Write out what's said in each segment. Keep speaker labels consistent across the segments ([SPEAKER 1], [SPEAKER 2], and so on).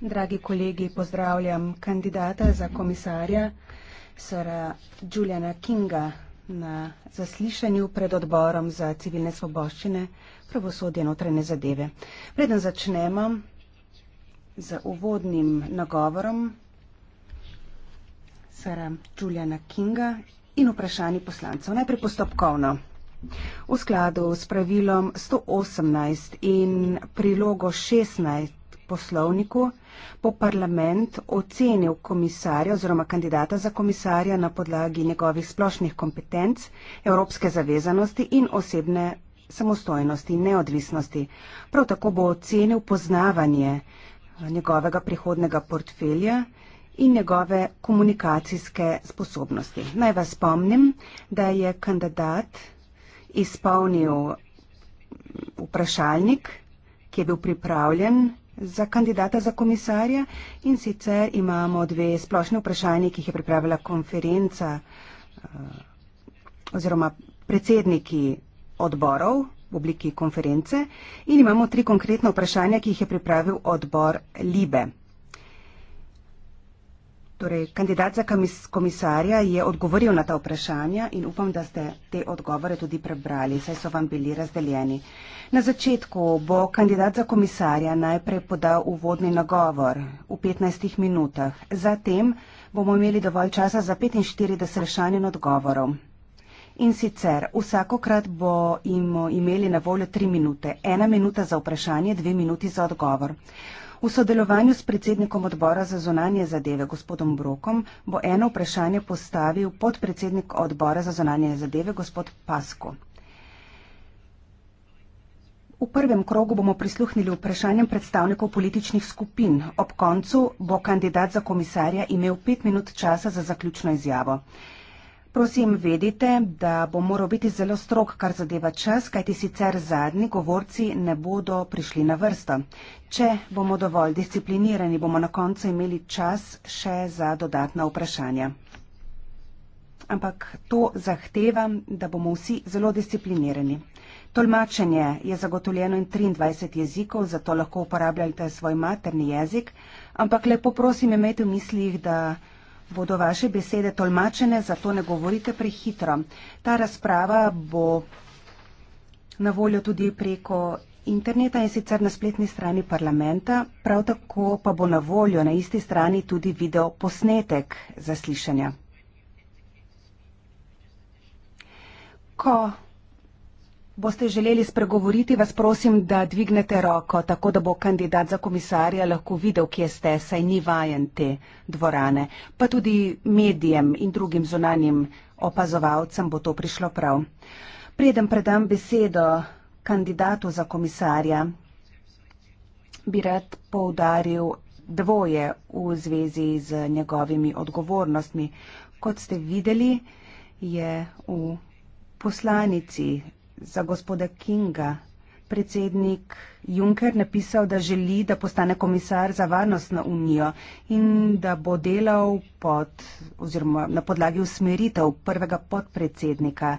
[SPEAKER 1] Dragi kolegi, pozdravljam kandidata za komisarja Sra Juliana Kinga na zaslišanju pred odborom za civilne svoboščine, pravosodje in notranje zadeve. Preden začnemo z uvodnim nagovorom Sra Juliana Kinga in vprašanji poslancev. Najprej postopkovno. V skladu s pravilom 118 in prilogo 16 poslovniku bo parlament ocenil komisarja oziroma kandidata za komisarja na podlagi njegovih splošnih kompetenc, evropske zavezanosti in osebne samostojnosti in neodvisnosti. Prav tako bo ocenil poznavanje njegovega prihodnega portfelja in njegove komunikacijske sposobnosti. Naj vas spomnim, da je kandidat izpolnil vprašalnik, ki je bil pripravljen za kandidata za komisarja in sicer imamo dve splošne vprašanje, ki jih je pripravila konferenca eh, oziroma predsedniki odborov v obliki konference in imamo tri konkretne vprašanja, ki jih je pripravil odbor LIBE. Torej, kandidat za komisarja je odgovoril na ta vprašanja in upam, da ste te odgovore tudi prebrali, saj so vam bili razdeljeni. Na začetku bo kandidat za komisarja najprej podal uvodni nagovor v 15 minutah. Zatem bomo imeli dovolj časa za 45 vprašanj in odgovorov. In sicer vsakokrat bomo imeli na voljo 3 minute. 1 minuta za vprašanje, 2 minuti za odgovor. V sodelovanju s predsednikom odbora za zonanje zadeve, gospodom Brokom, bo eno vprašanje postavil podpredsednik odbora za zonanje zadeve, gospod Pasko. V prvem krogu bomo prisluhnili vprašanjem predstavnikov političnih skupin. Ob koncu bo kandidat za komisarja imel pet minut časa za zaključno izjavo. Prosim, vedite, da bo moral biti zelo strok, kar zadeva čas, kajti sicer zadnji govorci ne bodo prišli na vrsto. Če bomo dovolj disciplinirani, bomo na koncu imeli čas še za dodatna vprašanja. Ampak to zahtevam, da bomo vsi zelo disciplinirani. Tolmačenje je zagotovljeno in 23 jezikov, zato lahko uporabljate svoj materni jezik, ampak lepo prosim, imejte v mislih, da bodo vaše besede tolmačene, zato ne govorite prehitro. Ta razprava bo na voljo tudi preko interneta in sicer na spletni strani parlamenta, prav tako pa bo na voljo na isti strani tudi video posnetek zaslišanja. Ko Boste želeli spregovoriti, vas prosim, da dvignete roko, tako da bo kandidat za komisarja lahko videl, kje ste, saj ni vajen te dvorane. Pa tudi medijem in drugim zunanjim opazovalcem bo to prišlo prav. Preden predam besedo kandidatu za komisarja, bi rad poudaril dvoje v zvezi z njegovimi odgovornostmi. Kot ste videli, je v poslanici za gospoda Kinga. Predsednik Juncker napisal, da želi, da postane komisar za varnost na Unijo in da bo delal pod, na podlagi usmeritev prvega podpredsednika,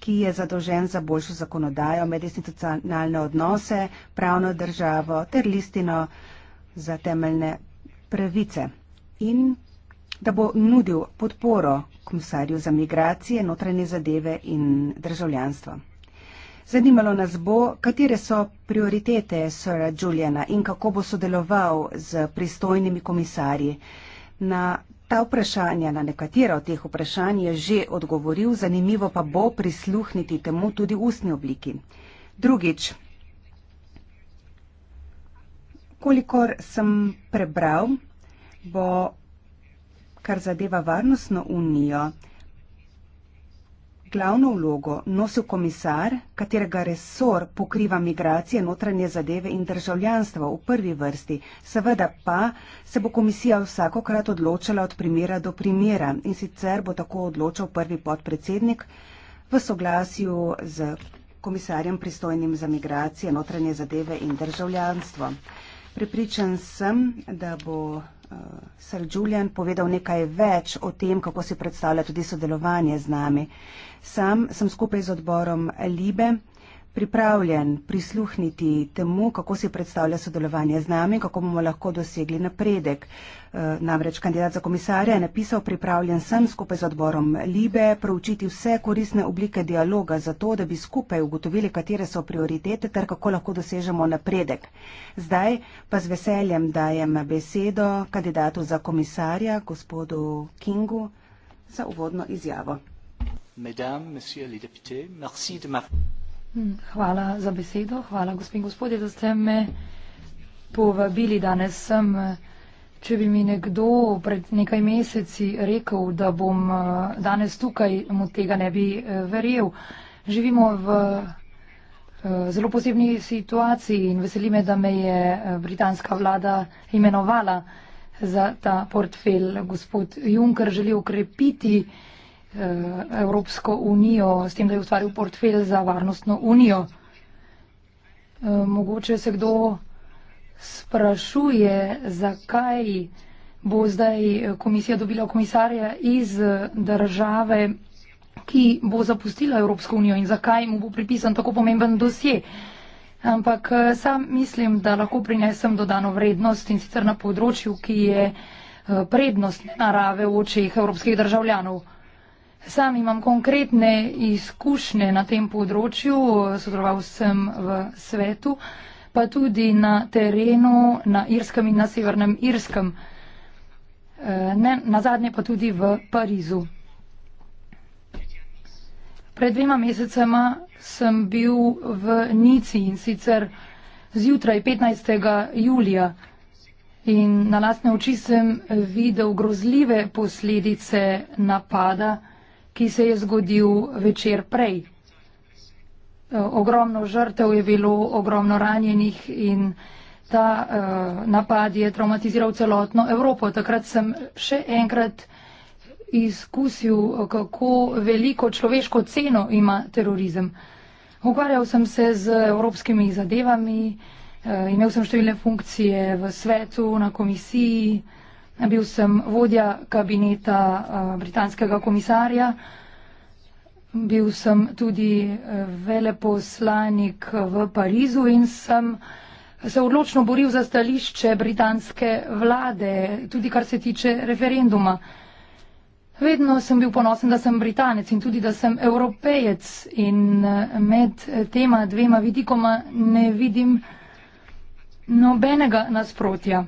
[SPEAKER 1] ki je zadolžen za boljšo zakonodajo, medinstitucionalne odnose, pravno državo ter listino za temeljne pravice. In da bo nudil podporo komisarju za migracije, notranje zadeve in državljanstvo. Zanimalo nas bo, katere so prioritete Sra. Juliana in kako bo sodeloval z pristojnimi komisarji. Na ta vprašanja, na nekatera od teh vprašanj je že odgovoril, zanimivo pa bo prisluhniti temu tudi v ustni obliki. Drugič, kolikor sem prebral, bo, kar zadeva varnostno unijo, Glavno vlogo nosil komisar, katerega resor pokriva migracije, notranje zadeve in državljanstvo v prvi vrsti. Seveda pa se bo komisija vsakokrat odločala od primera do primera in sicer bo tako odločal prvi podpredsednik v soglasju z komisarjem pristojnim za migracije, notranje zadeve in državljanstvo. Pripričan sem, da bo Sir Julian povedal nekaj več o tem, kako si predstavlja tudi sodelovanje z nami. Sam sem skupaj z odborom Libe pripravljen prisluhniti temu, kako si predstavlja sodelovanje z nami, kako bomo lahko dosegli napredek. Eh, namreč kandidat za komisarja je napisal, pripravljen sem skupaj z odborom Libe proučiti vse koristne oblike dialoga za to, da bi skupaj ugotovili, katere so prioritete ter kako lahko dosežemo napredek. Zdaj pa z veseljem dajem besedo kandidatu za komisarja, gospodu Kingu, za uvodno izjavo.
[SPEAKER 2] Madame, monsieur le député, merci de m'avoir.
[SPEAKER 3] Hm, hvala za besedo. Hvala, gospod in gospodje, da ste me povabili danes sem. Če bi mi nekdo pred nekaj meseci rekel, da bom danes tukaj, mu tega ne bi verjel. Živimo v zelo posebni situaciji in veseli me, da me je britanska vlada imenovala za ta portfel. Gospod Juncker želi ukrepiti Eh, Evropsko unijo, s tem, da je ustvaril portfelj za varnostno unijo. Eh, mogoče se kdo sprašuje, zakaj bo zdaj komisija dobila komisarja iz države, ki bo zapustila Evropsko unijo in zakaj mu bo pripisan tako pomemben dosje. Ampak eh, sam mislim, da lahko prinesem dodano vrednost in sicer na področju, ki je prednost narave v očeh evropskih državljanov. Sam imam konkretne izkušnje na tem področju, sodeloval sem v svetu, pa tudi na terenu na Irskem in na Severnem Irskem, e, ne, na zadnje pa tudi v Parizu. Pred dvema mesecema sem bil v Nici in sicer zjutraj 15. julija in na lastne oči sem videl grozljive posledice napada ki se je zgodil večer prej. E, ogromno žrtev je bilo, ogromno ranjenih in ta uh, napad je traumatiziral celotno Evropo. Takrat sem še enkrat izkusil, kako veliko človeško ceno ima terorizem. Ukvarjal sem se z evropskimi zadevami, uh, imel sem številne funkcije v svetu, na komisiji. Uh, Bil sem vodja kabineta eh, britanskega komisarja, bil sem tudi eh, veleposlanik v Parizu in sem se odločno boril za stališče britanske vlade, tudi kar se tiče referenduma. Vedno sem bil ponosen, da sem Britanec in tudi, da sem Evropejec in eh, med tema dvema vidikoma ne vidim nobenega nasprotja.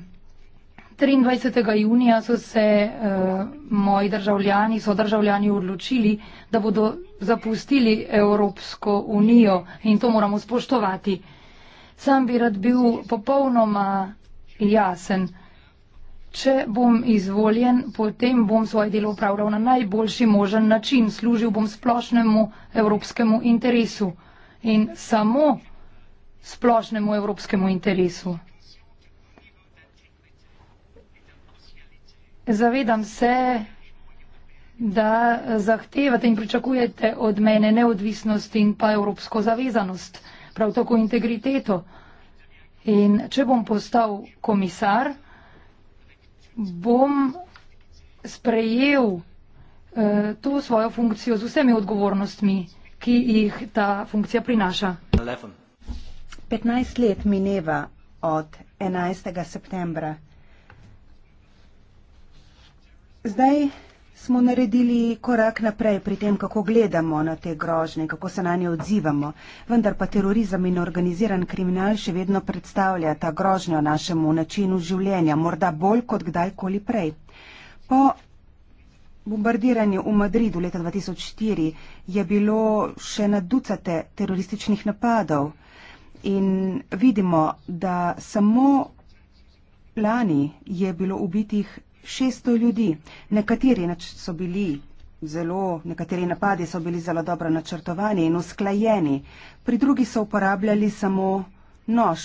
[SPEAKER 3] 23. junija so se uh, moji državljani, so državljani odločili, da bodo zapustili Evropsko unijo in to moramo spoštovati. Sam bi rad bil popolnoma jasen. Če bom izvoljen, potem bom svoje delo upravljal na najboljši možen način, služil bom splošnemu evropskemu interesu in samo splošnemu evropskemu interesu. Zavedam se, da zahtevate in pričakujete od mene neodvisnost in pa evropsko zavezanost, prav tako integriteto. In če bom postal komisar, bom sprejel eh, to svojo funkcijo z vsemi odgovornostmi, ki
[SPEAKER 1] jih ta funkcija prinaša. 11. 15 let mineva od 11. septembra Zdaj smo naredili korak naprej pri tem, kako gledamo na te grožne, kako se na nje odzivamo, vendar pa terorizem in organiziran kriminal še vedno predstavlja ta grožnjo našemu načinu življenja, morda bolj kot kdajkoli prej. Po bombardiranju v Madridu leta 2004 je bilo še na ducate terorističnih napadov in vidimo, da samo lani je bilo ubitih 600 ljudi. Nekateri so bili zelo, nekateri napadi so bili zelo dobro načrtovani in usklajeni, pri drugi so uporabljali samo nož.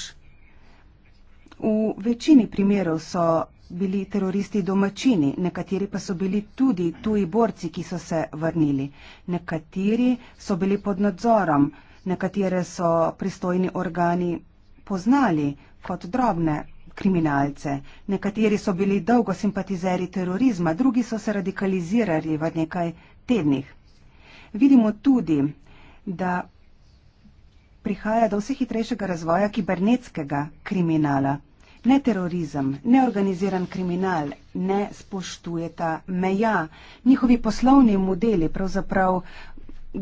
[SPEAKER 1] V večini primerov so bili teroristi domačini, nekateri pa so bili tudi tuji borci, ki so se vrnili. Nekateri so bili pod nadzorom, nekatere so pristojni organi poznali kot drobne kriminalce. Nekateri so bili dolgo simpatizeri terorizma, drugi so se radikalizirali v nekaj tednih. Vidimo tudi, da prihaja do vse hitrejšega razvoja kibernetskega kriminala. Ne terorizem, ne organiziran kriminal ne spoštujeta meja. Njihovi poslovni modeli pravzaprav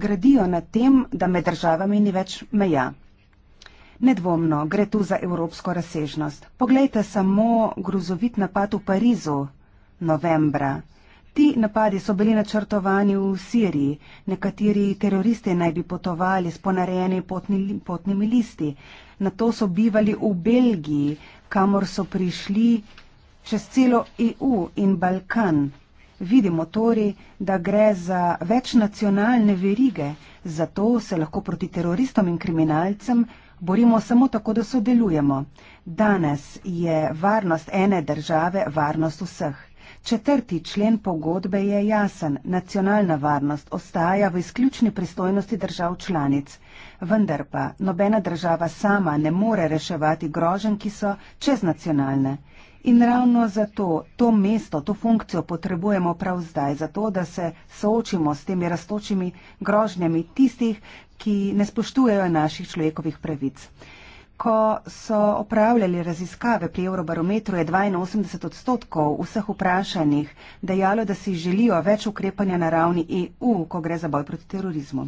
[SPEAKER 1] gradijo na tem, da med državami ni več meja. Nedvomno gre tu za evropsko razsežnost. Poglejte samo grozovit napad v Parizu novembra. Ti napadi so bili načrtovani v Siriji, nekateri teroristi naj bi potovali s ponarejeni potni, potnimi listi, na to so bivali v Belgiji, kamor so prišli čez celo EU in Balkan. Vidimo torej, da gre za večnacionalne verige, zato se lahko proti teroristom in kriminalcem borimo samo tako, da sodelujemo. Danes je varnost ene države varnost vseh. Četrti člen pogodbe je jasen. Nacionalna varnost ostaja v izključni pristojnosti držav članic. Vendar pa nobena država sama ne more reševati grožen, ki so čeznacionalne. In ravno zato to mesto, to funkcijo potrebujemo prav zdaj, zato da se soočimo s temi rastočimi grožnjami tistih, ki ne spoštujejo naših človekovih pravic. Ko so opravljali raziskave pri Eurobarometru, je 82 odstotkov vseh vprašanih dejalo, da si želijo več ukrepanja na ravni EU, ko gre za boj proti terorizmu.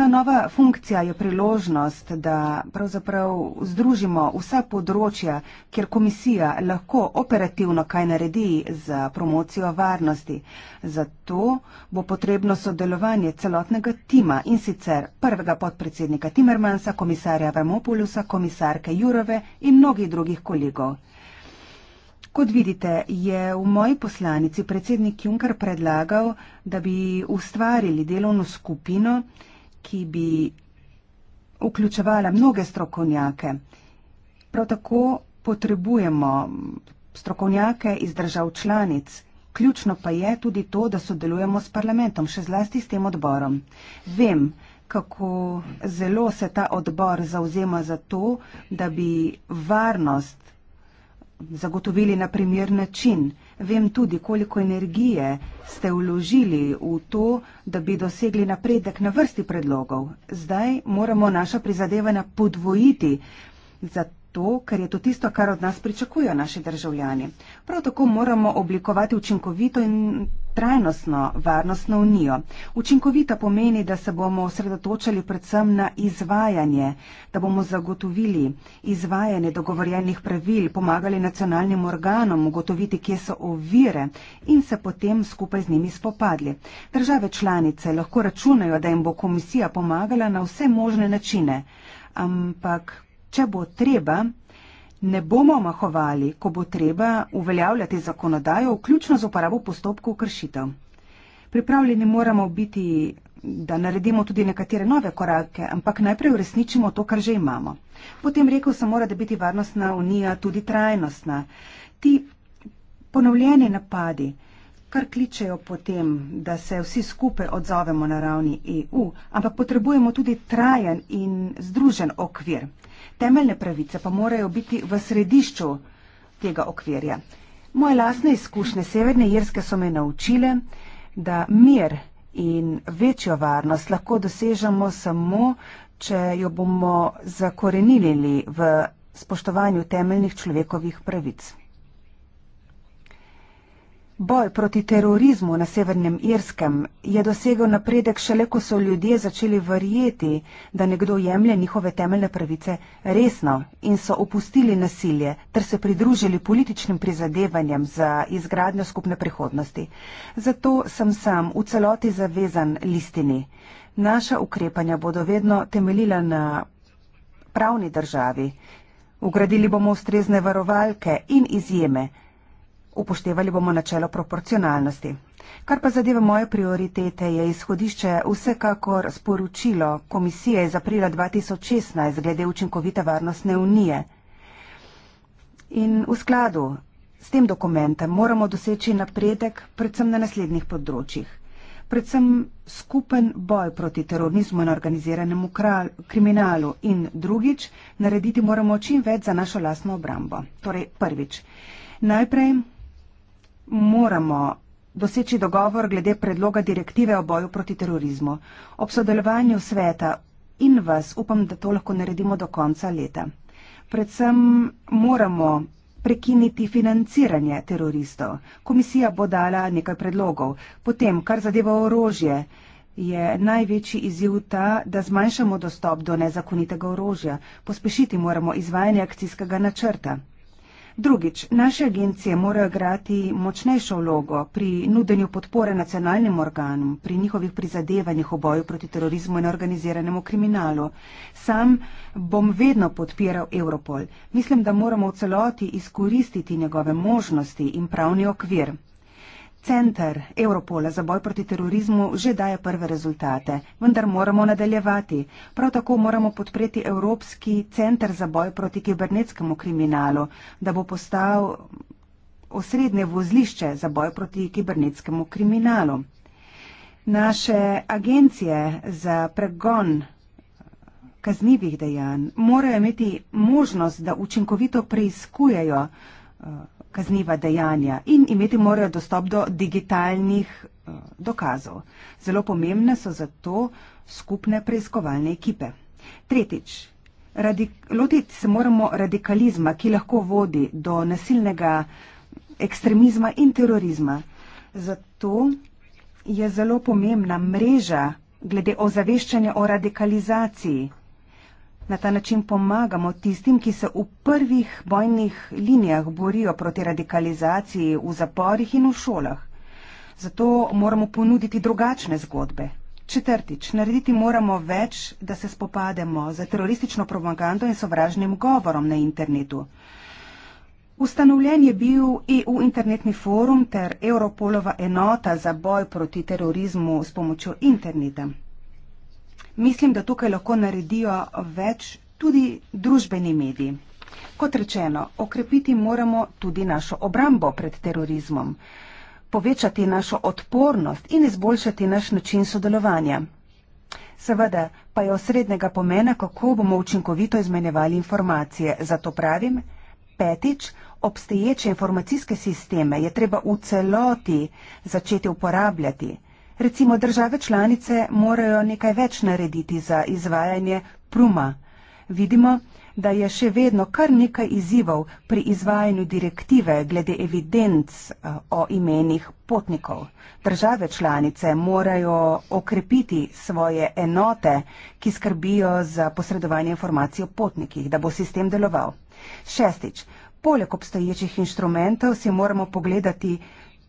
[SPEAKER 1] Ta nova funkcija je priložnost, da pravzaprav združimo vsa področja, kjer komisija lahko operativno kaj naredi za promocijo varnosti. Zato bo potrebno sodelovanje celotnega tima in sicer prvega podpredsednika Timmermansa, komisarja Vamopulusa, komisarke Jurove in mnogih drugih kolegov. Kot vidite, je v moji poslanici predsednik Juncker predlagal, da bi ustvarili delovno skupino, ki bi vključevala mnoge strokovnjake. Prav tako potrebujemo strokovnjake iz držav članic. Ključno pa je tudi to, da sodelujemo s parlamentom, še zlasti s tem odborom. Vem, kako zelo se ta odbor zauzema za to, da bi varnost zagotovili na primer način. Vem tudi, koliko energije ste vložili v to, da bi dosegli napredek na vrsti predlogov. Zdaj moramo naša prizadevanja podvojiti. Za to, ker je to tisto, kar od nas pričakujejo naši državljani. Prav tako moramo oblikovati učinkovito in trajnostno varnostno unijo. Učinkovita pomeni, da se bomo osredotočali predvsem na izvajanje, da bomo zagotovili izvajanje dogovorjenih pravil, pomagali nacionalnim organom ugotoviti, kje so ovire in se potem skupaj z njimi spopadli. Države članice lahko računajo, da jim bo komisija pomagala na vse možne načine, ampak če bo treba, ne bomo omahovali, ko bo treba uveljavljati zakonodajo, vključno z uporabo postopkov kršitev. Pripravljeni moramo biti, da naredimo tudi nekatere nove korake, ampak najprej uresničimo to, kar že imamo. Potem rekel sem, mora, da biti varnostna unija tudi trajnostna. Ti ponovljeni napadi, kar kličejo potem, da se vsi skupaj odzovemo na ravni EU, ampak potrebujemo tudi trajen in združen okvir temeljne pravice pa morajo biti v središču tega okvirja. Moje lasne izkušnje Severne Irske so me naučile, da mir in večjo varnost lahko dosežemo samo, če jo bomo zakorenili v spoštovanju temeljnih človekovih pravic. Boj proti terorizmu na severnem Irskem je dosegel napredek šele, ko so ljudje začeli verjeti, da nekdo jemlje njihove temeljne pravice resno in so opustili nasilje ter se pridružili političnim prizadevanjem za izgradnjo skupne prihodnosti. Zato sem sam v celoti zavezan listini. Naša ukrepanja bodo vedno temeljila na pravni državi. Ugradili bomo ustrezne varovalke in izjeme upoštevali bomo načelo proporcionalnosti. Kar pa zadeva moje prioritete, je izhodišče vsekakor sporočilo komisije iz aprila 2016 glede učinkovite varnostne unije. In v skladu s tem dokumentem moramo doseči napredek predvsem na naslednjih področjih. Predvsem skupen boj proti terorizmu in organiziranemu kriminalu in drugič narediti moramo čim več za našo lastno obrambo. Torej prvič. Najprej moramo doseči dogovor glede predloga direktive o boju proti terorizmu. Ob sodelovanju sveta in vas upam, da to lahko naredimo do konca leta. Predvsem moramo prekiniti financiranje teroristov. Komisija bo dala nekaj predlogov. Potem, kar zadeva orožje, je največji izziv ta, da zmanjšamo dostop do nezakonitega orožja. Pospešiti moramo izvajanje akcijskega načrta. Drugič, naše agencije morajo igrati močnejšo vlogo pri nudenju podpore nacionalnim organom, pri njihovih prizadevanjih v boju proti terorizmu in organiziranemu kriminalu. Sam bom vedno podpiral Europol. Mislim, da moramo v celoti izkoristiti njegove možnosti in pravni okvir. Centr Evropola za boj proti terorizmu že daje prve rezultate, vendar moramo nadaljevati. Prav tako moramo podpreti Evropski centr za boj proti kibernetskemu kriminalu, da bo postal osrednje vozlišče za boj proti kibernetskemu kriminalu. Naše agencije za pregon kaznivih dejanj morajo imeti možnost, da učinkovito preiskujejo eh, kazniva dejanja in imeti morajo dostop do digitalnih eh, dokazov. Zelo pomembne so zato skupne preiskovalne ekipe. Tretjič, lotiti se moramo radikalizma, ki lahko vodi do nasilnega ekstremizma in terorizma. Zato je zelo pomembna mreža glede ozaveščanja o radikalizaciji. Na ta način pomagamo tistim, ki se v prvih bojnih linijah borijo proti radikalizaciji v zaporih in v šolah. Zato moramo ponuditi drugačne zgodbe. Četrtič, narediti moramo več, da se spopademo za teroristično propagando in sovražnim govorom na internetu. Ustanovljen je bil EU internetni forum ter Europolova enota za boj proti terorizmu s pomočjo interneta. Mislim, da tukaj lahko naredijo več tudi družbeni mediji. Kot rečeno, okrepiti moramo tudi našo obrambo pred terorizmom, povečati našo odpornost in izboljšati naš način sodelovanja. Seveda pa je osrednjega pomena, kako bomo učinkovito izmenjevali informacije. Zato pravim, petič, obstoječe informacijske sisteme je treba v celoti začeti uporabljati. Recimo države članice morajo nekaj več narediti za izvajanje pruma. Vidimo, da je še vedno kar nekaj izzivov pri izvajanju direktive glede evidenc eh, o imenih potnikov. Države članice morajo okrepiti svoje enote, ki skrbijo za posredovanje informacij o potnikih, da bo sistem deloval. Šestič, poleg obstoječih inštrumentov si moramo pogledati,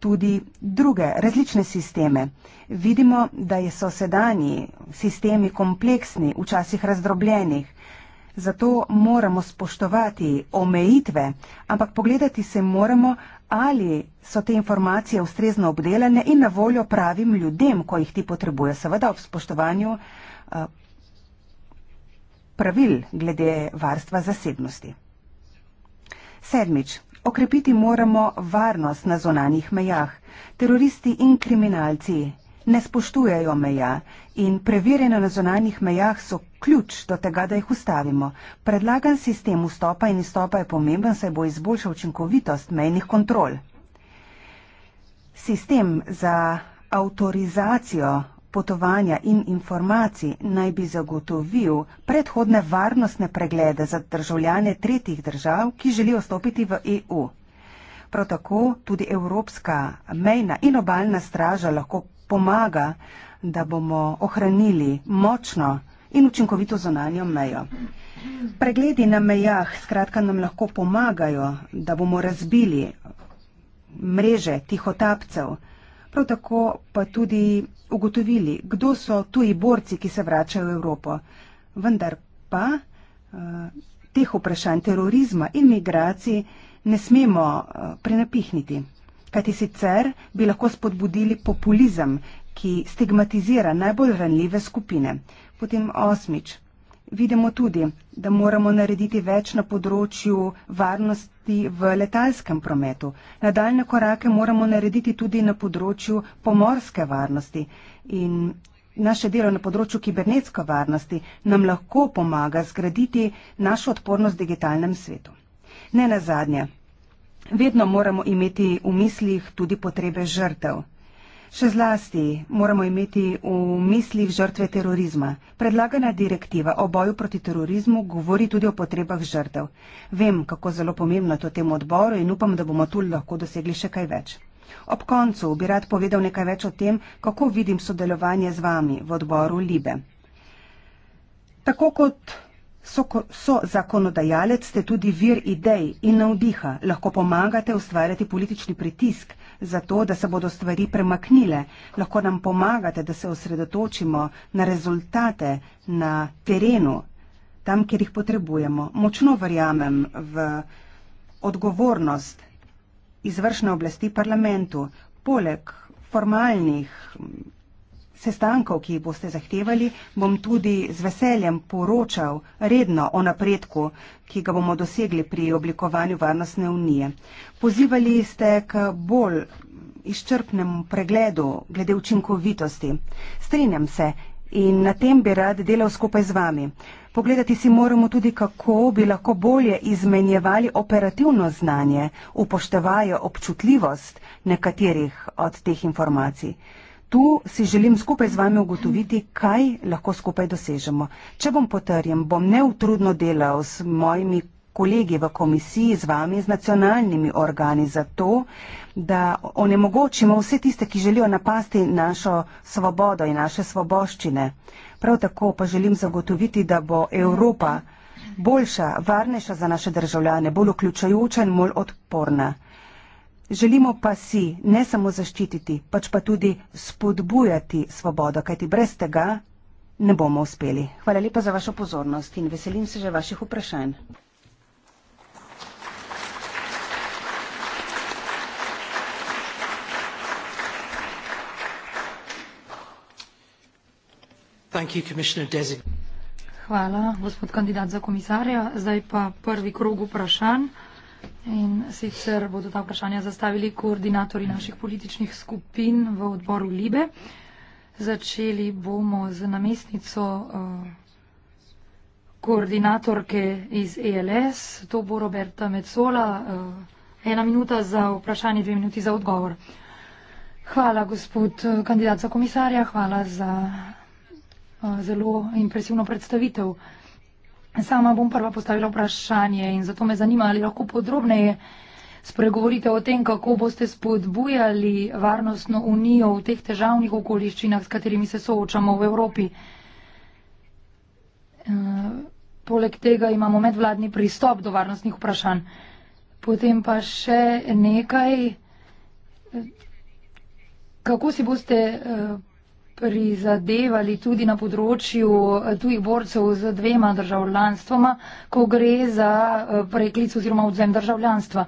[SPEAKER 1] tudi druge različne sisteme. Vidimo, da so sedanji sistemi kompleksni, včasih razdrobljenih. Zato moramo spoštovati omejitve, ampak pogledati se moramo, ali so te informacije ustrezno obdelane in na voljo pravim ljudem, ko jih ti potrebuje. Seveda ob spoštovanju eh, pravil glede varstva zasebnosti. Sedmič. Okrepiti moramo varnost na zonanih mejah. Teroristi in kriminalci ne spoštujejo meja in preverjene na zonanih mejah so ključ do tega, da jih ustavimo. Predlagan sistem vstopa in izstopa je pomemben, saj bo izboljšal učinkovitost mejnih kontrol. Sistem za avtorizacijo potovanja in informacij naj bi zagotovil predhodne varnostne preglede za državljane tretjih držav, ki želijo stopiti v EU. Prav tako tudi Evropska mejna in obaljna straža lahko pomaga, da bomo ohranili močno in učinkovito zonanjo mejo. Pregledi na mejah skratka nam lahko pomagajo, da bomo razbili mreže tihotapcev, prav tako pa tudi ugotovili, kdo so tuji borci, ki se vračajo v Evropo. Vendar pa eh, teh vprašanj terorizma in migracij ne smemo eh, prenapihniti, kajti sicer bi lahko spodbudili populizem, ki stigmatizira najbolj ranljive skupine. Potem osmič vidimo tudi, da moramo narediti več na področju varnosti v letalskem prometu. Nadaljne korake moramo narediti tudi na področju pomorske varnosti. In naše delo na področju kibernetske varnosti nam lahko pomaga zgraditi našo odpornost v digitalnem svetu. Ne na zadnje. Vedno moramo imeti v mislih tudi potrebe žrtev. Še zlasti moramo imeti v mislih žrtve terorizma. Predlagana direktiva o boju proti terorizmu govori tudi o potrebah žrtev. Vem, kako zelo pomembno je to temu odboru in upam, da bomo tu lahko dosegli še kaj več. Ob koncu bi rad povedal nekaj več o tem, kako vidim sodelovanje z vami v odboru Libe. Tako kot so, so zakonodajalec, ste tudi vir idej in navdiha, lahko pomagate ustvarjati politični pritisk, zato, da se bodo stvari premaknile. Lahko nam pomagate, da se osredotočimo na rezultate na terenu, tam, kjer jih potrebujemo. Močno verjamem v odgovornost izvršne oblasti parlamentu. Poleg formalnih sestankov, ki jih boste zahtevali, bom tudi z veseljem poročal redno o napredku, ki ga bomo dosegli pri oblikovanju Varnostne unije. Pozivali ste k bolj izčrpnemu pregledu glede učinkovitosti. Strinjam se in na tem bi rad delal skupaj z vami. Pogledati si moramo tudi, kako bi lahko bolje izmenjevali operativno znanje, upoštevajo občutljivost nekaterih od teh informacij. Tu si želim skupaj z vami ugotoviti, kaj lahko skupaj dosežemo. Če bom potrjen, bom neutrudno delal s mojimi kolegi v komisiji, z vami, z nacionalnimi organi za to, da onemogočimo vse tiste, ki želijo napasti našo svobodo in naše svoboščine. Prav tako pa želim zagotoviti, da bo Evropa boljša, varnejša za naše državljane, bolj vključujoča in bolj odporna. Želimo pa si ne samo zaščititi, pač pa tudi spodbujati svobodo, kajti brez tega ne bomo uspeli. Hvala lepa za vašo pozornost in veselim se že vaših vprašanj.
[SPEAKER 3] Hvala, gospod kandidat za komisarja. Zdaj pa prvi krog vprašanj. In sicer bodo ta vprašanja zastavili koordinatori naših političnih skupin v odboru Libe. Začeli bomo z namestnico uh, koordinatorke iz ELS. To bo Roberta Mecola. Uh, eh, ena minuta za vprašanje, dve minuti za odgovor. Hvala, gospod eh, kandidat za komisarja. Hvala za uh, zelo impresivno predstavitev. Uh, Sama bom prva postavila vprašanje in zato me zanima, ali lahko podrobneje spregovorite o tem, kako boste spodbujali varnostno unijo v teh težavnih okoliščinah, s katerimi se soočamo v Evropi. Eh, poleg tega imamo medvladni pristop do varnostnih vprašanj. Potem pa še nekaj. Kako si boste. Uh, prizadevali tudi na področju eh, tujih borcev z dvema državljanstvoma, ko gre za eh, preklic oziroma odzem državljanstva.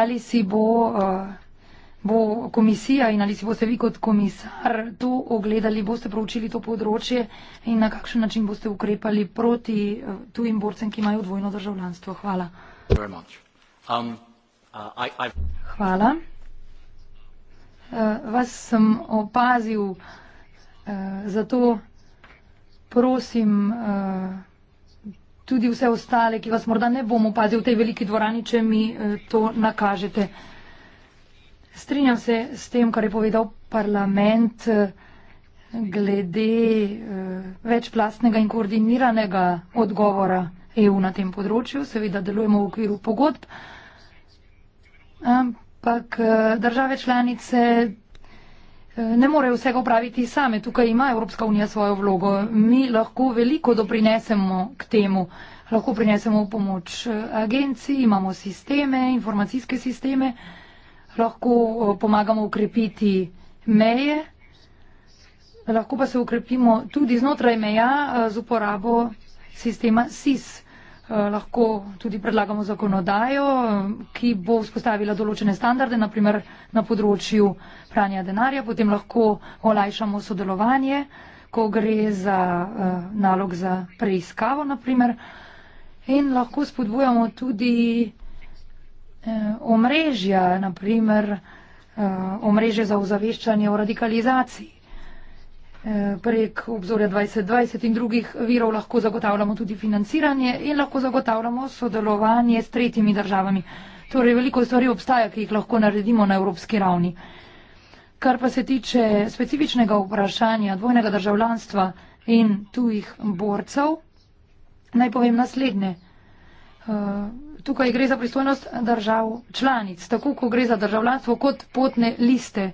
[SPEAKER 3] Ali si bo, eh, bo komisija in ali si boste vi kot komisar to ogledali, boste proučili to področje in na kakšen način boste ukrepali proti tujim borcem, ki imajo dvojno državljanstvo? Hvala.
[SPEAKER 2] Um, uh, I, I...
[SPEAKER 3] Hvala. Uh, vas sem opazil, Eh, zato prosim eh, tudi vse ostale, ki vas morda ne bomo pazili v tej veliki dvorani, če mi eh, to nakažete. Strinjam se s tem, kar je povedal parlament glede večplastnega in koordiniranega odgovora EU na tem področju. Seveda delujemo v okviru pogodb, ampak države članice ne morejo vsega opraviti same. Tukaj ima Evropska unija svojo vlogo. Mi lahko veliko doprinesemo k temu. Lahko prinesemo pomoč eh, agenciji, imamo sisteme, informacijske sisteme, lahko eh, pomagamo ukrepiti meje, lahko pa se ukrepimo tudi znotraj meja eh, z uporabo sistema SIS. Eh, lahko tudi predlagamo zakonodajo, ki bo vzpostavila določene standarde, naprimer na področju pranja denarja, potem lahko olajšamo sodelovanje, ko gre za uh, nalog za preiskavo, naprimer, in lahko spodbujamo tudi uh, omrežja, naprimer uh, omrežje za ozaveščanje o radikalizaciji. Eh, prek obzorja 2020 in drugih virov lahko zagotavljamo tudi financiranje in lahko zagotavljamo sodelovanje s tretjimi državami. Torej, veliko stvari obstaja, ki jih lahko naredimo na evropski ravni. Kar pa se tiče specifičnega vprašanja dvojnega državljanstva in tujih borcev, naj povem naslednje. Eh, tukaj gre za pristojnost držav članic, tako ko gre za državljanstvo kot potne liste.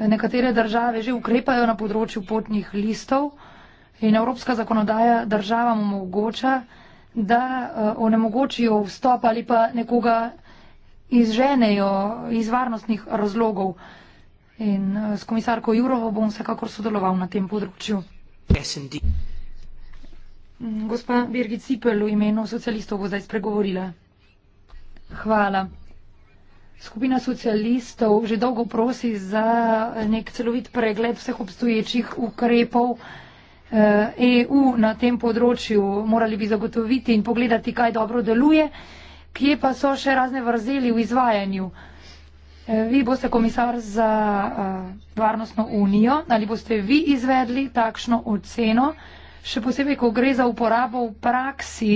[SPEAKER 3] Nekatere države že ukrepajo na področju potnih listov in evropska zakonodaja državam omogoča, da eh, onemogočijo vstop ali pa nekoga izženejo iz varnostnih razlogov. In eh, s komisarko Jurovo bom vsekakor sodeloval na tem področju. Yes, Gospa Birgit Cipel v imenu socialistov bo zdaj spregovorila. Hvala. Skupina socialistov že dolgo prosi za eh, nek celovit pregled vseh obstoječih ukrepov EU eh, e na tem področju. Morali bi zagotoviti in pogledati, kaj dobro deluje, kje pa so še razne vrzeli v izvajanju. Eh, vi boste komisar za varnostno unijo, ali boste vi izvedli takšno oceno, še posebej, ko gre za uporabo v praksi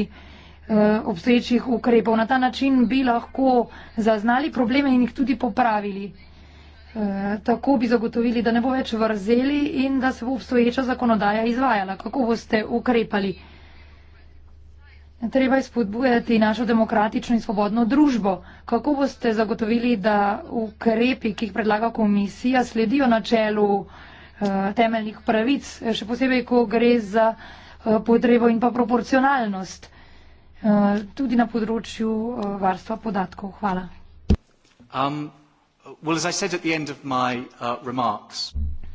[SPEAKER 3] Eh, obstoječih ukrepov. Na ta način bi lahko zaznali probleme in jih tudi popravili. Eh, tako bi zagotovili, da ne bo več vrzeli in da se bo obstoječa zakonodaja izvajala. Kako boste ukrepali? Treba je spodbujati našo demokratično in svobodno družbo. Kako boste zagotovili, da ukrepi, ki jih predlaga komisija, sledijo načelu eh, temeljnih pravic, še posebej, ko gre za potrebo in pa proporcionalnost? Eh, tudi na področju eh, varstva podatkov. Hvala.
[SPEAKER 2] Um, well, uh, remarks...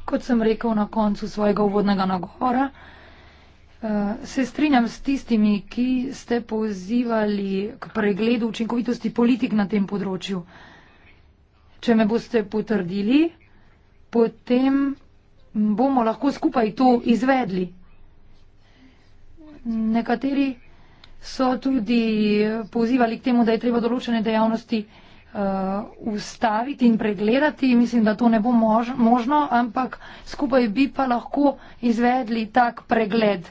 [SPEAKER 3] Kot sem rekel na koncu svojega uvodnega nagovora, eh, Se strinjam s tistimi, ki ste pozivali k pregledu učinkovitosti politik na tem področju. Če me boste potrdili, potem bomo lahko skupaj to izvedli. Nekateri so tudi pozivali k temu, da je treba določene dejavnosti uh, ustaviti in pregledati. Mislim, da to ne bo mož, možno, ampak skupaj bi pa lahko izvedli tak pregled.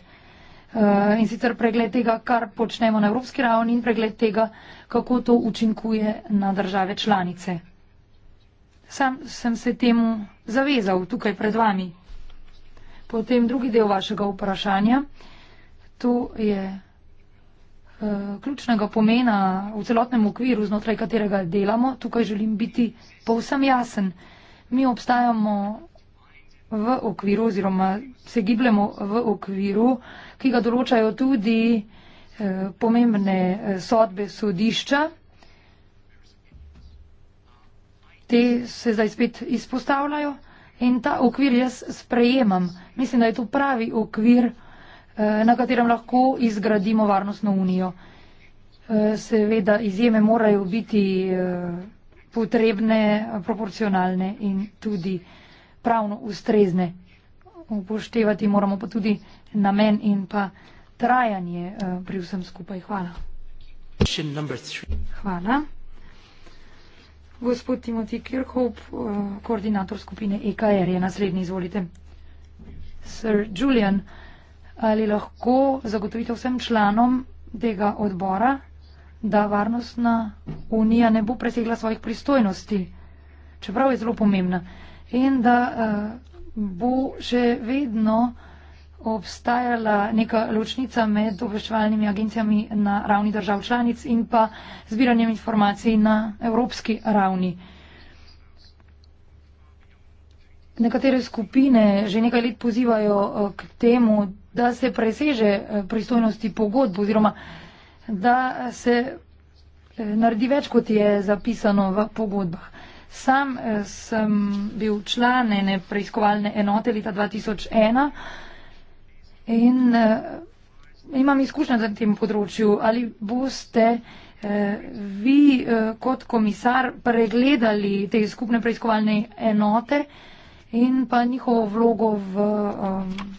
[SPEAKER 3] Uh, in sicer pregled tega, kar počnemo na evropski ravni in pregled tega, kako to učinkuje na države članice. Sam sem se temu zavezal tukaj pred vami. Potem drugi del vašega vprašanja. To je Eh, ključnega pomena v celotnem okviru, znotraj katerega delamo. Tukaj želim biti povsem jasen. Mi obstajamo v okviru oziroma se gibljemo v okviru, ki ga določajo tudi eh, pomembne eh, sodbe sodišča. Te se zdaj spet izpostavljajo in ta okvir jaz sprejemam. Mislim, da je to pravi okvir Eh, na katerem lahko izgradimo varnostno unijo. Eh, seveda izjeme morajo biti eh, potrebne, proporcionalne in tudi pravno ustrezne. Upoštevati moramo pa tudi namen in pa trajanje pri vsem skupaj. Hvala. Hvala. Gospod Timothy Kirchhoff, koordinator skupine EKR, je naslednji. Izvolite. Sir Julian ali lahko zagotovite vsem članom tega odbora, da varnostna unija ne bo presegla svojih pristojnosti, čeprav je zelo pomembna, in da uh, bo še vedno obstajala neka ločnica med obveščevalnimi agencijami na ravni držav članic in pa zbiranjem informacij na evropski ravni. Nekatere skupine že nekaj let pozivajo eh, k temu, da se preseže eh, pristojnosti pogodb oziroma da se eh, naredi več, kot je zapisano v pogodbah. Sam eh, sem bil član ene preiskovalne enote leta 2001 in imam izkušnje na tem področju. Ali boste vi kot komisar pregledali te skupne preiskovalne enote in pa njihovo vlogo v. Um,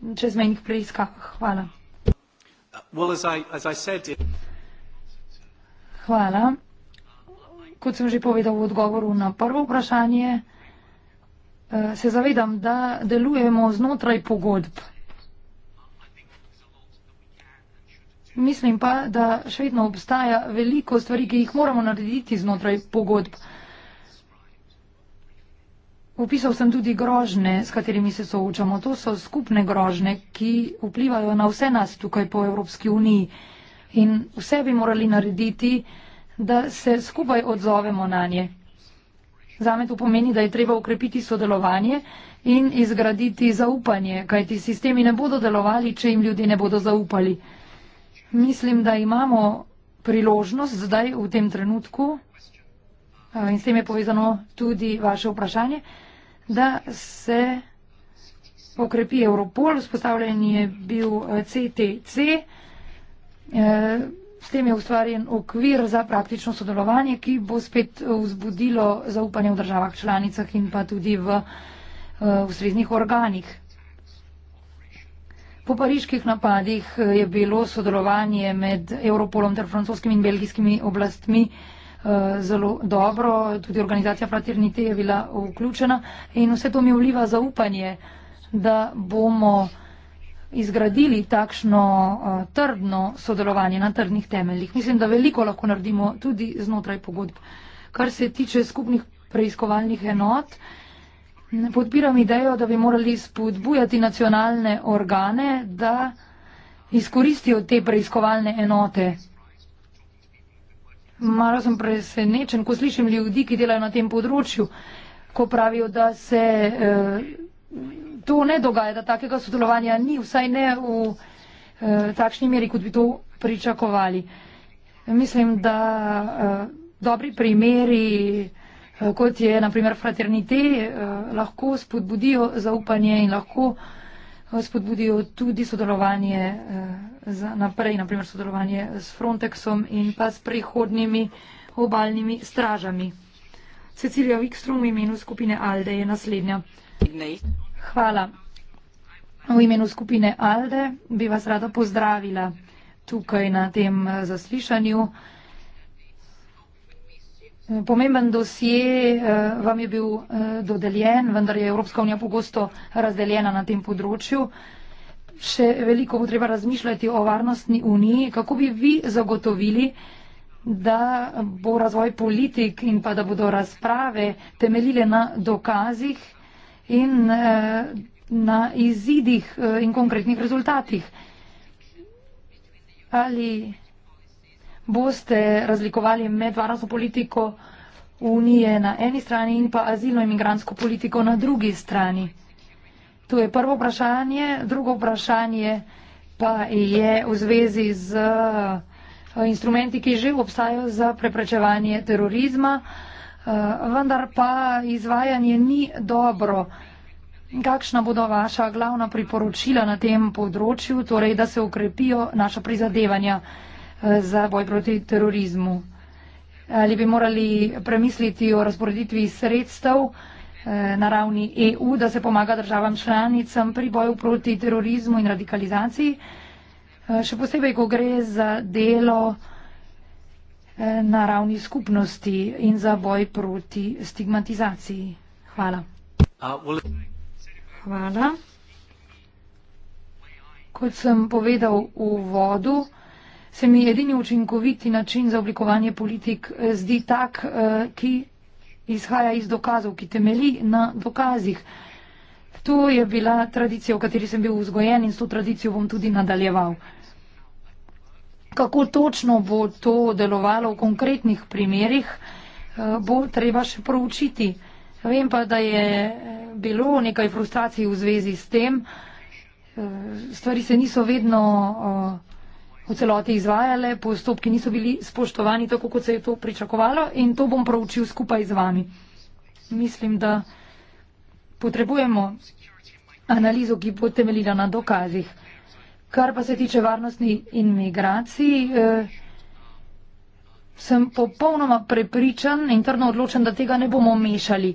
[SPEAKER 3] čezmejnih preiskavah. Hvala. Hvala. Kot sem že povedal v odgovoru na prvo vprašanje, eh, se zavedam, da delujemo znotraj pogodb. Mislim pa, da še vedno obstaja veliko stvari, ki jih moramo narediti znotraj pogodb. Upisal sem tudi grožne, s katerimi se soočamo. To so skupne grožne, ki vplivajo na vse nas tukaj po Evropski uniji. In vse bi morali narediti, da se skupaj odzovemo na nje. Zame to pomeni, da je treba ukrepiti sodelovanje in izgraditi zaupanje, kajti sistemi ne bodo delovali, če jim ljudje ne bodo zaupali. Mislim, da imamo priložnost zdaj v tem trenutku. Eh, in s tem je povezano tudi vaše vprašanje da se okrepi Europol, vzpostavljen je bil CTC, eh, eh, s tem je ustvarjen okvir za praktično sodelovanje, ki bo spet eh, vzbudilo zaupanje v državah članicah in pa tudi v ustreznih organih. Po pariških napadih je bilo sodelovanje med Europolom ter francoskimi in belgijskimi oblastmi eh, Eh, zelo dobro, tudi organizacija Fraternite je bila vključena in vse to mi vliva zaupanje, da bomo izgradili takšno uh, trdno sodelovanje na trdnih temeljih. Mislim, da veliko lahko naredimo tudi znotraj pogodb. Kar se tiče skupnih preiskovalnih enot, podpiram idejo, da bi morali spodbujati nacionalne organe, da izkoristijo te preiskovalne enote Malo sem presenečen, ko slišim ljudi, ki delajo na tem področju, ko pravijo, da se eh, to ne dogaja, da takega sodelovanja ni, vsaj ne v eh, takšni meri, kot bi to pričakovali. Mislim, da eh, dobri primeri, eh, kot je naprimer fraternite, eh, lahko spodbudijo zaupanje in lahko eh, spodbudil tudi sodelovanje eh, z naprej, naprimer sodelovanje s Frontexom in pa s prihodnimi obaljnimi stražami. Cecilija Wikstrom v imenu skupine ALDE je naslednja. Hvala. V imenu skupine ALDE bi vas rada pozdravila tukaj na tem eh, zaslišanju. Pomemben dosje eh, vam je bil eh, dodeljen, vendar je Evropska unija pogosto razdeljena na tem področju. Še veliko bo treba razmišljati o varnostni uniji. Kako bi vi zagotovili, da bo razvoj politik in pa da bodo razprave temeljile na dokazih in eh, na izidih in konkretnih rezultatih? Ali boste razlikovali med varnostno politiko Unije na eni strani in pa azilno imigransko politiko na drugi strani? To je prvo vprašanje. Drugo vprašanje pa je v zvezi z eh, instrumenti, ki že obstajajo za preprečevanje terorizma, eh, vendar pa izvajanje ni dobro. Kakšna bodo vaša glavna priporočila na tem področju, torej da se ukrepijo naša prizadevanja? za boj proti terorizmu. Ali bi morali premisliti o razporeditvi sredstev eh, na ravni EU, da se pomaga državam članicam pri boju proti terorizmu in radikalizaciji, eh, še posebej, ko gre za delo eh, na ravni skupnosti in za boj proti stigmatizaciji. Hvala. Hvala. Kot sem povedal v vodu, se mi edini učinkoviti način za oblikovanje politik eh, zdi tak, eh, ki izhaja iz dokazov, ki temeli na dokazih. To je bila tradicija, v kateri sem bil vzgojen in s to tradicijo bom tudi nadaljeval. Kako točno bo to delovalo v konkretnih primerjih, eh, bo treba še proučiti. Vem pa, da je bilo nekaj frustracij v zvezi s tem. Stvari se niso vedno uh, v celoti izvajale, postopki niso bili spoštovani tako, kot se je to pričakovalo in to bom pravčil skupaj z vami. Mislim, da potrebujemo analizo, ki bo temeljila na dokazih. Kar pa se tiče varnostni in migraciji, eh, sem popolnoma prepričan in trdno odločen, da tega ne bomo mešali.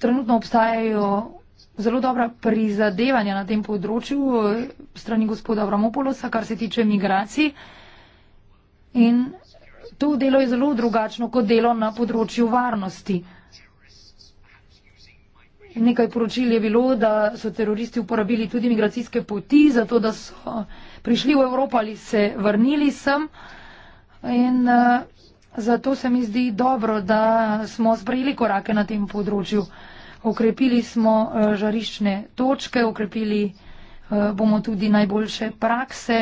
[SPEAKER 3] Trenutno obstajajo zelo dobra prizadevanja na tem področju. Eh, strani gospoda Avramopolosa, kar se tiče migracij. In to delo je zelo drugačno kot delo na področju varnosti. Nekaj poročil je bilo, da so teroristi uporabili tudi migracijske poti, zato da so prišli v Evropo ali se vrnili sem. In uh, zato se mi zdi dobro, da smo sprejeli korake na tem področju. Okrepili smo uh, žariščne točke, okrepili. Eh, bomo tudi najboljše prakse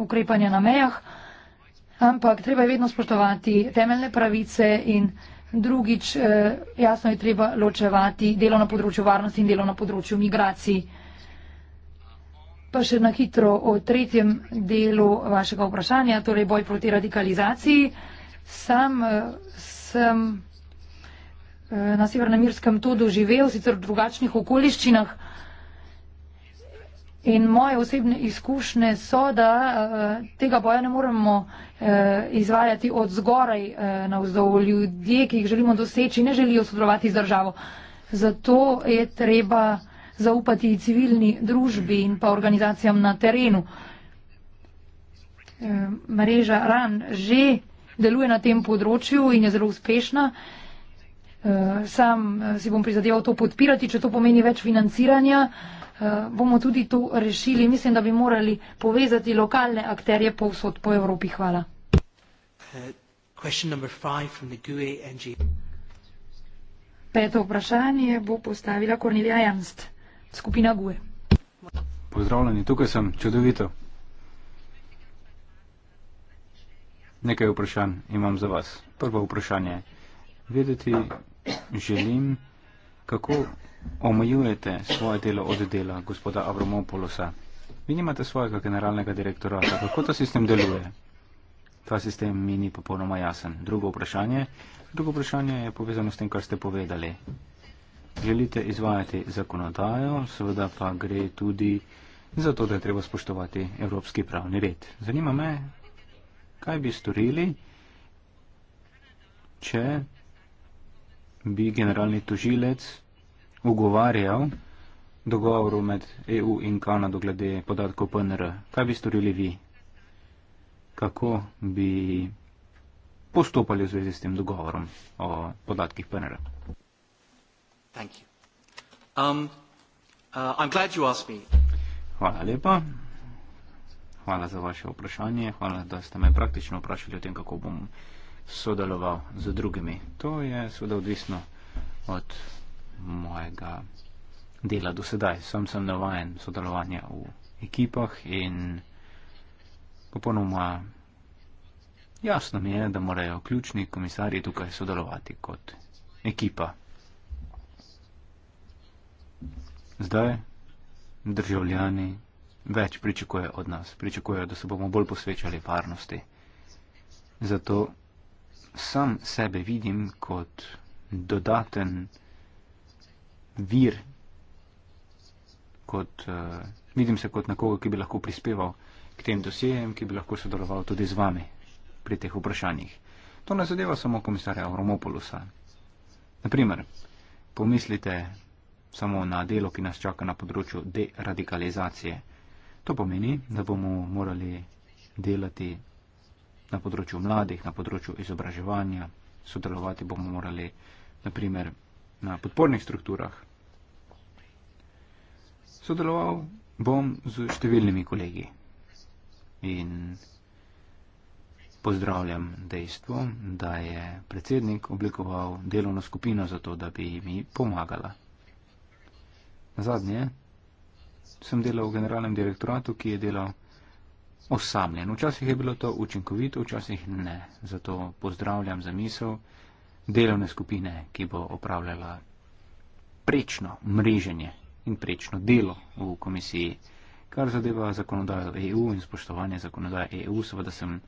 [SPEAKER 3] ukrepanja na mejah, ampak treba je vedno spoštovati temeljne pravice in drugič eh, jasno je treba ločevati delo na področju varnosti in delo na področju migracij. Pa še na hitro o tretjem delu vašega vprašanja, torej boj proti radikalizaciji. Sam eh, sem na Severnem Irskem to doživel, sicer v drugačnih okoliščinah, In moje osebne izkušnje so, da uh, tega boja ne moremo uh, izvajati od zgoraj uh, navzdol. Ljudje, ki jih želimo doseči, ne želijo sodelovati z državo. Zato je treba zaupati civilni družbi in pa organizacijam na terenu. Mreža RAN že deluje na tem področju in je zelo uspešna. Sam si bom prizadeval to podpirati, če to pomeni več financiranja. Uh, Eh, bomo tudi to rešili. Mislim, da bi morali povezati lokalne akterje povsod po Evropi. Hvala.
[SPEAKER 2] Eh, e
[SPEAKER 3] Peto vprašanje bo postavila Kornelija Janst, skupina GUE.
[SPEAKER 2] Pozdravljeni, tukaj sem, čudovito. Nekaj vprašanj imam za vas. Prvo vprašanje. Vedeti želim, kako omejujete svoje delo od dela gospoda Avromopolosa. Vi nimate svojega generalnega direktorata. Kako ta sistem deluje? Ta sistem mi ni popolnoma jasen. Drugo vprašanje. Drugo vprašanje je povezano s tem, kar ste povedali. Želite izvajati zakonodajo, seveda pa gre tudi za to, da je treba spoštovati evropski pravni red. Zanima me, kaj bi storili, če bi generalni tožilec ugovarjal dogovoru med EU in Kanado glede podatkov PNR. Kaj bi storili vi? Kako bi postopali v zvezi s tem dogovorom o podatkih PNR? Um, uh, Hvala lepa. Hvala za vaše vprašanje. Hvala, da ste me praktično vprašali o tem, kako bom sodeloval z drugimi. To je seveda odvisno od mojega dela do sedaj. Sam sem navajen sodelovanja v ekipah in popolnoma jasno mi je, da morajo ključni komisarji tukaj sodelovati kot ekipa. Zdaj državljani več pričakujejo od nas, pričakujejo, da se bomo bolj posvečali varnosti. Zato sam sebe vidim kot dodaten vir, kot, uh, vidim se kot nekoga, ki bi lahko prispeval k tem dosijem, ki bi lahko sodeloval tudi z vami pri teh vprašanjih. To ne zadeva samo komisarja Romopolusa. Naprimer, pomislite samo na delo, ki nas čaka na področju deradikalizacije. To pomeni, da bomo morali delati na področju mladih, na področju izobraževanja, sodelovati bomo morali, naprimer, na podpornih strukturah. Sodeloval bom z številnimi kolegi in pozdravljam dejstvo, da je predsednik oblikoval delovno skupino za to, da bi mi pomagala. Na zadnje sem delal v generalnem direktoratu, ki je delal osamljen. Včasih je bilo to učinkovito, včasih ne. Zato pozdravljam zamisel, da je delovne skupine, ki bo opravljala prečno mreženje in prečno delo v komisiji. Kar zadeva zakonodajo EU in spoštovanje zakonodaje EU, seveda sem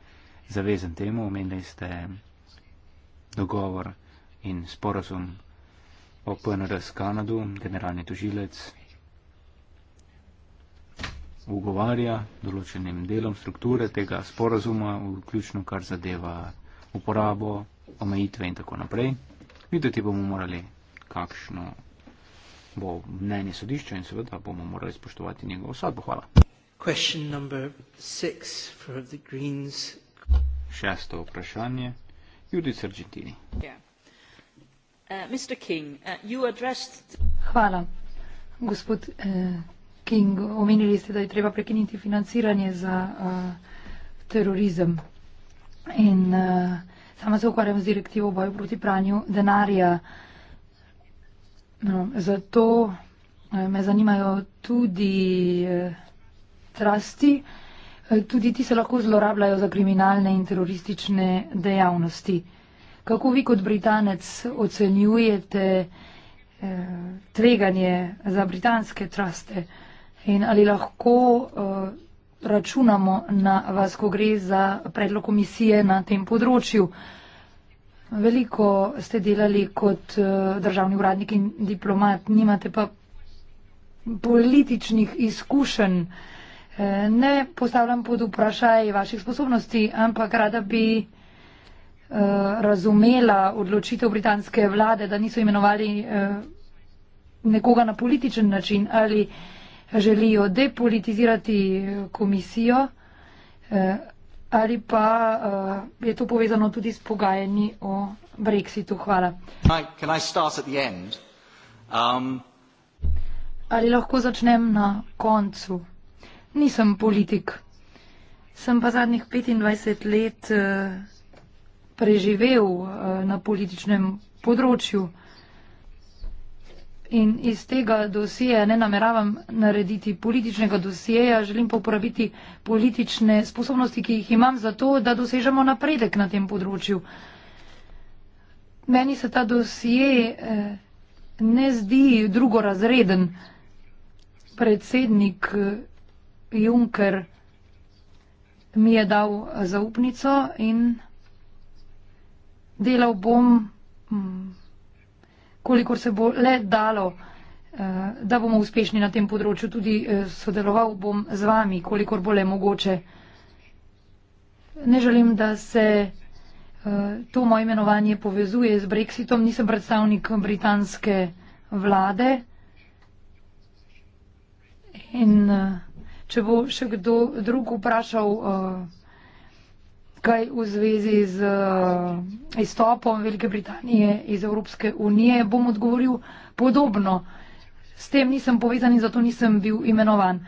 [SPEAKER 2] zavezen temu, omenili ste dogovor in sporazum o PNR s Kanado, generalni tožilec ugovarja določenim delom strukture tega sporazuma, vključno kar zadeva uporabo omejitve in tako naprej. Videti bomo morali, kakšno bo mnenje sodišča in seveda bomo morali spoštovati njegovo sodbo. Hvala. Šesto vprašanje. Judith Argentini.
[SPEAKER 3] Uh, uh, Hvala. Gospod eh, King, omenili ste, da je treba prekiniti financiranje za eh, terorizem. In, eh, Sama se ukvarjam z direktivo boju proti pranju denarja. No, zato eh, me zanimajo tudi eh, trasti. Eh, tudi ti se lahko zlorabljajo za kriminalne in teroristične dejavnosti. Kako vi kot Britanec ocenjujete eh, tveganje za britanske traste in ali lahko eh, računamo na vas, ko gre za predlog komisije na tem področju. Veliko ste delali kot eh, državni uradnik in diplomat, nimate pa političnih izkušenj. Eh, ne postavljam pod vprašaj vaših sposobnosti, ampak rada bi eh, razumela odločitev britanske vlade, da niso imenovali nekoga na političen način ali želijo depolitizirati eh, komisijo eh, ali pa eh, je to povezano tudi s pogajanji o Brexitu. Hvala.
[SPEAKER 2] Can I, can I
[SPEAKER 3] um, Ali lahko začnem na koncu? Nisem politik. Sem pa zadnjih 25 let preživel na političnem področju in iz tega dosije ne nameravam narediti političnega dosijeja, želim pa uporabiti politične sposobnosti, ki jih imam za to, da dosežemo napredek na tem področju. Meni se ta dosije eh, ne zdi drugorazreden. Predsednik eh, Juncker mi je dal eh, zaupnico in delal bom. Mm, kolikor se bo le dalo, eh, da bomo uspešni na tem področju. Tudi eh, sodeloval bom z vami, kolikor bo le mogoče. Ne želim, da se eh, to moje imenovanje povezuje z Brexitom. Nisem predstavnik britanske vlade. In če bo še kdo drug vprašal, nekaj v zvezi z eh, izstopom Velike Britanije iz Evropske unije, bom odgovoril podobno. S tem nisem povezan in zato nisem bil imenovan.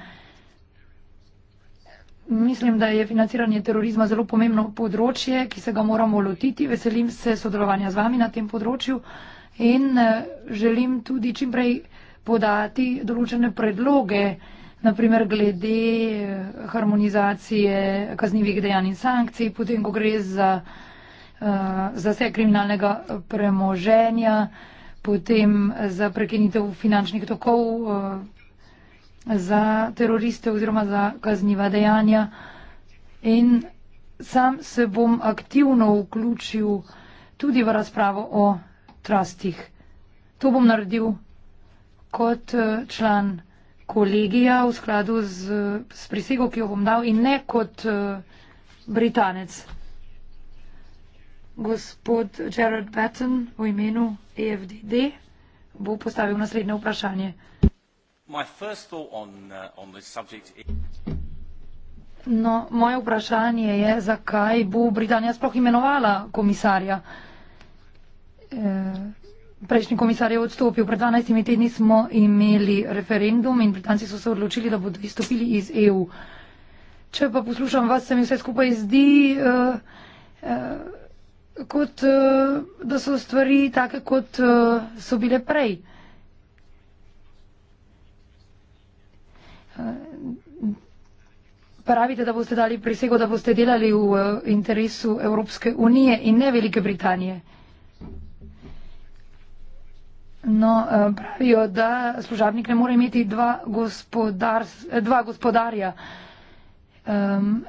[SPEAKER 3] Mislim, da je financiranje terorizma zelo pomembno področje, ki se ga moramo lotiti. Veselim se sodelovanja z vami na tem področju in eh, želim tudi čimprej podati določene predloge naprimer glede eh, harmonizacije kaznjivih dejanj in sankcij, potem, ko gre za eh, zase kriminalnega premoženja, potem eh, za prekinitev finančnih tokov za teroriste oziroma za kazniva dejanja. In sam se bom aktivno vključil tudi v razpravo o trustih. To bom naredil kot član kolegija v skladu z, z prisego, ki jo bom dal in ne kot uh, Britanec. Gospod Gerard Batten v imenu EFDD bo postavil naslednje vprašanje.
[SPEAKER 2] On, uh, on is...
[SPEAKER 3] no, moje vprašanje je, zakaj bo Britanija sploh imenovala komisarja. Uh, Prejšnji komisar je odstopil. Pred 12 tedni smo imeli referendum in Britanci so se odločili, da bodo izstopili iz EU. Če pa poslušam vas, se mi vse skupaj zdi, uh, uh, kot, uh, da so stvari take, kot uh, so bile prej. Pravite, da boste dali prisego, da boste delali v interesu Evropske unije in ne Velike Britanije. No, eh, pravijo, da služabnik ne more imeti dva, gospodar, eh, dva gospodarja. Um,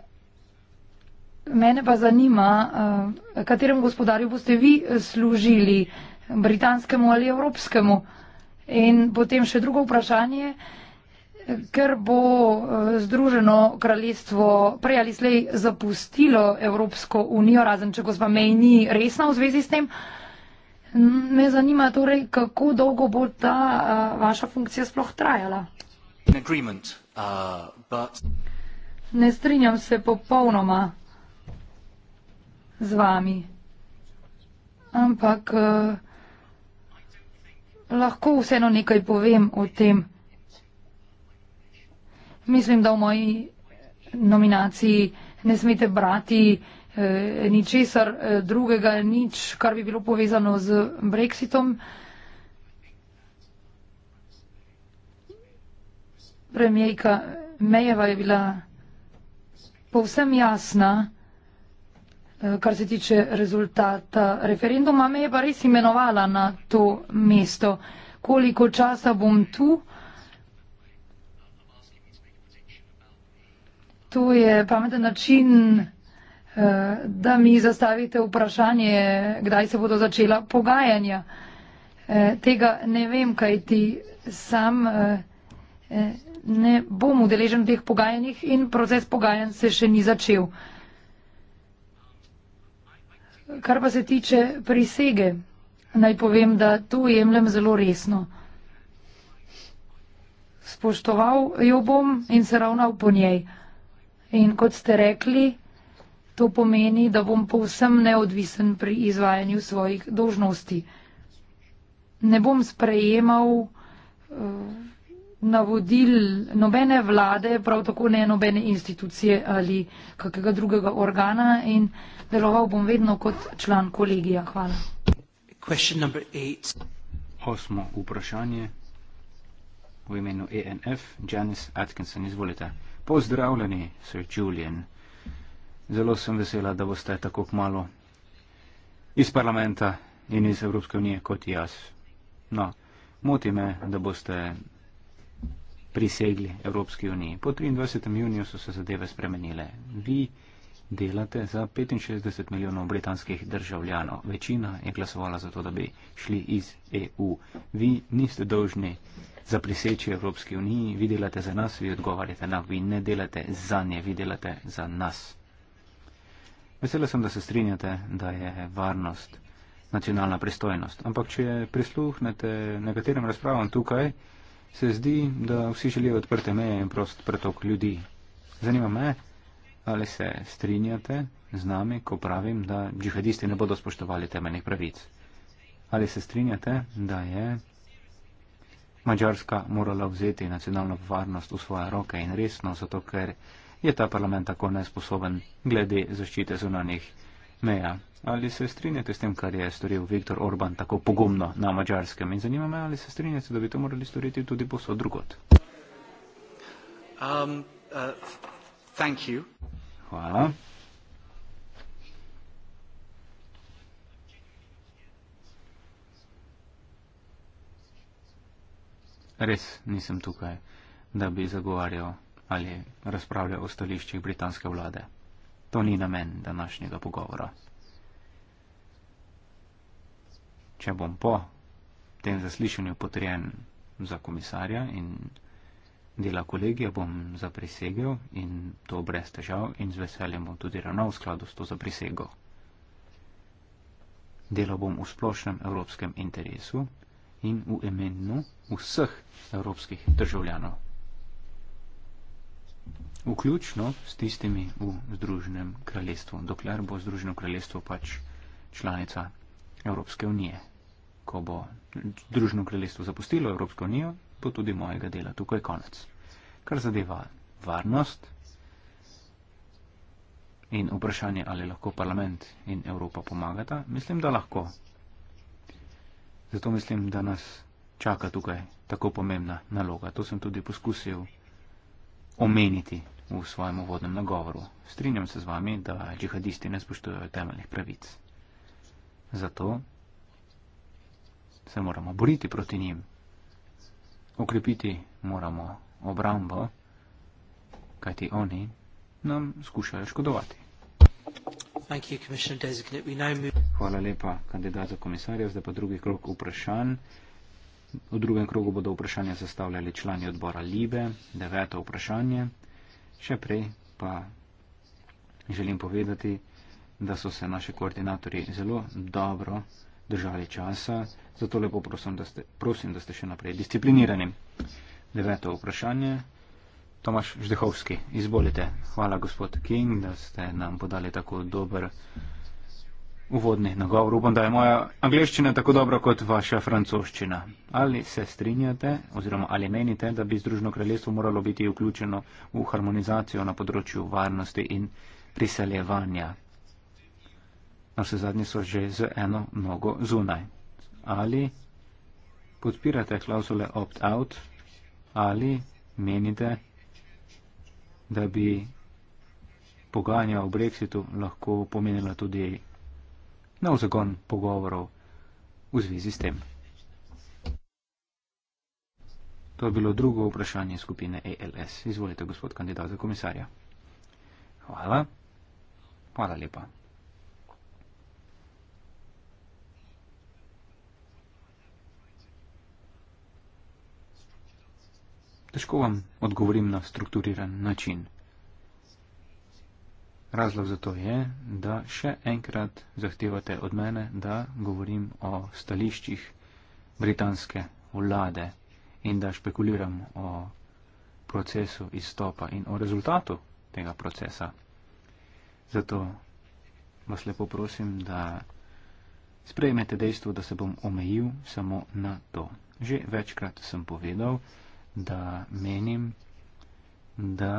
[SPEAKER 3] mene pa zanima, uh, kateremu gospodarju boste vi služili, britanskemu ali evropskemu. In potem še drugo vprašanje, ker bo Združeno kraljestvo prej ali slej zapustilo Evropsko unijo, razen če gospa May ni resna v zvezi s tem. Uh, Me zanima torej, kako dolgo bo ta uh, vaša funkcija sploh trajala.
[SPEAKER 2] Agreement, uh, but...
[SPEAKER 3] Ne strinjam se popolnoma z vami, ampak uh, lahko vseeno nekaj povem o tem. Mislim, da v moji nominaciji ne smete brati uh, Eh, ničesar eh, drugega, nič, kar bi bilo povezano z Brexitom. Premijejka Mejeva je bila povsem jasna, eh, kar se tiče rezultata referenduma. Me je pa res imenovala na to mesto. Koliko časa bom tu? To je pameten način Eh, da mi zastavite vprašanje, kdaj se bodo začela pogajanja. Eh, tega ne vem, kaj ti sam eh, ne bom udeležen v teh pogajanjih in proces pogajanj se še ni začel. Kar pa se tiče prisege, naj povem, da to jemljem zelo resno. Spoštoval jo bom in se ravnal po njej. In kot ste rekli, To pomeni, da bom povsem neodvisen pri izvajanju svojih dožnosti. Ne bom sprejemal eh, navodil nobene vlade, prav tako ne nobene institucije ali kakega drugega organa in deloval bom vedno kot član kolegija. Hvala.
[SPEAKER 2] Osmo vprašanje v imenu ENF, Janice Atkinson, izvolite. Pozdravljeni, sir Julian. Zelo sem vesela, da boste tako kmalo iz parlamenta in iz Evropske unije kot jaz. No, moti me, da boste prisegli Evropski uniji. Po 23. juniju so se zadeve spremenile. Vi delate za 65 milijonov britanskih državljanov. Večina je glasovala za to, da bi šli iz EU. Vi niste dolžni za priseči Evropski uniji, vi delate za nas, vi odgovarjate na, vi ne delate za nje, vi delate za nas. Vesela sem, da se strinjate, da je varnost nacionalna pristojnost. Ampak, če prisluhnete nekaterim razpravam tukaj, se zdi, da vsi želijo odprte meje in prost pretok ljudi. Zanima me, ali se strinjate z nami, ko pravim, da džihadisti ne bodo spoštovali temeljnih pravic. Ali se strinjate, da je Mačarska morala vzeti nacionalno varnost v svoje roke in resno, zato ker je ta parlament tako nesposoben glede zaščite zunanih meja. Ali se strinjate s tem, kar je storil Viktor Orban tako pogumno na mačarskem in zanima me, ali se strinjate, da bi to morali storiti tudi posod drugot? Um, uh, Hvala. Res nisem tukaj, da bi zagovarjal ali razpravlja o stališčih britanske vlade. To ni namen današnjega pogovora. Če bom po tem zaslišanju potrjen za komisarja in dela kolegija, bom zaprisegel in to brez težav in z veseljem bom tudi ravnal v skladu s to zaprisego. Delal bom v splošnem evropskem interesu in v imenu vseh evropskih državljanov vključno s tistimi v Združenem kraljestvu, dokler bo Združeno kraljestvo pač članica Evropske unije. Ko bo Združeno kraljestvo zapustilo Evropsko unijo, bo tudi mojega dela tukaj konec. Kar zadeva varnost in vprašanje, ali lahko parlament in Evropa pomagata, mislim, da lahko. Zato mislim, da nas čaka tukaj tako pomembna naloga. To sem tudi poskusil omeniti v svojem uvodnem nagovoru. Strinjam se z vami, da džihadisti ne spoštujejo temeljnih pravic. Zato se moramo boriti proti njim. Okrepiti moramo obrambo, kajti oni nam skušajo škodovati. Hvala lepa, kandidat za komisarja. Zdaj pa drugi krok vprašanj. V drugem krogu bodo vprašanja zastavljali člani odbora Libe. Deveto vprašanje. Še prej pa želim povedati, da so se naši koordinatorji zelo dobro držali časa, zato lepo prosim, da ste, prosim, da ste še naprej disciplinirani. Deveto vprašanje. Tomaš Ždehovski, izvolite. Hvala, gospod King, da ste nam podali tako dober uvodni nagovor. Upam, da je moja angliščina tako dobra kot vaša francoščina. Ali se strinjate oziroma ali menite, da bi Združeno kraljestvo moralo biti vključeno v harmonizacijo na področju varnosti in priseljevanja? Na vse zadnje so že z eno nogo zunaj. Ali podpirate klauzule opt-out ali menite, da bi pogajanja o brexitu lahko pomenila tudi nov zagon pogovorov v zvezi s tem. To je bilo drugo vprašanje skupine ALS. Izvolite, gospod kandidat za komisarja. Hvala. Hvala lepa. Težko vam odgovorim na strukturiran način. Razlog za to je, da še enkrat zahtevate od mene, da govorim o stališčih britanske vlade in da špekuliram o procesu izstopa in o rezultatu tega procesa. Zato vas lepo prosim, da sprejmete dejstvo, da se bom omejil samo na to. Že večkrat sem povedal, da menim, da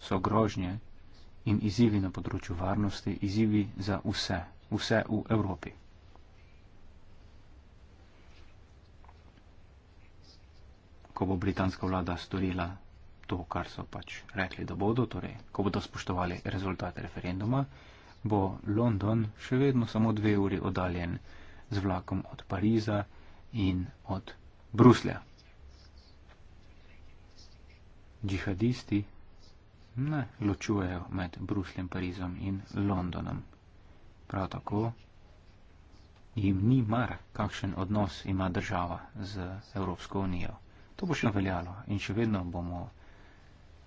[SPEAKER 2] so grožnje in izzivi na področju varnosti, izzivi za vse, vse v Evropi. Ko bo britanska vlada storila to, kar so pač rekli, da bodo, torej, ko bodo spoštovali rezultate referenduma, bo London še vedno samo dve uri oddaljen z vlakom od Pariza in od Bruslja. Džihadisti ne ločujejo med Brusljem, Parizom in Londonom. Prav tako jim ni mar, kakšen odnos ima država z Evropsko unijo. To bo še veljalo in še vedno bomo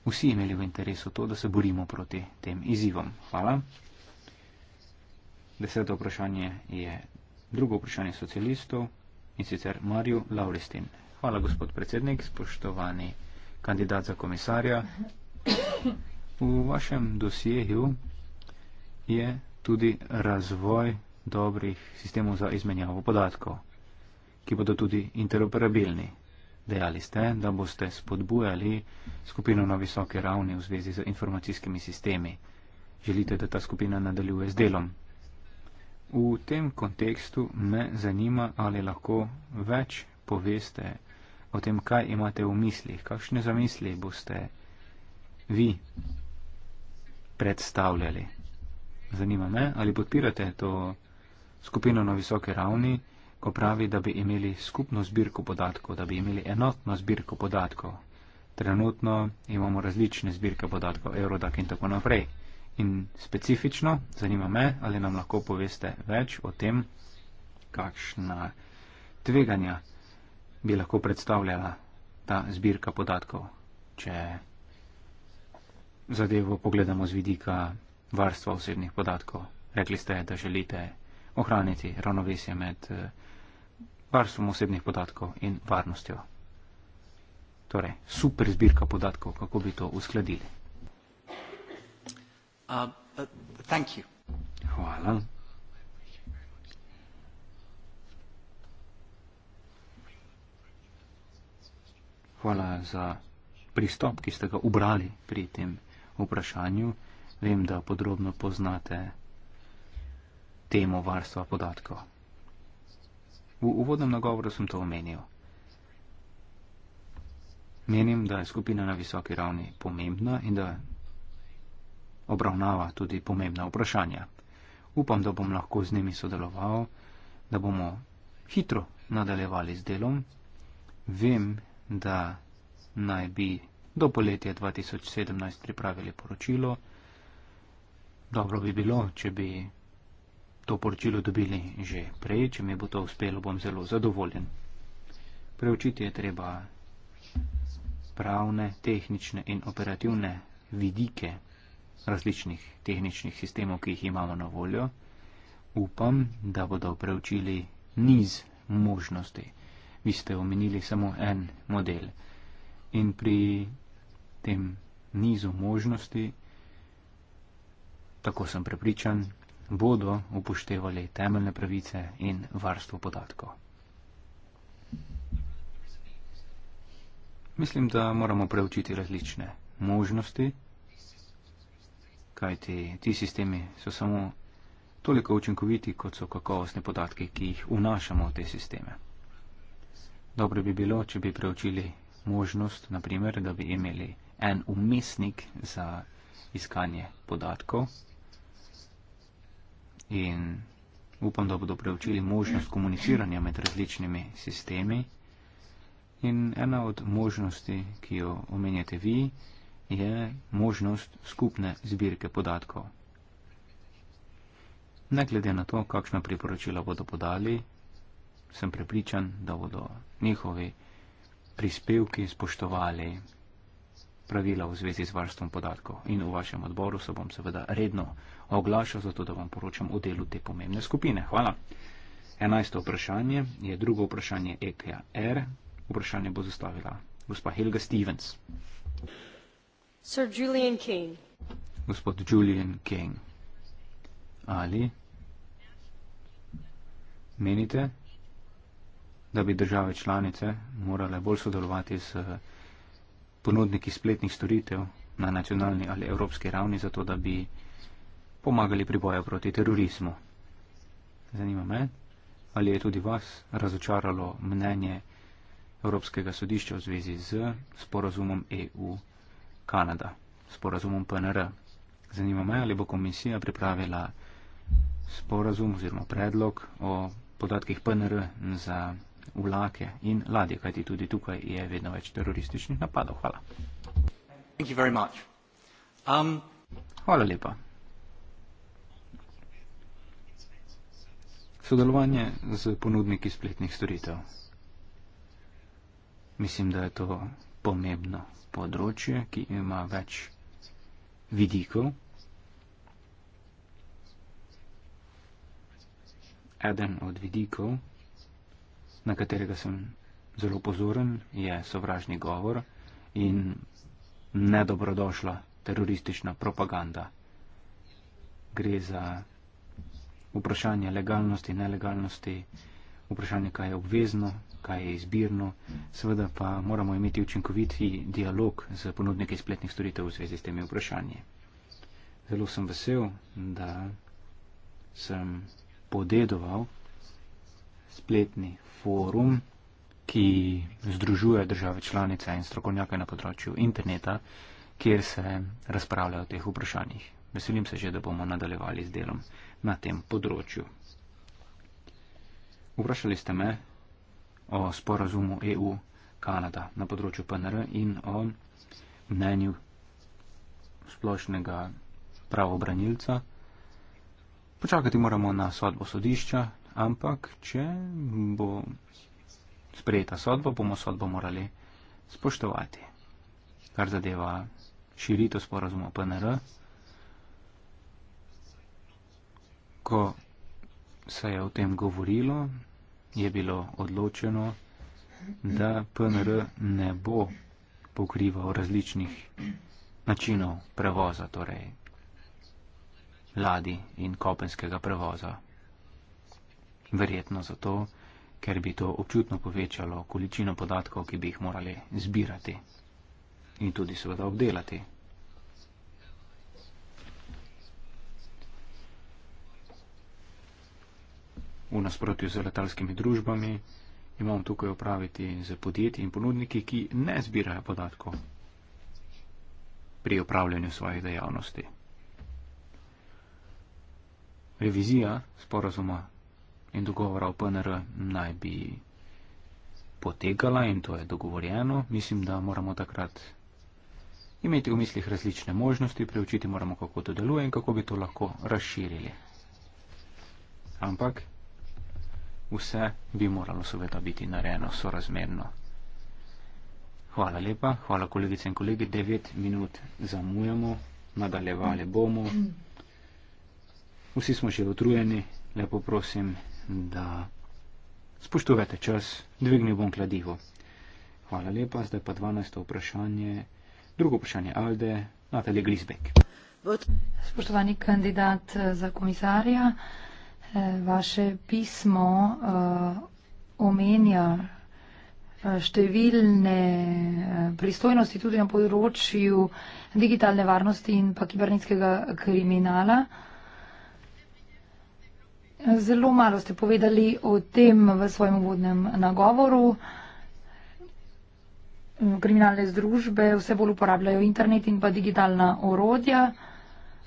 [SPEAKER 2] vsi imeli v interesu to, da se borimo proti tem izzivom. Hvala. Deseto vprašanje je drugo vprašanje socialistov in sicer Marju Lauristin. Hvala, gospod predsednik, spoštovani kandidat za komisarja. Aha. V vašem dosjeju je tudi razvoj dobrih sistemov za izmenjavo podatkov, ki bodo tudi interoperabilni. Dejali ste, da boste spodbujali skupino na visoke ravni v zvezi z informacijskimi sistemi. Želite, da ta skupina nadaljuje z delom. V tem kontekstu me zanima, ali lahko več poveste o tem, kaj imate v mislih, kakšne zamisli boste vi predstavljali. Zanima me, ali podpirate to skupino na visoke ravni, ko pravi, da bi imeli skupno zbirko podatkov, da bi imeli enotno zbirko podatkov. Trenutno imamo različne zbirke podatkov, Eurodac in tako naprej. In specifično, zanima me, ali nam lahko poveste več o tem, kakšna tveganja bi lahko predstavljala ta zbirka podatkov, če zadevo pogledamo z vidika varstva osebnih podatkov. Rekli ste, da želite ohraniti ravnovesje med eh, varstvom osebnih podatkov in varnostjo. Torej, super zbirka podatkov, kako bi to uskladili. Uh, uh, Hvala. Hvala za pristop, ki ste ga ubrali pri tem vprašanju. Vem, da podrobno poznate temo varstva podatkov. V uvodnem nagovoru sem to omenil. Menim, da je skupina na visoki ravni pomembna in da obravnava tudi pomembna vprašanja. Upam, da bom lahko z njimi sodeloval, da bomo hitro nadaljevali z delom. Vem, da naj bi do poletja 2017 pripravili poročilo. Dobro bi bilo, če bi to poročilo dobili že prej, če mi bo to uspelo, bom zelo zadovoljen. Preučiti je treba pravne, tehnične in operativne vidike različnih tehničnih sistemov, ki jih imamo na voljo. Upam, da bodo preučili niz možnosti. Vi ste omenili samo en model. In pri tem nizu možnosti, tako sem prepričan, bodo upoštevali temeljne pravice in varstvo podatkov. Mislim, da moramo preučiti različne možnosti, kajti ti sistemi so samo toliko učinkoviti, kot so kakovostne podatke, ki jih vnašamo v te sisteme. Dobro bi bilo, če bi preučili možnost, naprimer, da bi imeli en umestnik za iskanje podatkov. In upam, da bodo preučili možnost komuniciranja med različnimi sistemi. In ena od možnosti, ki jo omenjate vi, je možnost skupne zbirke podatkov. Ne glede na to, kakšna priporočila bodo podali, sem prepričan, da bodo njihovi prispevki spoštovali pravila v zvezi z varstvom podatkov. In v vašem odboru se bom seveda redno oglašal, zato da vam poročam o delu te pomembne skupine. Hvala. Enajsto vprašanje je drugo vprašanje EPR. Vprašanje bo zastavila gospa Helga Stevens.
[SPEAKER 3] Sir Julian King.
[SPEAKER 2] Gospod Julian King. Ali menite, da bi države članice morale bolj sodelovati s ponudniki spletnih storitev na nacionalni ali evropski ravni, zato da bi pomagali pri boju proti terorizmu. Zanima me, ali je tudi vas razočaralo mnenje Evropskega sodišča v zvezi z sporazumom EU-Kanada, sporazumom PNR. Zanima me, ali bo komisija pripravila sporazum oziroma predlog o podatkih PNR za vlake in ladje, kajti tudi tukaj je vedno več terorističnih napadov. Hvala. Um, Hvala lepa. Sodelovanje z ponudniki spletnih storitev. Mislim, da je to pomembno področje, ki ima več vidikov. Eden od vidikov na katerega sem zelo pozoren, je sovražni govor in nedobrodošla teroristična propaganda. Gre za vprašanje legalnosti, nelegalnosti, vprašanje, kaj je obvezno, kaj je izbirno, seveda pa moramo imeti učinkoviti dialog z ponudniki spletnih storitev v zvezi s temi vprašanji. Zelo sem vesel, da sem podedoval spletni forum, ki združuje države članice in strokovnjake na področju interneta, kjer se razpravlja o teh vprašanjih. Veselim se že, da bomo nadaljevali z delom na tem področju. Vprašali ste me o sporazumu EU-Kanada na področju PNR in o mnenju splošnega pravobranilca. Počakati moramo na sodbo sodišča, ampak če bo sprejeta sodba, bomo sodbo morali spoštovati. Kar zadeva širitev sporazuma PNR, ko se je o tem govorilo, je bilo odločeno, da PNR ne bo pokrival različnih načinov prevoza, torej ladi in kopenskega prevoza. Verjetno zato, ker bi to občutno povečalo količino podatkov, ki bi jih morali zbirati in tudi seveda obdelati. V nasprotju z letalskimi družbami imamo tukaj opraviti z podjetji in ponudniki, ki ne zbirajo podatkov pri upravljanju svojih dejavnosti. Revizija sporazuma in dogovora o PNR naj bi potegala in to je dogovorjeno. Mislim, da moramo takrat imeti v mislih različne možnosti, preučiti moramo, kako to deluje in kako bi to lahko razširili. Ampak vse bi moralo seveda biti narejeno sorazmerno. Hvala lepa, hvala kolegice in kolegi, devet minut zamujamo, nadaljevali bomo. Vsi smo že utrujeni, lepo prosim da spoštujete čas, dvignil bom kladivo. Hvala lepa, zdaj pa 12. vprašanje. Drugo vprašanje Alde, Natalija Glisbek.
[SPEAKER 3] Spoštovani kandidat eh, za komisarja, eh, vaše pismo uh, omenja številne pristojnosti tudi na področju digitalne varnosti in pa kibernetskega kriminala. Uh, Zelo malo ste povedali o tem v svojem uvodnem nagovoru. Kriminalne združbe vse bolj uporabljajo internet in pa digitalna orodja.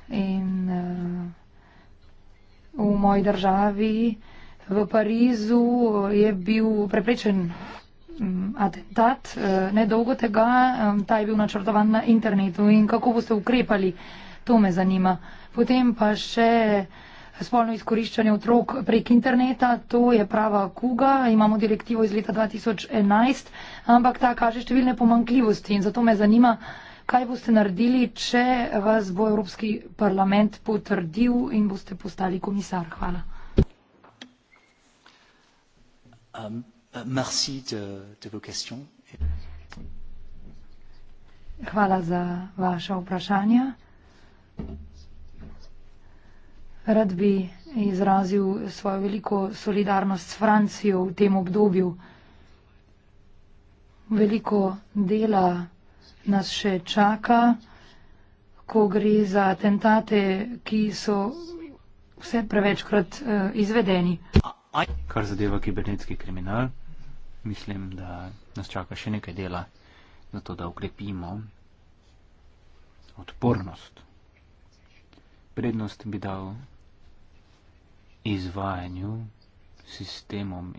[SPEAKER 3] In eh, v moji državi, v Parizu, je bil preprečen mm, atentat eh, nedolgo tega. Eh, ta je bil načrtovan na internetu. In kako boste ukrepali, to me zanima. Potem pa še spolno izkoriščanje otrok prek interneta. To je prava kuga, imamo direktivo iz leta 2011, ampak ta kaže številne pomankljivosti in zato me zanima, kaj boste naredili, če vas bo Evropski parlament potrdil in boste postali komisar. Hvala.
[SPEAKER 2] Um, uh,
[SPEAKER 3] Hvala za vaše vprašanje. Rad bi izrazil svojo veliko solidarnost s Francijo v tem obdobju. Veliko dela nas še čaka, ko gre za atentate, ki so vse prevečkrat eh, izvedeni.
[SPEAKER 2] Kar zadeva kibernetski kriminal, mislim, da nas čaka še nekaj dela, zato da ukrepimo odpornost. Prednost bi dal izvajanju sistemom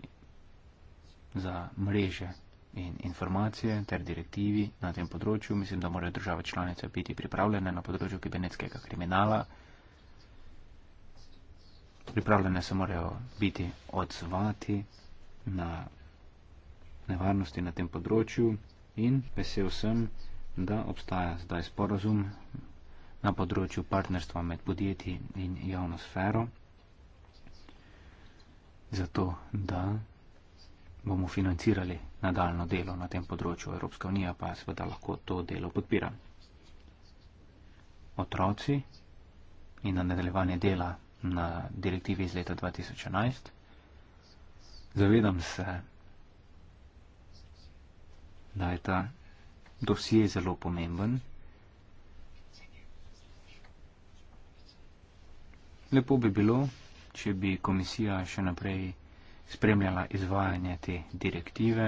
[SPEAKER 2] za mreže in informacije ter direktivi na tem področju. Mislim, da morajo države članice biti pripravljene na področju kibernetskega kriminala. Pripravljene se morajo biti odzvati na nevarnosti na tem področju in vesel sem, da obstaja zdaj sporozum na področju partnerstva med podjetji in javno sfero zato da bomo financirali nadaljno delo na tem področju. Evropska unija pa seveda lahko to delo podpira. Otroci in na nadaljevanje dela na direktivi iz leta 2011. Zavedam se, da je ta dosije zelo pomemben. Lepo bi bilo, če bi komisija še naprej spremljala izvajanje te direktive.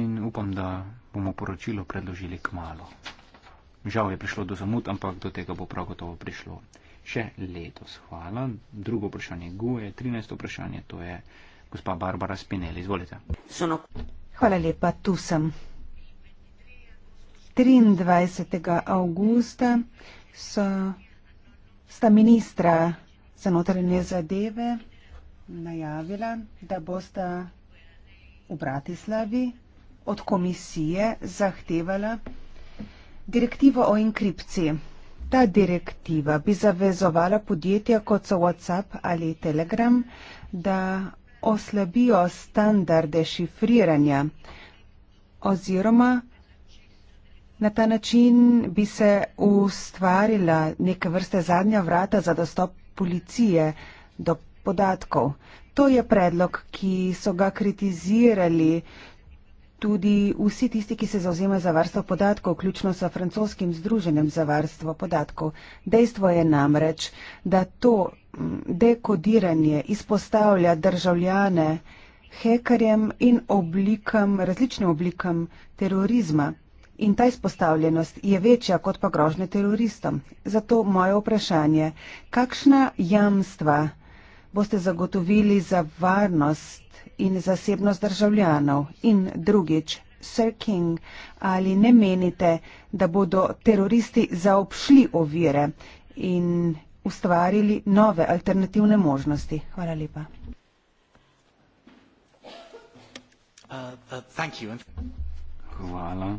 [SPEAKER 2] In upam, da bomo poročilo predložili k malu. Žal je prišlo do zamud, ampak do tega bo prav gotovo prišlo še letos. Hvala. Drugo vprašanje Guje, 13. vprašanje, to je gospa Barbara Spinelli. Izvolite.
[SPEAKER 1] Hvala lepa, tu sem. 23. augusta so, sta ministra za notranje zadeve najavila, da boste v Bratislavi od komisije zahtevala direktivo o enkripciji. Ta direktiva bi zavezovala podjetja kot so WhatsApp ali Telegram, da oslabijo standarde šifriranja oziroma na ta način bi se ustvarila neke vrste zadnja vrata za dostop policije do podatkov. To je predlog, ki so ga kritizirali tudi vsi tisti, ki se zauzemajo za varstvo podatkov, vključno sa francoskim združenjem za varstvo podatkov. Dejstvo je namreč, da to dekodiranje izpostavlja državljane hekarjem in oblikam, različnim oblikam terorizma. In ta izpostavljenost je večja kot pa grožne teroristom. Zato moje vprašanje, kakšna jamstva boste zagotovili za varnost in zasebnost državljanov? In drugič, Sir King, ali ne menite, da bodo teroristi zaobšli ovire in ustvarili nove alternativne možnosti? Hvala lepa.
[SPEAKER 2] Uh, uh, Hvala.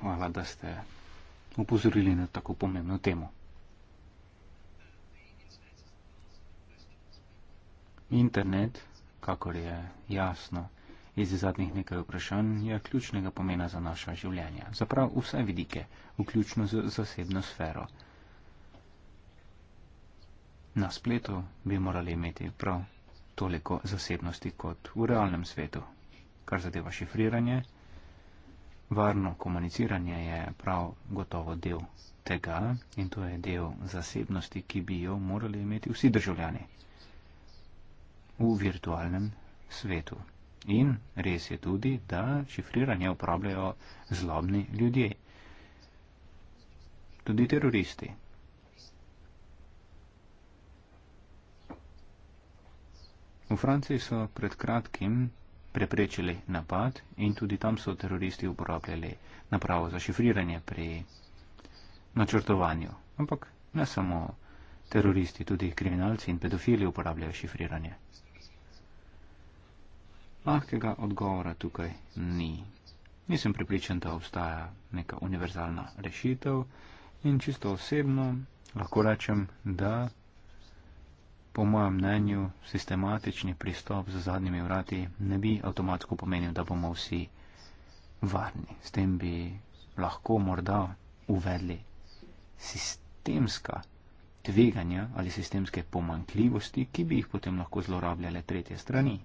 [SPEAKER 2] Hvala, da ste upozorili na tako pomembno temo. Internet, kakor je jasno iz zadnjih nekaj vprašanj, je ključnega pomena za naša življenja, za prav vse vidike, vključno z zasebno sfero. Na spletu bi morali imeti prav toliko zasebnosti kot v realnem svetu, kar zadeva šifriranje. Varno komuniciranje je prav gotovo del tega in to je del zasebnosti, ki bi jo morali imeti vsi državljani v virtualnem svetu. In res je tudi, da šifriranje uporabljajo zlobni ljudje, tudi teroristi. V Franciji so pred kratkim preprečili napad in tudi tam so teroristi uporabljali napravo za šifriranje pri načrtovanju. Ampak ne samo teroristi, tudi kriminalci in pedofili uporabljajo šifriranje. Lahkega odgovora tukaj ni. Nisem pripričan, da obstaja neka univerzalna rešitev in čisto osebno lahko rečem, da po mojem mnenju, sistematični pristop z zadnjimi vrati ne bi avtomatsko pomenil, da bomo vsi varni. S tem bi lahko morda uvedli sistemska tveganja ali sistemske pomankljivosti, ki bi jih potem lahko zlorabljale tretje strani.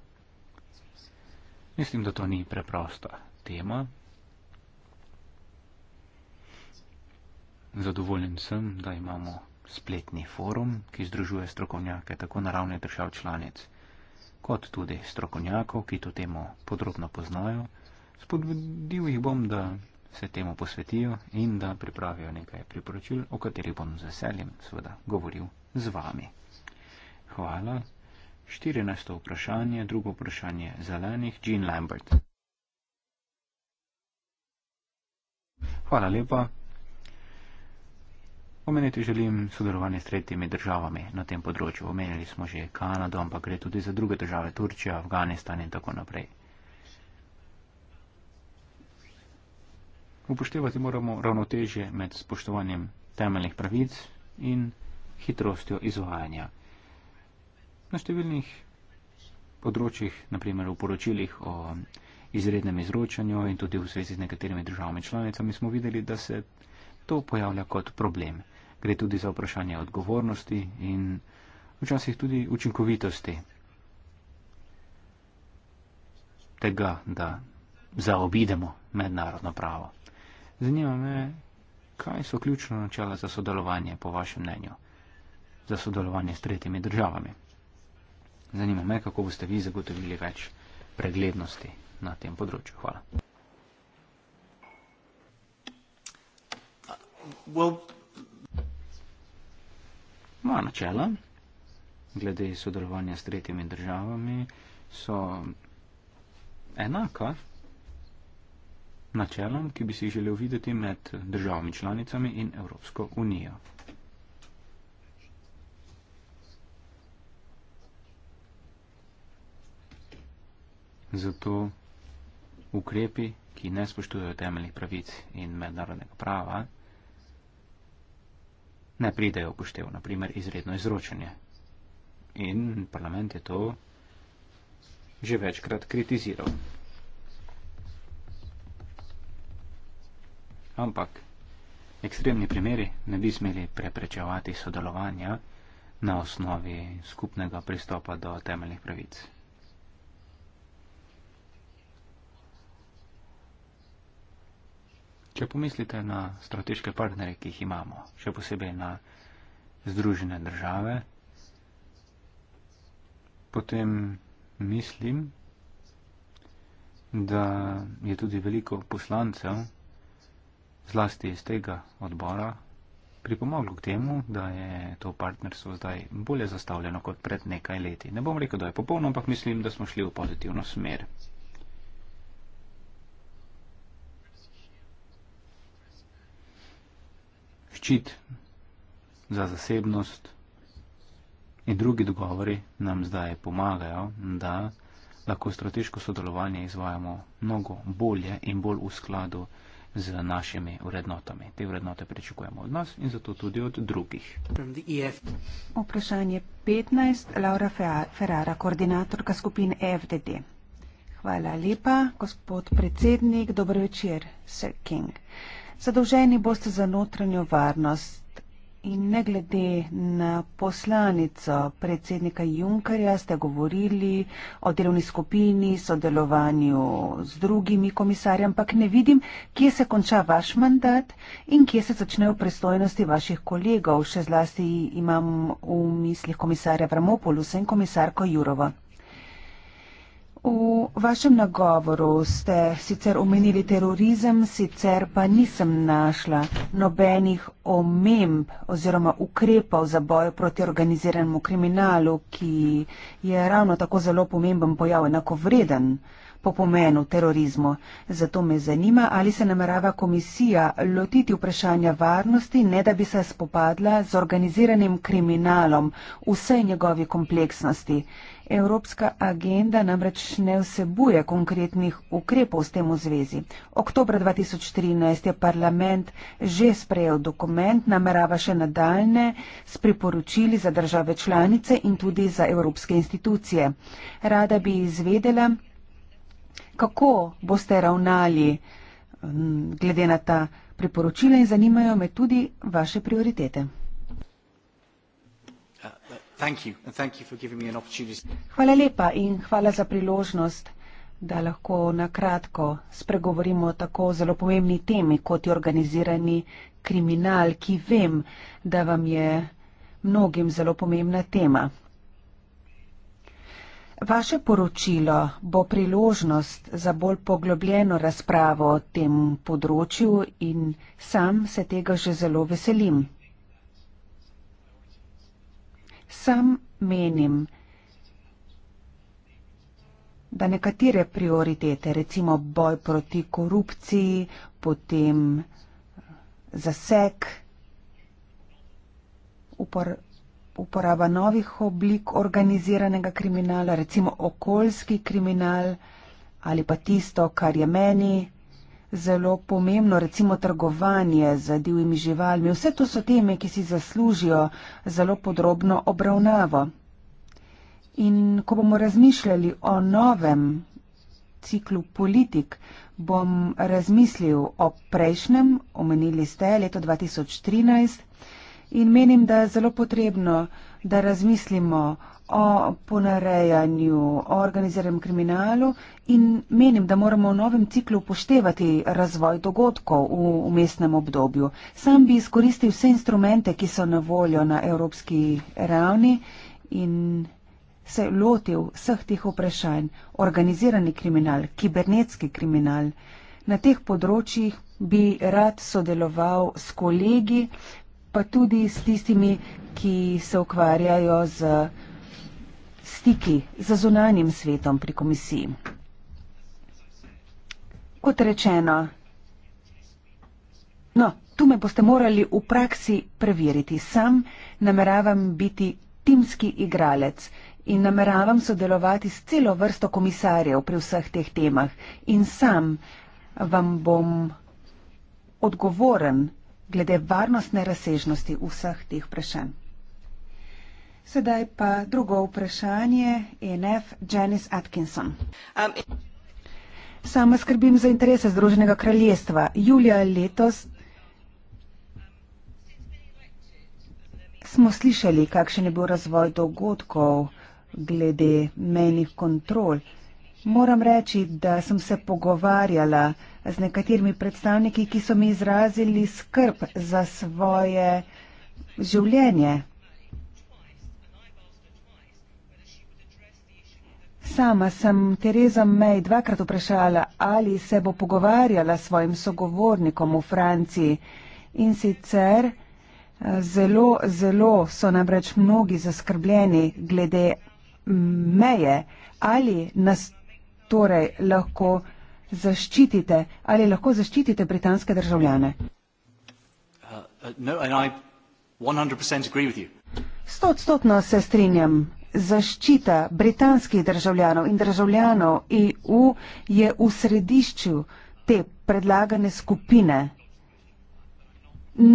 [SPEAKER 2] Mislim, da to ni preprosta tema. Zadovoljen sem, da imamo spletni forum, ki združuje strokovnjake tako na ravni držav članic, kot tudi strokovnjakov, ki to temo podrobno poznajo. Spodbudil jih bom, da se temu posvetijo in da pripravijo nekaj priporočil, o katerih bom z veseljem seveda govoril z vami. Hvala. 14. vprašanje, drugo vprašanje zelenih, Jean Lambert. Hvala lepa. Omeniti želim sodelovanje s tretjimi državami na tem področju. Omenili smo že Kanado, ampak gre tudi za druge države, Turčija, Afganistan in tako naprej. Upoštevati moramo ravnotežje med spoštovanjem temeljnih pravic in hitrostjo izvajanja. Na številnih področjih, naprimer v poročilih o izrednem izročanju in tudi v svezi z nekaterimi državami članicami, smo videli, da se to pojavlja kot problem gre tudi za vprašanje odgovornosti in včasih tudi učinkovitosti tega, da zaobidemo mednarodno pravo. Zanima me, kaj so ključna načela za sodelovanje, po vašem mnenju, za sodelovanje s tretjimi državami. Zanima me, kako boste vi zagotovili več preglednosti na tem področju. Hvala. Well, Moja načela glede sodelovanja s tretjimi državami so enaka načelom, ki bi si želel videti med državami članicami in Evropsko unijo. Zato ukrepi, ki ne spoštujejo temeljnih pravic in mednarodnega prava, ne pridejo upoštev, naprimer izredno izročanje. In parlament je to že večkrat kritiziral. Ampak ekstremni primeri ne bi smeli preprečevati sodelovanja na osnovi skupnega pristopa do temeljnih pravic. Če pomislite na strateške partnere, ki jih imamo, še posebej na Združene države, potem mislim, da je tudi veliko poslancev, zlasti iz tega odbora, pripomoglo k temu, da je to partnerstvo zdaj bolje zastavljeno kot pred nekaj leti. Ne bom rekel, da je popolno, ampak mislim, da smo šli v pozitivno smer. ščit za zasebnost in drugi dogovori nam zdaj pomagajo, da lahko strateško sodelovanje izvajamo mnogo bolje in bolj v skladu z našimi vrednotami. Te vrednote pričakujemo od nas in zato tudi od drugih.
[SPEAKER 1] E Vprašanje 15. Laura Ferrara, koordinatorka skupin e FDD. Hvala lepa, gospod predsednik. Dobro večer, Sir King. Uh, Zadolženi boste za notranjo varnost in ne glede na poslanico predsednika Junkarja ste govorili o delovni skupini, sodelovanju z drugimi komisarji, ampak ne vidim, kje se konča vaš mandat in kje se začnejo pristojnosti vaših kolegov. Še zlasti imam v mislih komisarja Vramopolusa in komisarko Jurova. V vašem nagovoru ste sicer omenili terorizem, sicer pa nisem našla nobenih omemb oziroma ukrepov za boj proti organiziranemu kriminalu, ki je ravno tako zelo pomemben pojav, enako vreden po pomenu terorizmu. Zato me zanima, ali se namerava komisija lotiti vprašanja varnosti, ne da bi se spopadla z organiziranim kriminalom v vsej njegovi kompleksnosti. Evropska agenda namreč ne vsebuje konkretnih ukrepov s tem v zvezi. Oktober 2013 je parlament že sprejel dokument, namerava še nadaljne s priporočili za države članice in tudi za evropske institucije. Rada bi izvedela, kako boste ravnali glede na ta priporočila in zanimajo me tudi vaše prioritete. Hvala lepa in hvala za priložnost, da lahko nakratko spregovorimo o tako zelo pomembni temi, kot je organizirani kriminal, ki vem, da vam je mnogim zelo pomembna tema. Vaše poročilo bo priložnost za bolj poglobljeno razpravo o tem področju in sam se tega že zelo veselim. Sam menim, da nekatere prioritete, recimo boj proti korupciji, potem eh, zasek, upor, uporaba novih oblik organiziranega kriminala, recimo okoljski kriminal ali pa tisto, kar je meni zelo pomembno, recimo trgovanje z divjimi živalmi. Vse to so teme, ki si zaslužijo zelo podrobno obravnavo. In ko bomo razmišljali o novem ciklu politik, bom razmislil o prejšnjem, omenili ste leto 2013 in menim, da je zelo potrebno, da razmislimo o ponarejanju, o organiziranem kriminalu in menim, da moramo v novem ciklu upoštevati razvoj dogodkov v umestnem obdobju. Sam bi izkoristil vse instrumente, ki so na voljo na evropski ravni in se lotil vseh tih vprašanj. Organizirani kriminal, kibernetski kriminal, na teh področjih bi rad sodeloval s kolegi, pa tudi s tistimi, ki se ukvarjajo z stiki z zunanjim svetom pri komisiji. Kot rečeno, no, tu me boste morali v praksi preveriti. Sam nameravam biti timski igralec in nameravam sodelovati s celo vrsto komisarjev pri vseh teh temah in sam vam bom odgovoren glede varnostne razsežnosti vseh teh vprašanj. Sedaj pa drugo vprašanje, e NF Janice Atkinson. Um, in... Sama skrbim za interese Združenega kraljestva. Julija letos smo slišali, kakšen je bil razvoj dogodkov glede mejnih kontrol. Moram reči, da sem se pogovarjala z nekaterimi predstavniki, ki so mi izrazili skrb za svoje življenje. Sama sem Tereza May dvakrat vprašala, ali se bo pogovarjala s svojim sogovornikom v Franciji. In sicer zelo, zelo so namreč mnogi zaskrbljeni glede meje ali nastopa torej lahko zaščitite, ali lahko zaščitite britanske državljane?
[SPEAKER 2] Uh, uh, no,
[SPEAKER 1] Stotstotno se strinjam. Zaščita britanskih državljanov in državljanov EU je v središču te predlagane skupine.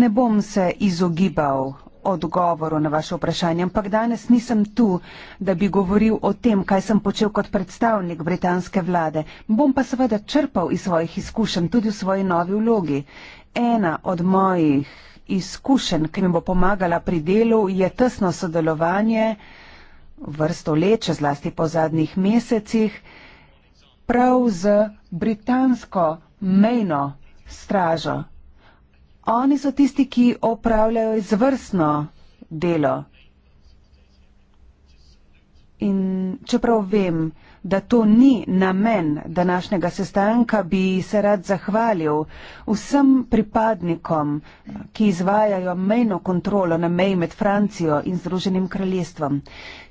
[SPEAKER 1] Ne bom se izogibal odgovoru na vaše vprašanje, ampak danes nisem tu, da bi govoril o tem, kaj sem počel kot predstavnik britanske vlade. Bom pa seveda črpal iz svojih izkušenj tudi v svoji novi vlogi. Ena od mojih izkušenj, ki mi bo pomagala pri delu, je tesno sodelovanje vrsto let, če zlasti po zadnjih mesecih, prav z britansko mejno stražo oni so tisti, ki opravljajo izvrstno delo. In čeprav vem, da to ni namen današnjega sestanka, bi se rad zahvalil vsem pripadnikom, ki izvajajo mejno kontrolo na meji med Francijo in Združenim kraljestvom.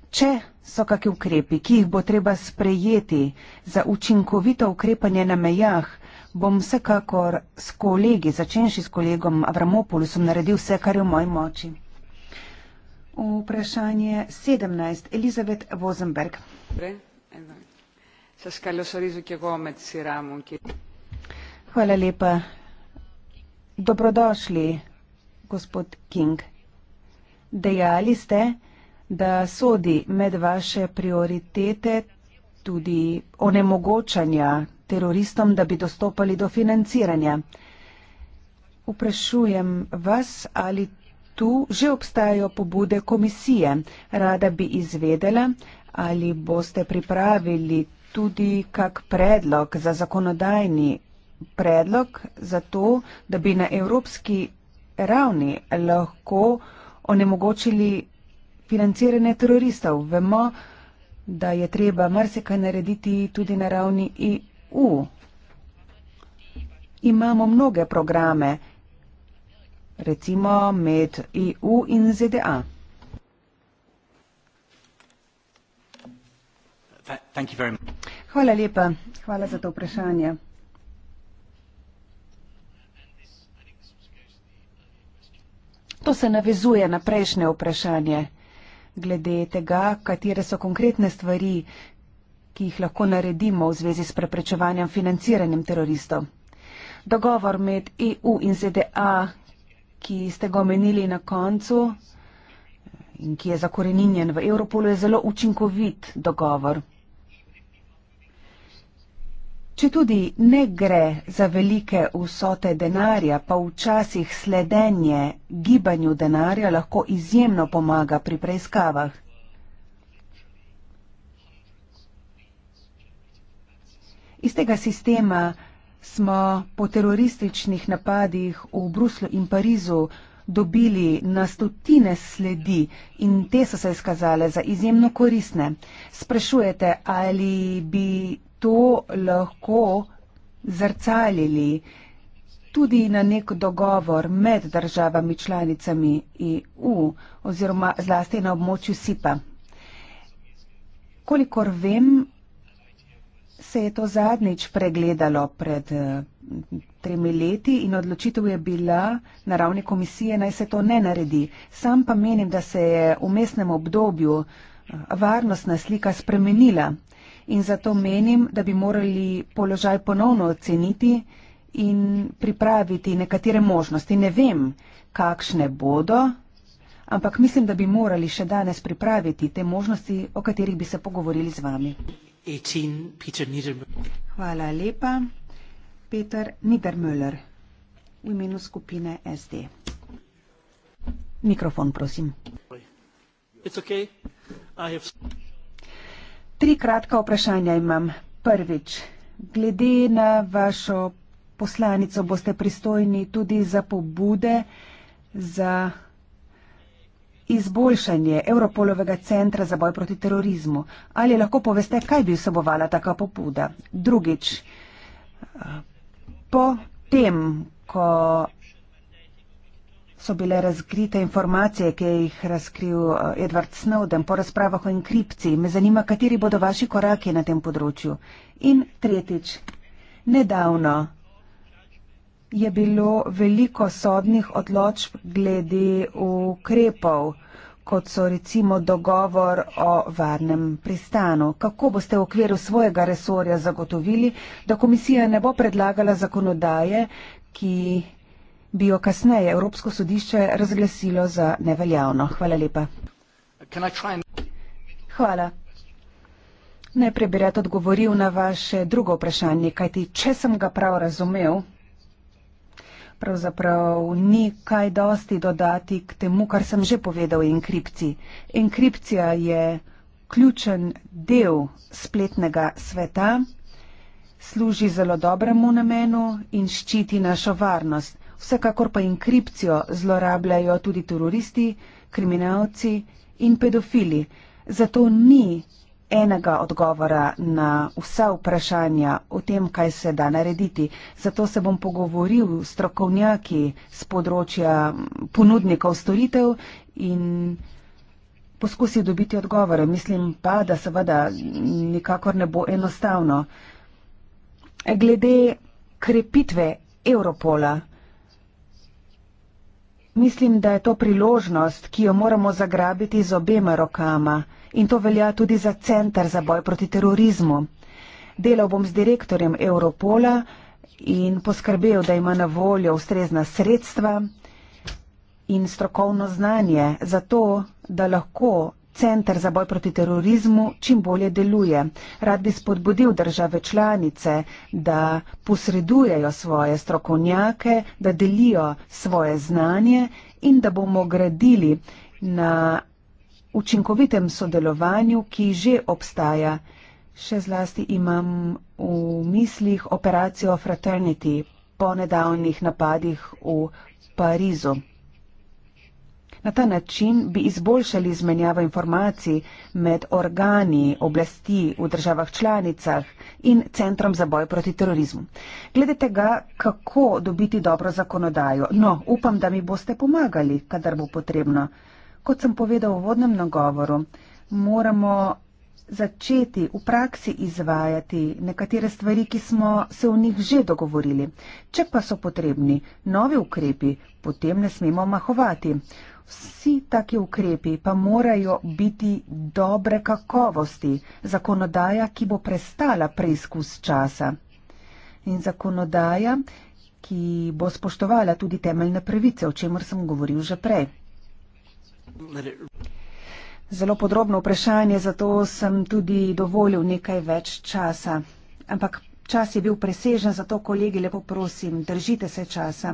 [SPEAKER 1] Če so kakšni ukrepi, ki jih bo treba sprejeti za učinkovito ukrepanje na mejah, bom vsekakor s kolegi, začenši s kolegom Avramopolusom, naredil vse, kar je v moji moči. Vprašanje 17. Elizabet Vozenberg. Hvala lepa. Dobrodošli, gospod King. Dejali ste, da sodi med vaše prioritete tudi onemogočanja teroristom, da bi dostopali do financiranja. Vprašujem vas, ali tu že obstajajo pobude komisije. Rada bi izvedela, ali boste pripravili tudi kak predlog za zakonodajni predlog za to, da bi na evropski ravni lahko onemogočili financiranje teroristov. Vemo, da je treba marsikaj narediti tudi na ravni U. Imamo mnoge programe, recimo med EU in ZDA. Hvala lepa. Hvala za to vprašanje. To se navezuje na prejšnje vprašanje glede tega, katere so konkretne stvari, ki jih lahko naredimo v zvezi s preprečevanjem financiranjem teroristov. Dogovor med EU in ZDA, ki ste ga omenili na koncu in ki je zakoreninjen v Evropolu, je zelo učinkovit dogovor. Če tudi ne gre za velike vsote denarja, pa včasih sledenje gibanju denarja lahko izjemno pomaga pri preiskavah. Iz tega sistema smo po terorističnih napadih v Bruslu in Parizu dobili na stotine sledi in te so se izkazale za izjemno koristne. Sprašujete, ali bi to lahko zrcalili tudi na nek dogovor med državami članicami EU oziroma zlasti na območju SIPA. Kolikor vem, se je to zadnjič pregledalo pred eh, tremi leti in odločitev je bila na ravni komisije, naj se to ne naredi. Sam pa menim, da se je v mestnem obdobju eh, varnostna slika spremenila in zato menim, da bi morali položaj ponovno oceniti in pripraviti nekatere možnosti. Ne vem, kakšne bodo, ampak mislim, da bi morali še danes pripraviti te možnosti, o katerih bi se pogovorili z vami. Hvala lepa. Peter Niedermüller v imenu skupine SD. Mikrofon, prosim. Tri kratka vprašanja imam. Prvič, glede na vašo poslanico boste pristojni tudi za pobude za izboljšanje Europolovega centra za boj proti terorizmu. Ali lahko poveste, kaj bi vsebovala taka pobuda? Drugič, po tem, ko so bile razkrite informacije, ki jih razkril eh, Edward Snowden po razpravah o enkripciji, me zanima, kateri bodo vaši koraki na tem področju. In tretjič, nedavno je bilo veliko sodnih odločb glede ukrepov, kot so recimo dogovor o varnem pristanu. Kako boste v okviru svojega resorja zagotovili, da komisija ne bo predlagala zakonodaje, ki bi jo kasneje Evropsko sodišče razglasilo za neveljavno? Hvala lepa. Hvala. Najprej bi rad odgovoril na vaše drugo vprašanje, kajti če sem ga prav razumel, pravzaprav ni kaj dosti dodati k temu, kar sem že povedal o enkripciji. Enkripcija je ključen del spletnega sveta, služi zelo dobremu namenu in ščiti našo varnost. Vsekakor pa enkripcijo zlorabljajo tudi teroristi, kriminalci in pedofili. Zato ni enega odgovora na vsa vprašanja o tem, kaj se da narediti. Zato se bom pogovoril s strokovnjaki z področja ponudnikov storitev in poskusil dobiti odgovore. Mislim pa, da seveda nikakor ne bo enostavno. Glede krepitve Europola. Mislim, da je to priložnost, ki jo moramo zagrabiti z obema rokama in to velja tudi za centr za boj proti terorizmu. Delal bom z direktorjem Europola in poskrbel, da ima na voljo ustrezna sredstva in strokovno znanje za to, da lahko centr za boj proti terorizmu čim bolje deluje. Rad bi spodbudil države članice, da posredujejo svoje strokovnjake, da delijo svoje znanje in da bomo gradili na učinkovitem sodelovanju, ki že obstaja. Še zlasti imam v mislih operacijo Fraternity po nedavnih napadih v Parizu. Na ta način bi izboljšali izmenjavo informacij med organi oblasti v državah članicah in Centrom za boj proti terorizmu. Glede tega, kako dobiti dobro zakonodajo. No, upam, da mi boste pomagali, kadar bo potrebno. Kot sem povedal v vodnem nagovoru, moramo začeti v praksi izvajati nekatere stvari, ki smo se v njih že dogovorili. Če pa so potrebni novi ukrepi, potem ne smemo mahovati. Vsi taki ukrepi pa morajo biti dobre kakovosti, zakonodaja, ki bo prestala preizkus časa in zakonodaja, ki bo spoštovala tudi temeljne pravice, o čemer sem govoril že prej. Zelo podrobno vprašanje, zato sem tudi dovolil nekaj več časa. Ampak čas je bil presežen, zato kolegi lepo prosim, držite se časa.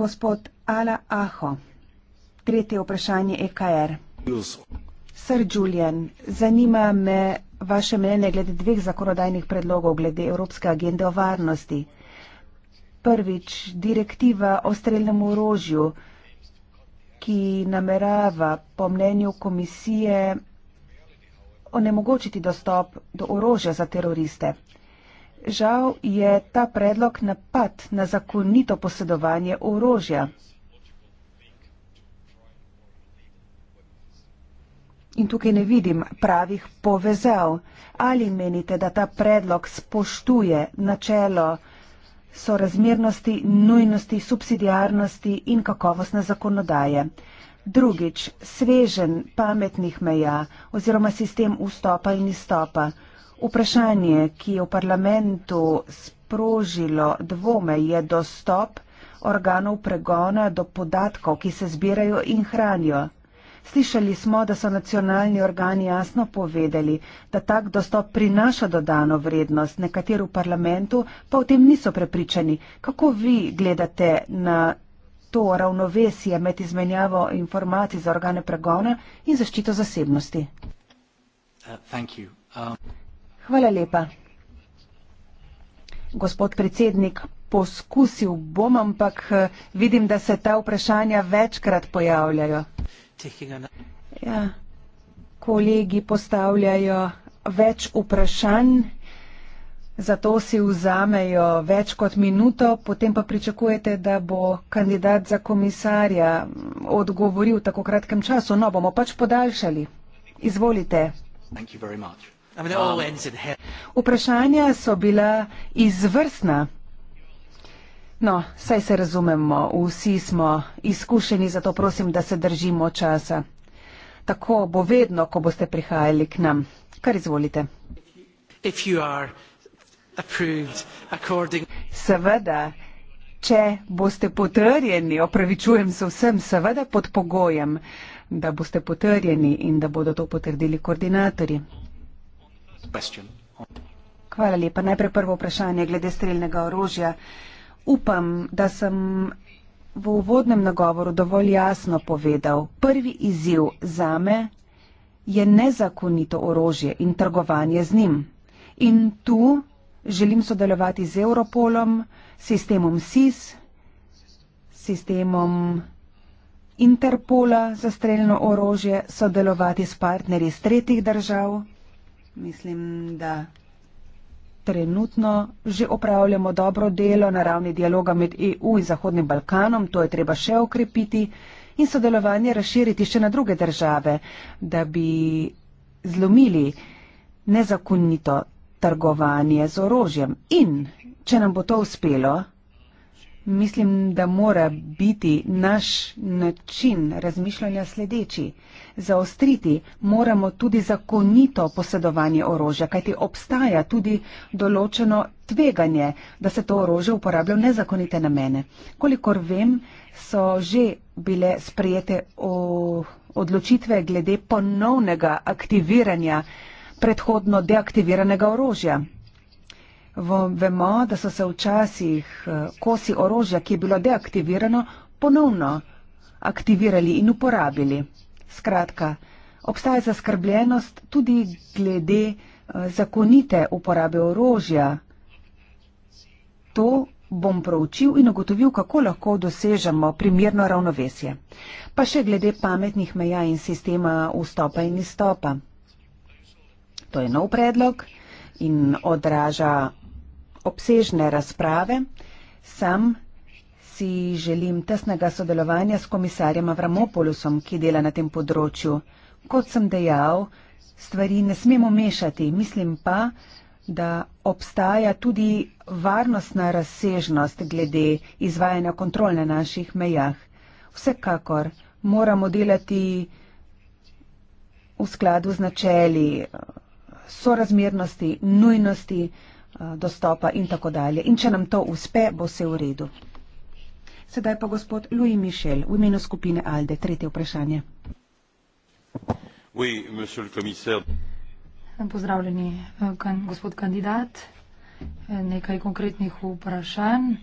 [SPEAKER 1] Gospod Ala Aho, tretje vprašanje EKR. Sir Julian, zanima me vaše mnenje glede dveh zakonodajnih predlogov glede Evropske agende o varnosti. Prvič, direktiva o streljnem orožju ki namerava po mnenju komisije onemogočiti dostop do orožja za teroriste. Žal je ta predlog napad na zakonito posedovanje orožja. In tukaj ne vidim pravih povezav. Ali menite, da ta predlog spoštuje načelo sorazmernosti, nujnosti, subsidiarnosti in kakovostne zakonodaje. Drugič, svežen pametnih meja oziroma sistem vstopa in izstopa. Vprašanje, ki je v parlamentu sprožilo dvome, je dostop organov pregona do podatkov, ki se zbirajo in hranijo. Slišali smo, da so nacionalni organi jasno povedali, da tak dostop prinaša dodano vrednost, nekateri v parlamentu pa o tem niso prepričani. Kako vi gledate na to ravnovesje med izmenjavo informacij za organe pregona in zaščito zasebnosti?
[SPEAKER 2] Uh, um,
[SPEAKER 1] Hvala lepa. Gospod predsednik, poskusil bom, ampak eh, vidim, da se ta vprašanja večkrat pojavljajo.
[SPEAKER 2] Ja,
[SPEAKER 1] kolegi postavljajo več vprašanj, zato si vzamejo več kot minuto, potem pa pričakujete, da bo kandidat za komisarja odgovoril v tako kratkem času. No, bomo pač podaljšali. Izvolite.
[SPEAKER 2] Um,
[SPEAKER 1] Vprašanja so bila izvrstna. No, saj se razumemo, vsi smo izkušeni, zato prosim, da se držimo časa. Tako bo vedno, ko boste prihajali k nam. Kar izvolite. According... Seveda, če boste potrjeni, opravičujem se vsem, seveda pod pogojem, da boste potrjeni in da bodo to potrdili koordinatorji. Hvala lepa. Najprej prvo vprašanje glede streljnega orožja. Upam, da sem v uvodnem nagovoru dovolj jasno povedal, prvi izziv za me je nezakonito orožje in trgovanje z njim. In tu želim sodelovati z Europolom, sistemom SIS, sistemom Interpola za streljno orožje, sodelovati s partnerji iz tretjih držav. Mislim, da trenutno že opravljamo dobro delo na ravni dialoga med EU in Zahodnim Balkanom, to je treba še okrepiti in sodelovanje razširiti še na druge države, da bi zlomili nezakonito trgovanje z orožjem. In, če nam bo to uspelo, Mislim, da mora biti naš način razmišljanja sledeči. Zaostriti moramo tudi zakonito posedovanje orožja, kajti obstaja tudi določeno tveganje, da se to orožje uporablja v nezakonite namene. Kolikor vem, so že bile sprejete odločitve glede ponovnega aktiviranja predhodno deaktiviranega orožja vemo, da so se včasih eh, kosi orožja, ki je bilo deaktivirano, ponovno aktivirali in uporabili. Skratka, obstaja zaskrbljenost tudi glede eh, zakonite uporabe orožja. To bom proučil in ugotovil, kako lahko dosežemo primirno ravnovesje. Pa še glede pametnih meja in sistema vstopa in izstopa. To je nov predlog in odraža obsežne razprave. Sam si želim tesnega sodelovanja s komisarjem Avramopolusom, ki dela na tem področju. Kot sem dejal, stvari ne smemo mešati. Mislim pa, da obstaja tudi varnostna razsežnost glede izvajanja kontrol na naših mejah. Vsekakor moramo delati v skladu z načeli sorazmernosti, nujnosti, Eh, dostopa in tako dalje. In če nam to uspe, bo vse v redu. Sedaj pa gospod Louis Michel v imenu skupine Alde. Tretje vprašanje. Oui, Pozdravljeni, eh, gospod kandidat.
[SPEAKER 3] Eh, nekaj konkretnih vprašanj.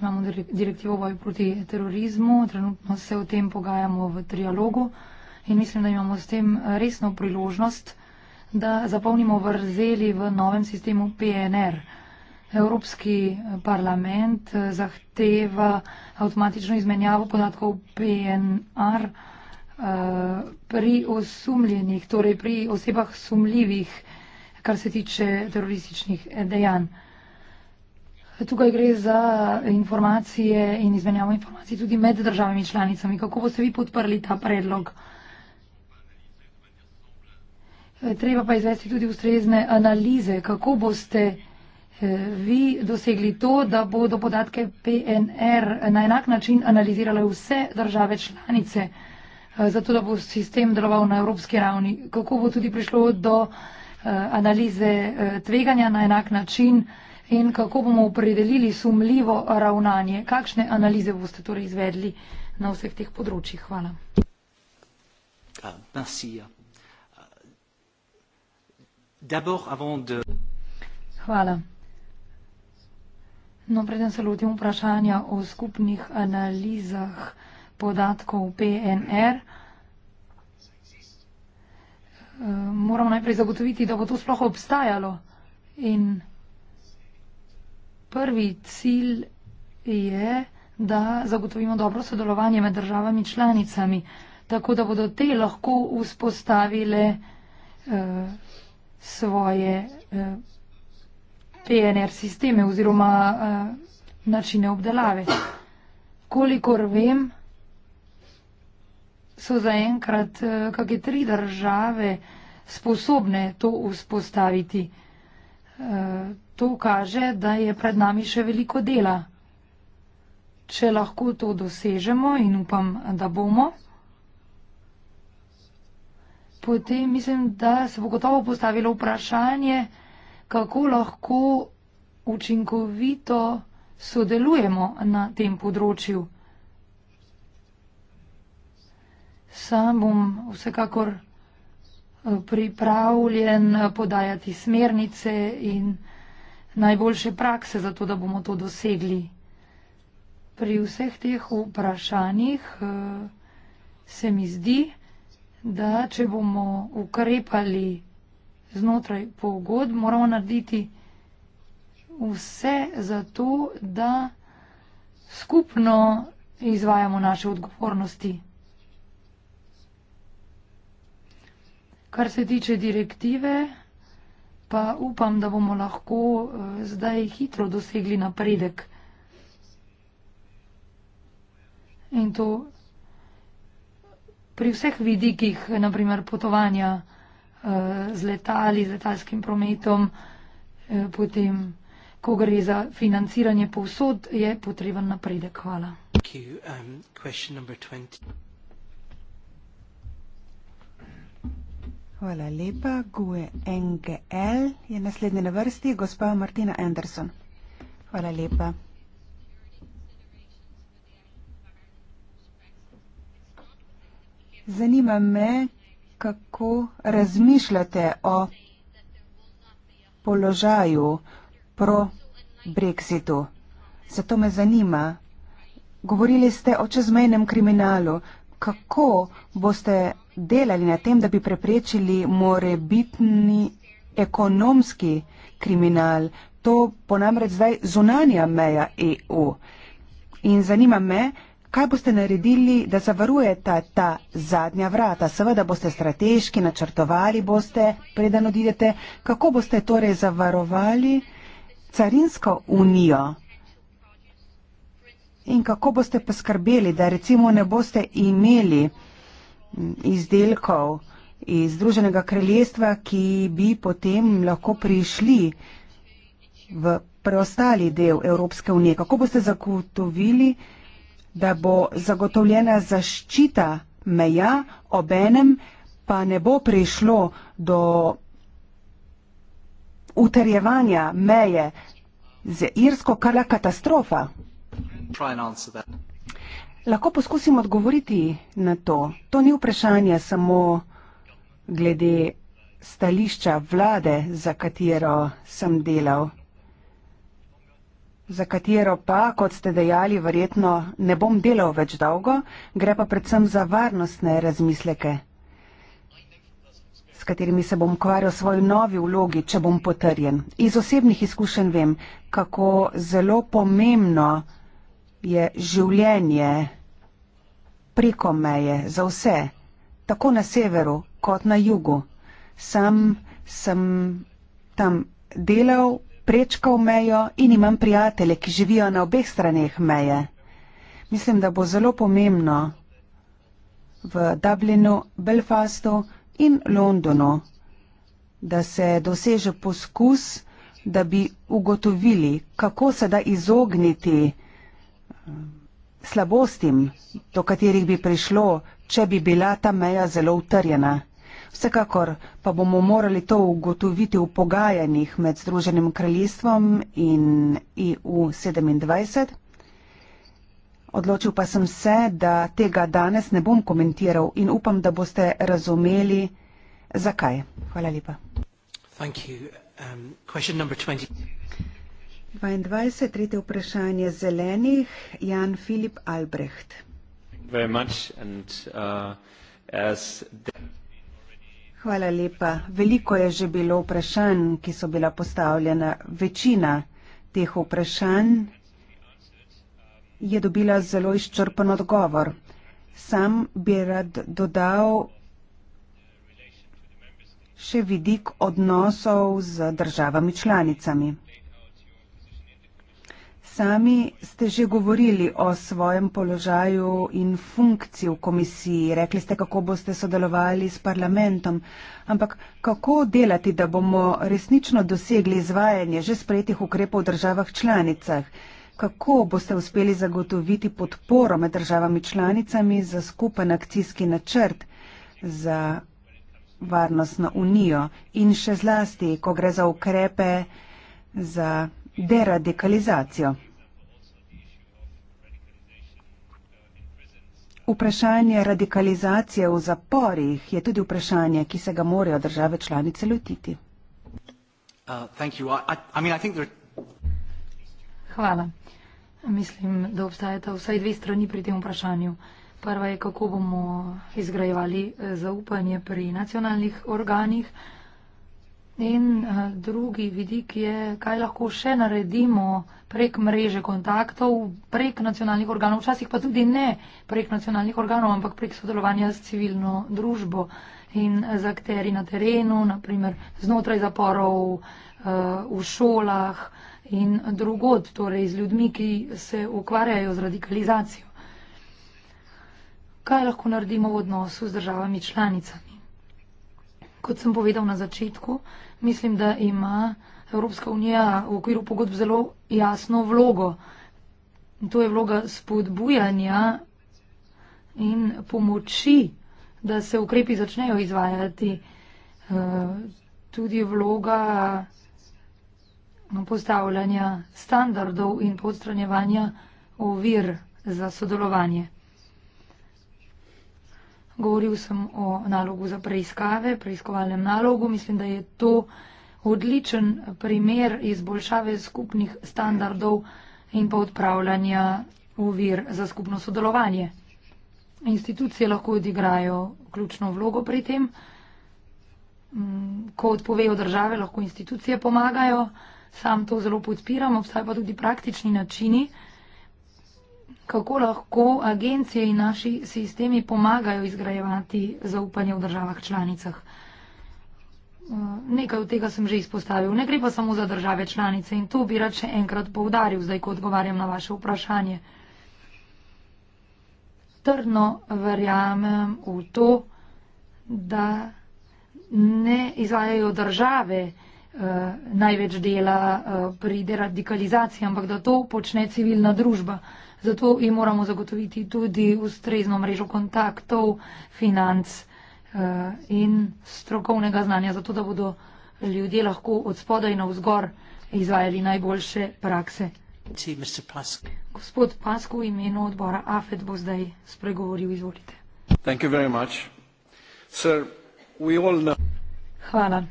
[SPEAKER 3] Imamo direktivo boj proti terorizmu, trenutno se o tem pogajamo v trialogu in mislim, da imamo s tem resno priložnost, da zapolnimo vrzeli v novem sistemu PNR. Evropski parlament eh, zahteva avtomatično izmenjavo podatkov PNR eh, pri osumljenih, torej pri osebah sumljivih, kar se tiče terorističnih eh, dejanj. Tukaj gre za informacije in izmenjavo informacij tudi med državami članicami. Kako boste vi podprli ta predlog? Uh, Eh, treba pa izvesti tudi ustrezne analize, kako boste eh, vi dosegli to, da bodo podatke PNR na enak način analizirale vse države članice, eh, zato da bo sistem deloval na evropski ravni. Kako bo tudi prišlo do analize tveganja na enak način in kako bomo opredelili sumljivo ravnanje. Kakšne analize boste torej izvedli na vseh teh področjih? Hvala. Uh, Hvala. No, preden se lotim vprašanja o skupnih analizah podatkov PNR, eh, moramo najprej zagotoviti, da bo to sploh obstajalo. In prvi cilj je, da zagotovimo dobro sodelovanje med državami članicami, tako da bodo te lahko vzpostavile. Uh, svoje eh, PNR sisteme oziroma eh, načine obdelave. Kolikor vem, so zaenkrat eh, kakšne tri države sposobne to vzpostaviti. To kaže, da je pred nami še veliko dela. Če lahko to dosežemo in upam, da bomo potem mislim, da se bo gotovo postavilo vprašanje, kako lahko učinkovito sodelujemo na tem področju. Sam bom vsekakor eh, pripravljen eh, podajati smernice in najboljše prakse za to, da bomo to dosegli. Pri vseh teh vprašanjih eh, se mi zdi, da če bomo ukrepali znotraj pogodb, moramo narediti vse za to, da skupno izvajamo naše odgovornosti. Kar se tiče direktive, pa upam, da bomo lahko eh, zdaj hitro dosegli napredek. In to pri vseh vidikih, naprimer potovanja eh, z letali, z letalskim prometom, eh, potem, ko gre za financiranje povsod, je potreben napredek. Hvala.
[SPEAKER 2] Um,
[SPEAKER 1] Hvala lepa. Gue NGL je naslednji na vrsti, gospa Martina Anderson. Hvala lepa. Zanima me, kako razmišljate o položaju pro Brexitu. Zato me zanima, govorili ste o čezmejnem kriminalu. Kako boste delali na tem, da bi preprečili morebitni ekonomski kriminal? To ponamreč zdaj zunanja meja EU. In zanima me, Kaj boste naredili, da zavarujete ta zadnja vrata? Seveda boste strateški, načrtovali boste, preden odidete. Kako boste torej zavarovali carinsko unijo? In kako boste poskrbeli, da recimo ne boste imeli izdelkov iz Združenega kraljestva, ki bi potem lahko prišli v preostali del Evropske unije? Kako boste zagotovili, da bo zagotovljena zaščita meja, obenem pa ne bo prišlo do utrjevanja meje z Irsko, kar je katastrofa. Lahko poskusim odgovoriti na to. To ni vprašanje samo glede stališča vlade, za katero sem delal za katero pa, kot ste dejali, verjetno ne bom delal več dolgo, gre pa predvsem za varnostne razmisleke, s katerimi se bom kvaril svoji novi vlogi, če bom potrjen. Iz osebnih izkušenj vem, kako zelo pomembno je življenje preko meje za vse, tako na severu kot na jugu. Sam sem tam delal prečkal mejo in imam prijatelje, ki živijo na obeh straneh meje. Mislim, da bo zelo pomembno v Dublinu, Belfastu in Londonu, da se doseže poskus, da bi ugotovili, kako se da izogniti eh, slabostim, do katerih bi prišlo, če bi bila ta meja zelo utrjena. Vsekakor pa bomo morali to ugotoviti v pogajanjih med Združenim kraljestvom in EU27. Odločil pa sem se, da tega danes ne bom komentiral in upam, da boste razumeli, zakaj. Hvala lepa. 22. Um, tretje vprašanje zelenih, Jan Filip Albrecht.
[SPEAKER 2] Very much and uh, as the...
[SPEAKER 1] Hvala lepa. Veliko je že bilo vprašanj, ki so bila postavljena. Večina teh vprašanj je dobila zelo izčrpen odgovor. Sam bi rad dodal še vidik odnosov z državami članicami. Sami ste že govorili o svojem položaju in funkciji v komisiji. Rekli ste, kako boste sodelovali s parlamentom. Ampak kako delati, da bomo resnično dosegli izvajanje že sprejetih ukrepov v državah članicah? Kako boste uspeli zagotoviti podporo med državami članicami za skupen akcijski načrt za varnostno unijo in še zlasti, ko gre za ukrepe za deradikalizacijo. Vprašanje radikalizacije v zaporih je tudi vprašanje, ki se ga morajo države članice lotiti.
[SPEAKER 2] Uh,
[SPEAKER 3] Hvala. Mislim, da obstajata vsaj dve strani pri tem vprašanju. Prva je, kako bomo izgrajevali eh, zaupanje pri nacionalnih organih. In eh, drugi vidik je, kaj lahko še naredimo prek mreže kontaktov, prek nacionalnih organov, včasih pa tudi ne prek nacionalnih organov, ampak prek sodelovanja s civilno družbo in eh, z akteri na terenu, naprimer znotraj zaporov, eh, v šolah in drugod, torej z ljudmi, ki se ukvarjajo z radikalizacijo. Kaj lahko naredimo v odnosu z državami članicami? Kot sem povedal na začetku, mislim, da ima Evropska unija v okviru pogodb zelo jasno vlogo. To je vloga spodbujanja in pomoči, da se ukrepi začnejo izvajati. Eh, tudi vloga no, postavljanja standardov in postranjevanja ovir za sodelovanje. Govoril sem o nalogu za preiskave, preiskovalnem nalogu. Mislim, da je to odličen primer izboljšave skupnih standardov in pa odpravljanja uvir za skupno sodelovanje. Institucije lahko odigrajo ključno vlogo pri tem. Mm, ko odpovejo države, lahko institucije pomagajo. Sam to zelo podpiram, obstajajo pa tudi praktični načini, kako lahko agencije in naši sistemi pomagajo izgrajevati zaupanje v državah članicah. Eh, nekaj od tega sem že izpostavil. Ne gre pa samo za države članice in to bi rad še enkrat poudaril, zdaj ko odgovarjam na vaše vprašanje. Trdno verjamem v to, da ne izvajajo države eh, največ dela eh, pri deradikalizaciji, ampak da to počne civilna družba. Eh, Zato jim moramo zagotoviti tudi ustrezno mrežo kontaktov, financ uh, in strokovnega znanja, zato da bodo ljudje lahko od spodaj na vzgor izvajali najboljše prakse. Pask. Gospod Pasko, v imenu odbora AFED bo zdaj spregovoril. Izvolite. Sir, Hvala.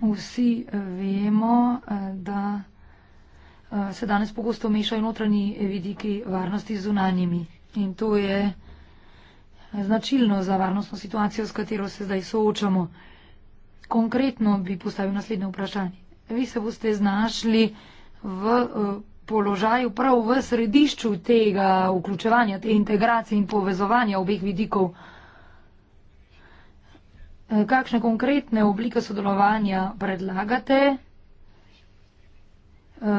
[SPEAKER 3] Vsi vemo, eh, da. Eh, se danes pogosto mešajo notranji vidiki varnosti z zunanjimi. In to je eh, značilno za varnostno situacijo, s katero se zdaj soočamo. Konkretno bi postavil naslednje vprašanje. Vi se boste znašli v eh, položaju prav v središču tega vključevanja, te integracije in povezovanja obeh vidikov. Kakšne konkretne oblike sodelovanja predlagate? Eh,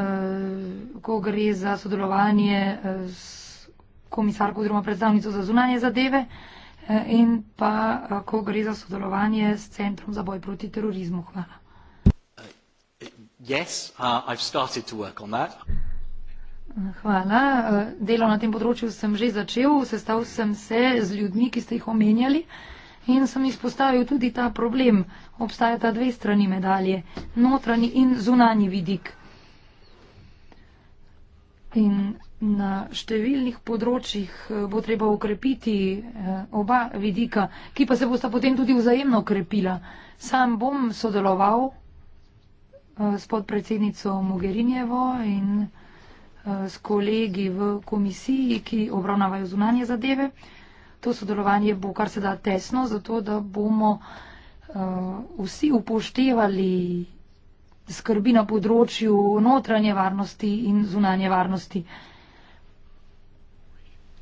[SPEAKER 3] ko gre za sodelovanje eh, s komisarko oziroma predstavnico za zunanje zadeve eh, in pa ko gre za sodelovanje s Centrom za boj proti terorizmu. Hvala.
[SPEAKER 2] Yes, uh,
[SPEAKER 3] I've started to work on that. Hvala. Delo na tem področju sem že začel. Sestal sem se z ljudmi, ki ste jih omenjali in sem izpostavil tudi ta problem. Obstajata dve strani medalje, notranji in zunanji vidik in na številnih področjih eh, bo treba ukrepiti eh, oba vidika, ki pa se bosta potem tudi vzajemno ukrepila. Sam bom sodeloval eh, s podpredsednico Mogherinjevo in s kolegi v komisiji, ki obravnavajo zunanje zadeve. To sodelovanje bo kar se da tesno, zato da bomo vsi upoštevali skrbi na področju notranje varnosti in zunanje varnosti.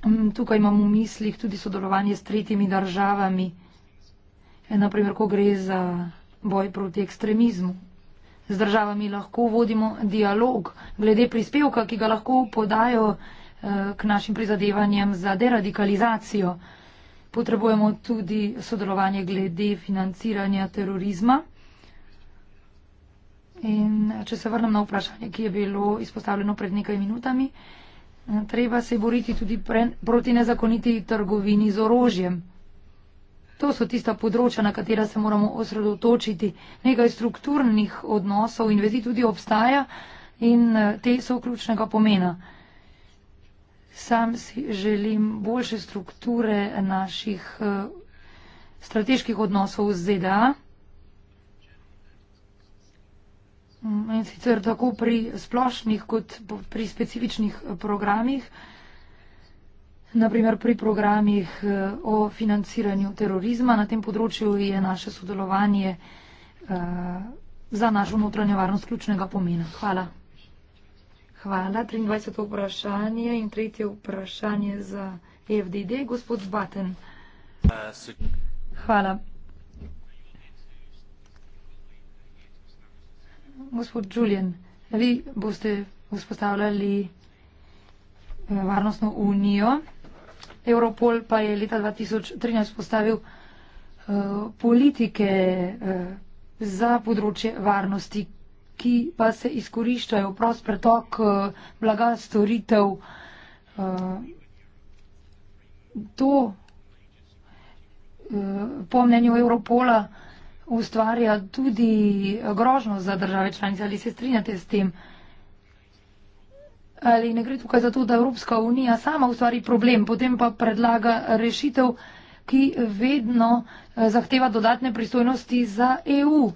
[SPEAKER 3] Mm, tukaj imam v mislih tudi sodelovanje s tretjimi državami, eh, naprimer, ko gre za boj proti ekstremizmu. Z državami lahko vodimo dialog glede prispevka, ki ga lahko podajo eh, k našim prizadevanjem za deradikalizacijo. Potrebujemo tudi sodelovanje glede financiranja terorizma. In če se vrnem na vprašanje, ki je bilo izpostavljeno pred nekaj minutami, eh, treba se boriti tudi pre, proti nezakoniti trgovini z orožjem. To so tista področja, na katera se moramo osredotočiti. Nekaj strukturnih odnosov in vezi tudi obstaja in eh, te so ključnega pomena. Sam si želim boljše strukture naših eh, strateških odnosov z ZDA. Mm, in sicer tako pri splošnih kot pri specifičnih eh, programih, naprimer pri programih eh, o financiranju terorizma. Na tem področju je naše sodelovanje eh, za našo notranjo varnost ključnega pomena. Hvala. Hvala. 23. vprašanje in tretje vprašanje za e FDD, gospod Baten. Hvala. gospod Julien, vi boste vzpostavljali eh, varnostno unijo. Europol pa je leta 2013 postavil uh, politike uh, za področje varnosti, ki pa se izkoriščajo prost pretok uh, blaga storitev. Uh, to uh, po mnenju Europola uh, ustvarja tudi grožno za države članice. Ali se strinjate s tem? Ali ne gre tukaj za to, da Evropska unija sama ustvari problem, potem pa predlaga rešitev, ki vedno eh, zahteva dodatne pristojnosti za EU?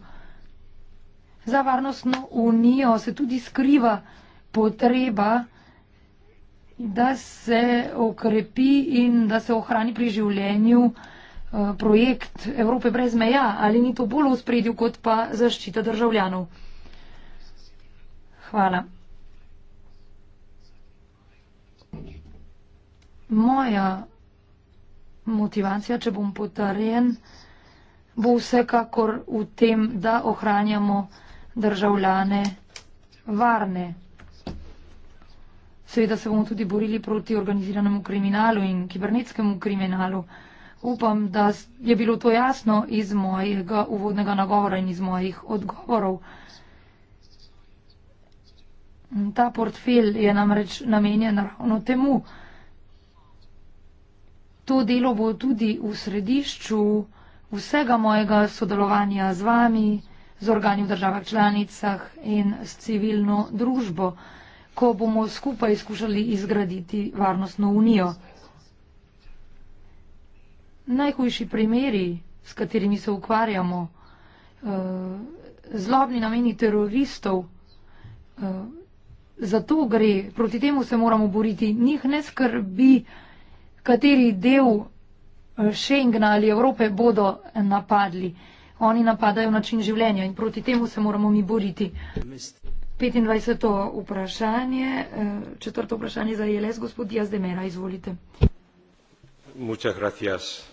[SPEAKER 3] Za varnostno unijo se tudi skriva potreba, da se okrepi in da se ohrani pri življenju uh, Eh, projekt Evrope brez meja, ali ni to bolj v spredju kot pa zaščita državljanov? Hvala. Moja motivacija, če bom potrjen, bo vsekakor v tem, da ohranjamo državljane varne. Seveda se bomo tudi borili proti organiziranemu kriminalu in kibernetskemu kriminalu. Upam, da je bilo to jasno iz mojega uvodnega nagovora in iz mojih odgovorov. Ta portfelj je namreč namenjen ravno temu. To delo bo tudi v središču vsega mojega sodelovanja z vami, z organi v državah članicah in s civilno družbo, ko bomo skupaj skušali izgraditi varnostno unijo najhujši primeri, s katerimi se ukvarjamo, eh, zlobni nameni teroristov, eh, zato gre, proti temu se moramo boriti. Njih ne skrbi, kateri del eh, Schengna ali Evrope bodo napadli. Oni napadajo način življenja in proti temu se moramo mi boriti. 25. vprašanje, četrto vprašanje za ILS, e gospod Diaz de Mera, izvolite.
[SPEAKER 2] Muchas gracias.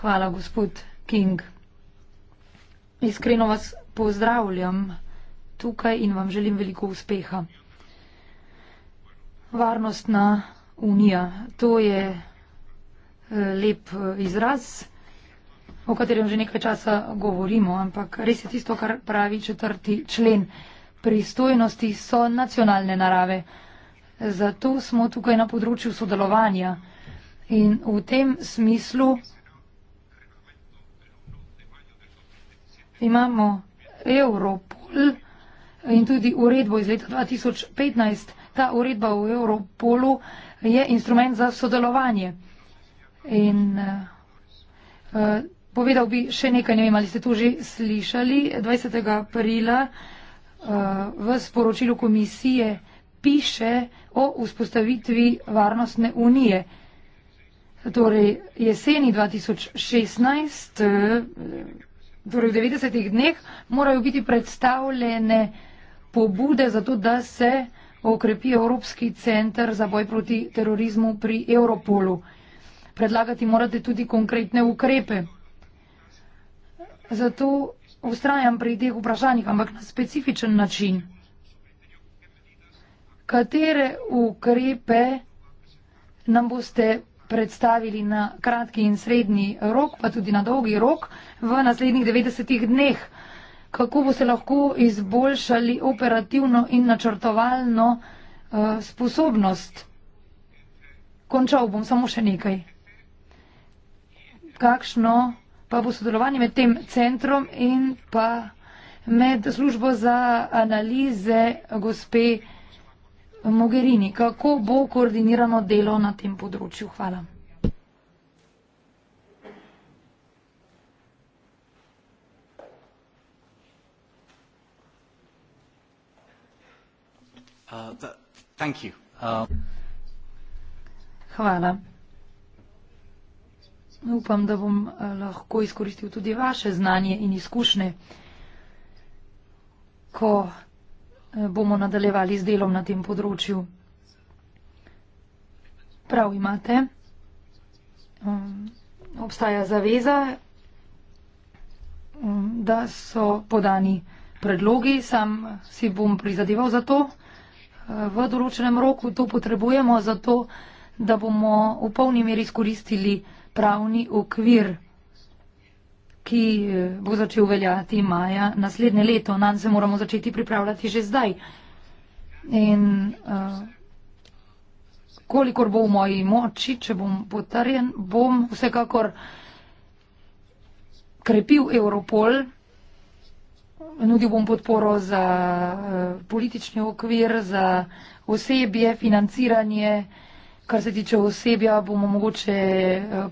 [SPEAKER 3] Hvala, gospod King. Iskreno vas pozdravljam tukaj in vam želim veliko uspeha. Varnostna unija, to je eh, lep eh, izraz, o katerem že nekaj časa govorimo, ampak res je tisto, kar pravi četrti člen. Pristojnosti so nacionalne narave. Zato smo tukaj na področju sodelovanja. In v tem smislu imamo Europol in tudi uredbo iz leta 2015. Ta uredba v Europolu je instrument za sodelovanje. In uh, povedal bi še nekaj, ne vem, ali ste to že slišali. 20. aprila uh, v sporočilu komisije piše o vzpostavitvi varnostne unije. Torej, jeseni 2016, eh, torej v 90. dneh, morajo biti predstavljene pobude za to, da se okrepi Evropski centr za boj proti terorizmu pri Europolu. Predlagati morate tudi konkretne ukrepe. Zato ustrajam pri teh vprašanjih, ampak na specifičen način. Katere ukrepe nam boste predstavili na kratki in srednji rok, pa tudi na dolgi rok v naslednjih 90 dneh. Kako bo se lahko izboljšali operativno in načrtovalno uh, sposobnost? Končal bom samo še nekaj. Kakšno pa bo sodelovanje med tem centrom in pa med službo za analize gospe. Mogherini, kako bo koordinirano delo na tem področju? Hvala.
[SPEAKER 2] Uh, uh,
[SPEAKER 3] Hvala. Upam, da bom eh, lahko izkoristil tudi vaše znanje in izkušnje, ko bomo nadaljevali z delom na tem področju. Prav imate. Um, obstaja zaveza, um, da so podani predlogi. Sam si bom prizadeval za to. V določenem roku to potrebujemo, zato da bomo v polni meri izkoristili pravni okvir ki eh, bo začel veljati maja naslednje leto. Na se moramo začeti pripravljati že zdaj. In uh, kolikor bo v moji moči, če bom potrjen, bom vsekakor krepil Europol, nudil bom podporo za uh, politični okvir, za osebje, financiranje. Kar se tiče osebja, bomo mogoče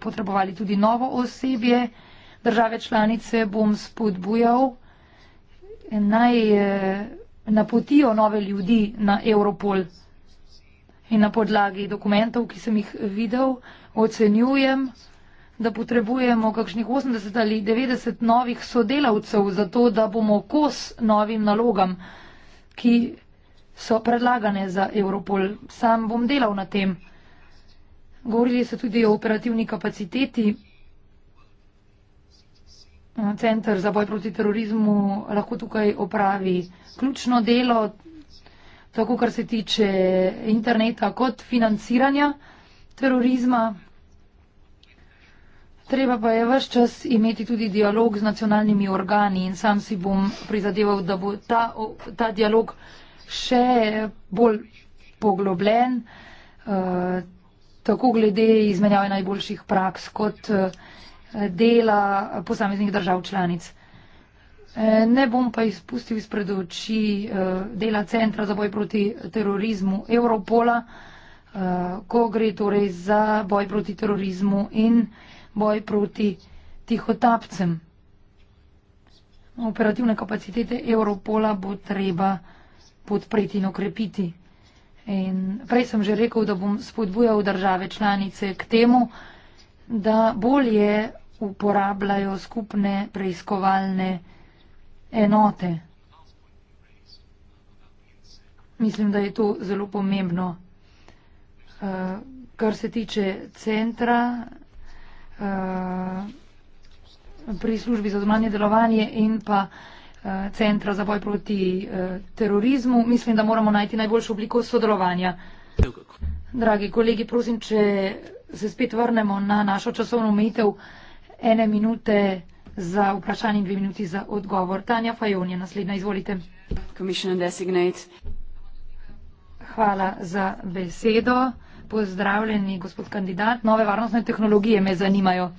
[SPEAKER 3] potrebovali tudi novo osebje. Uh, države članice bom spodbujal naj eh, napotijo nove ljudi na Europol in na podlagi dokumentov, ki sem jih videl, ocenjujem, da potrebujemo kakšnih 80 ali 90 novih sodelavcev za to, da bomo kos novim nalogam, ki so predlagane za Europol. Sam bom delal na tem. Govorili so tudi o operativni kapaciteti. Center za boj proti terorizmu lahko tukaj opravi ključno delo, tako kar se tiče interneta kot financiranja terorizma. Treba pa je vse čas imeti tudi dialog z nacionalnimi organi in sam si bom prizadeval, da bo ta, ta dialog še bolj poglobljen, uh, tako glede izmenjave najboljših praks kot uh, dela posameznih držav članic. E, ne bom pa izpustil izpred oči e, dela Centra za boj proti terorizmu Europola, e, ko gre torej za boj proti terorizmu in boj proti tihotapcem. Operativne kapacitete Europola bo treba podpreti in okrepiti. In prej sem že rekel, da bom spodbujal države članice k temu, da bolje uporabljajo skupne preiskovalne enote. Mislim, da je to zelo pomembno. Eh, kar se tiče centra eh, pri službi za zmanje delovanje in pa eh, centra za boj proti terorizmu, mislim, da moramo najti najboljšo obliko sodelovanja. Dragi kolegi, prosim, če se spet vrnemo na našo časovno umetev ene minute za vprašanje in dve minuti za odgovor. Tanja Fajon je naslednja, izvolite. Hvala za besedo. Pozdravljeni, gospod kandidat. Nove varnostne tehnologije me zanimajo.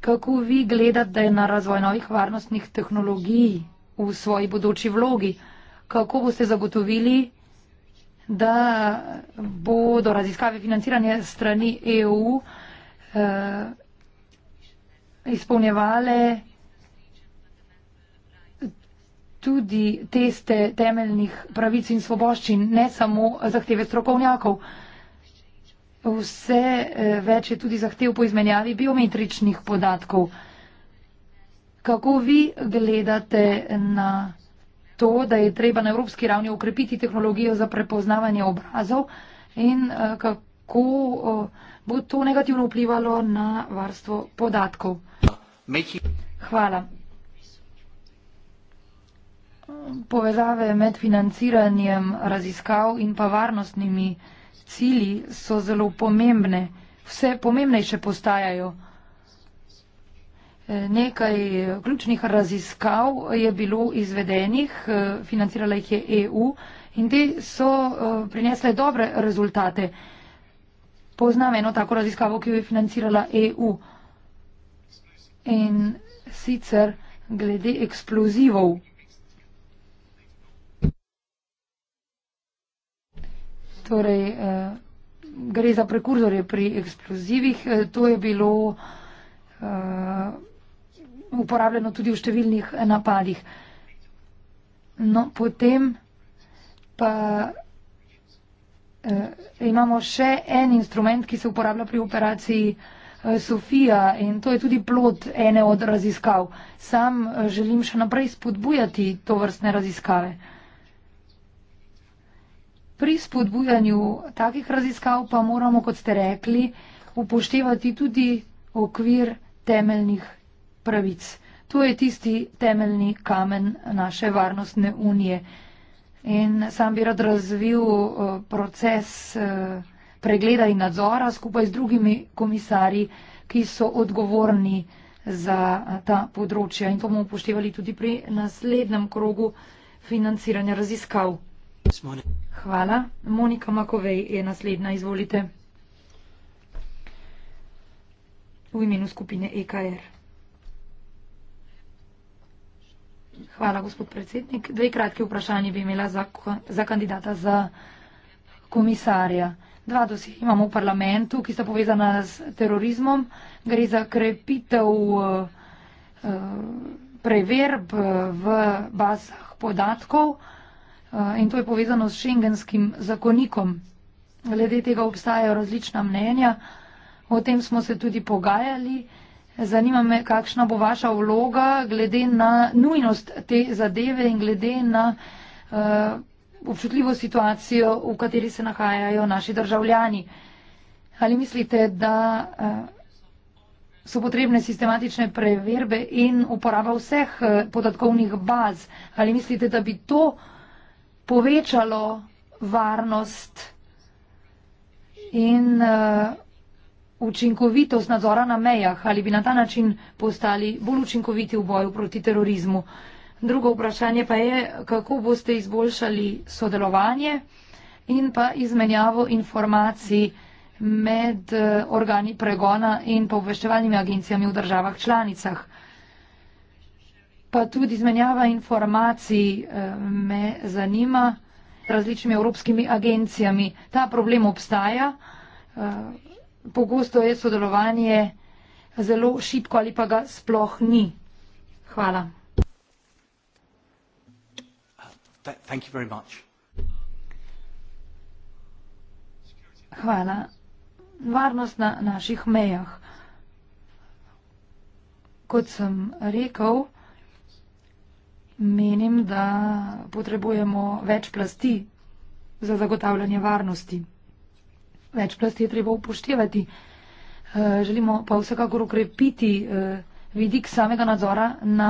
[SPEAKER 3] Kako vi gledate na razvoj novih varnostnih tehnologij v svoji bodoči vlogi? Kako boste zagotovili, da bodo raziskave financirane strani EU? Eh, izpolnjevale tudi teste temeljnih pravic in svoboščin, ne samo zahteve strokovnjakov. Vse eh, več je tudi zahtev po izmenjavi biometričnih podatkov. Kako vi gledate na to, da je treba na evropski ravni ukrepiti tehnologijo za prepoznavanje obrazov in eh, kako kako bo to negativno vplivalo na varstvo podatkov. Hvala. Povezave med financiranjem raziskav in pa varnostnimi cili so zelo pomembne. Vse pomembnejše postajajo. E, nekaj ključnih raziskav je bilo izvedenih, e, financirala jih je EU in te so e, prinesle dobre rezultate poznam eno tako raziskavo, ki jo je financirala EU. In sicer glede eksplozivov. Torej, eh, gre za prekurzorje pri eksplozivih. Eh, to je bilo eh, uporabljeno tudi v številnih napadih. No, potem pa Uh, imamo še en instrument, ki se uporablja pri operaciji uh, eh, Sofija in to je tudi plot ene od raziskav. Sam uh, želim še naprej spodbujati to vrstne raziskave. Pri spodbujanju takih raziskav pa moramo, kot ste rekli, upoštevati tudi okvir temeljnih pravic. To je tisti temeljni kamen naše varnostne unije. Uh, In sam bi rad razvil eh, proces eh, pregleda in nadzora skupaj z drugimi komisarji, ki so odgovorni za eh, ta področja. In to bomo upoštevali tudi pri naslednjem krogu financiranja raziskav. Hvala. Monika Makovej je naslednja. Izvolite. V imenu skupine EKR. Hvala, gospod predsednik. Dve kratki vprašanji bi imela za, za kandidata za komisarja. Dva dosih imamo v parlamentu, ki sta povezana s terorizmom. Gre za krepitev uh, preverb v bazah podatkov uh, in to je povezano s šengenskim zakonikom. Glede tega obstajajo različna mnenja. O tem smo se tudi pogajali. Uh, Zanima me, kakšna bo vaša vloga glede na nujnost te zadeve in glede na uh, občutljivo situacijo, v kateri se nahajajo naši državljani. Ali mislite, da uh, so potrebne sistematične preverbe in uporaba vseh uh, podatkovnih baz? Ali mislite, da bi to povečalo varnost in uh, učinkovitost nadzora na mejah, ali bi na ta način postali bolj učinkoviti v boju proti terorizmu. Drugo vprašanje pa je, kako boste izboljšali sodelovanje in pa izmenjavo informacij med eh, organi pregona in pa obveščevalnimi agencijami v državah članicah. Pa tudi izmenjava informacij eh, me zanima različnimi evropskimi agencijami. Ta problem obstaja. Eh, pogosto je sodelovanje zelo šitko ali pa ga sploh ni. Hvala. Hvala. Varnost na naših mejah. Kot sem rekel, menim, da potrebujemo več plasti za zagotavljanje varnosti več plasti je treba upoštevati. Eh, želimo pa vsekakor ukrepiti eh, vidik samega nadzora na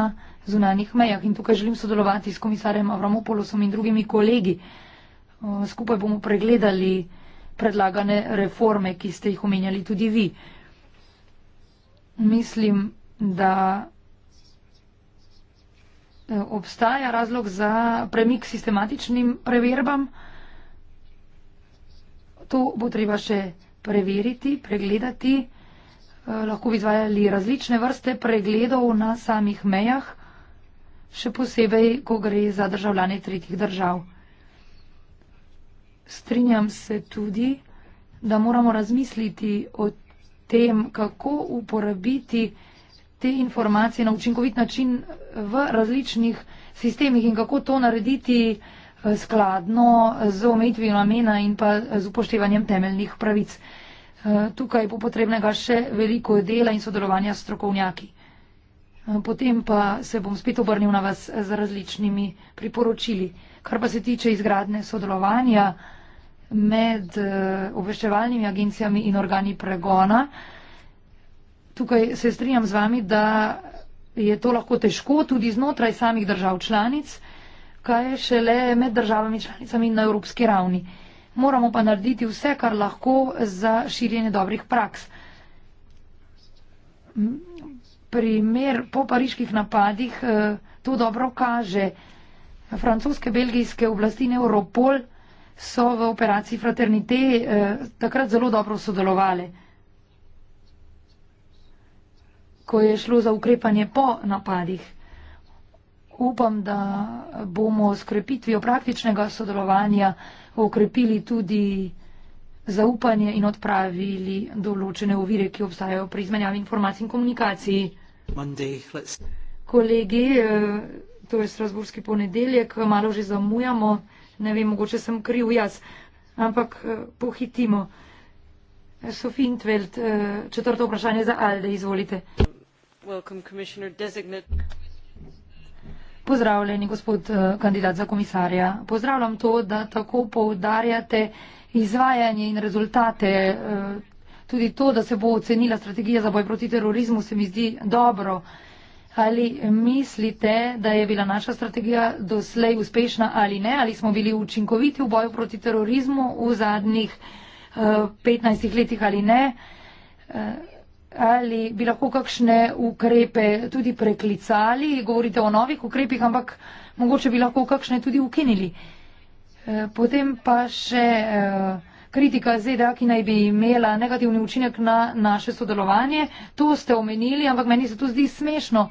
[SPEAKER 3] zunanjih mejah in tukaj želim sodelovati s komisarjem Avramopolosom in drugimi kolegi. Eh, skupaj bomo pregledali predlagane reforme, ki ste jih omenjali tudi vi. Mislim, da obstaja razlog za premik sistematičnim preverbam. To bo treba še preveriti, pregledati. Eh, lahko bi izvajali različne vrste pregledov na samih mejah, še posebej, ko gre za državljane tretjih držav. Strinjam se tudi, da moramo razmisliti o tem, kako uporabiti te informacije na učinkovit način v različnih sistemih in kako to narediti skladno z omejitvijo namena in pa z upoštevanjem temeljnih pravic. Eh, tukaj bo potrebnega še veliko dela in sodelovanja s strokovnjaki. Eh, potem pa se bom spet obrnil na vas z različnimi priporočili. Kar pa se tiče izgradne sodelovanja med eh, obveščevalnimi agencijami in organi pregona, tukaj se strinjam z vami, da je to lahko težko tudi znotraj samih držav članic kaj šele med državami članicami na evropski ravni. Moramo pa narediti vse, kar lahko za širjenje dobrih praks. Primer po pariških napadih eh, to dobro kaže. Francoske, belgijske oblasti in Europol so v operaciji Fraternite eh, takrat zelo dobro sodelovali. Ko je šlo za ukrepanje po napadih upam, da bomo s krepitvijo praktičnega sodelovanja okrepili tudi zaupanje in odpravili določene ovire, ki obstajajo pri izmenjavi informacij in komunikaciji. Monday, Kolegi, eh, to je strasburski ponedeljek, malo že zamujamo, ne vem, mogoče sem kriv jaz, ampak eh, pohitimo. Sofie Intveld, eh, četrto vprašanje za Alde, izvolite. Welcome, Pozdravljeni, gospod eh, kandidat za komisarja. Pozdravljam to, da tako poudarjate izvajanje in rezultate. Eh, tudi to, da se bo ocenila strategija za boj proti terorizmu, se mi zdi dobro. Ali mislite, da je bila naša strategija doslej uspešna ali ne? Ali smo bili učinkoviti v boju proti terorizmu v zadnjih 15 eh, letih ali ne? ali bi lahko kakšne ukrepe tudi preklicali, govorite o novih ukrepih, ampak mogoče bi lahko kakšne tudi ukinili. Eh, potem pa še eh, kritika ZDA, ki naj bi imela negativni učinek na naše sodelovanje. To ste omenili, ampak meni se to zdi smešno.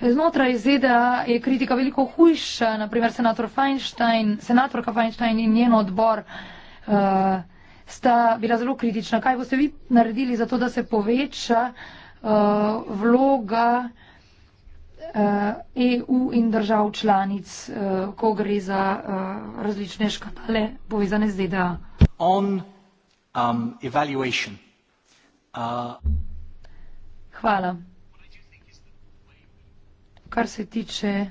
[SPEAKER 3] Eh, znotraj ZDA je kritika veliko hujša, naprimer senator Feinstein, senatorka Feinstein in njen odbor. Uh, sta bila zelo kritična. Kaj boste vi naredili za to, da se poveča uh, vloga uh, eh, EU in držav članic, uh, ko gre za uh, različne škandale povezane z DDA? On, um, uh... Hvala. Kar se tiče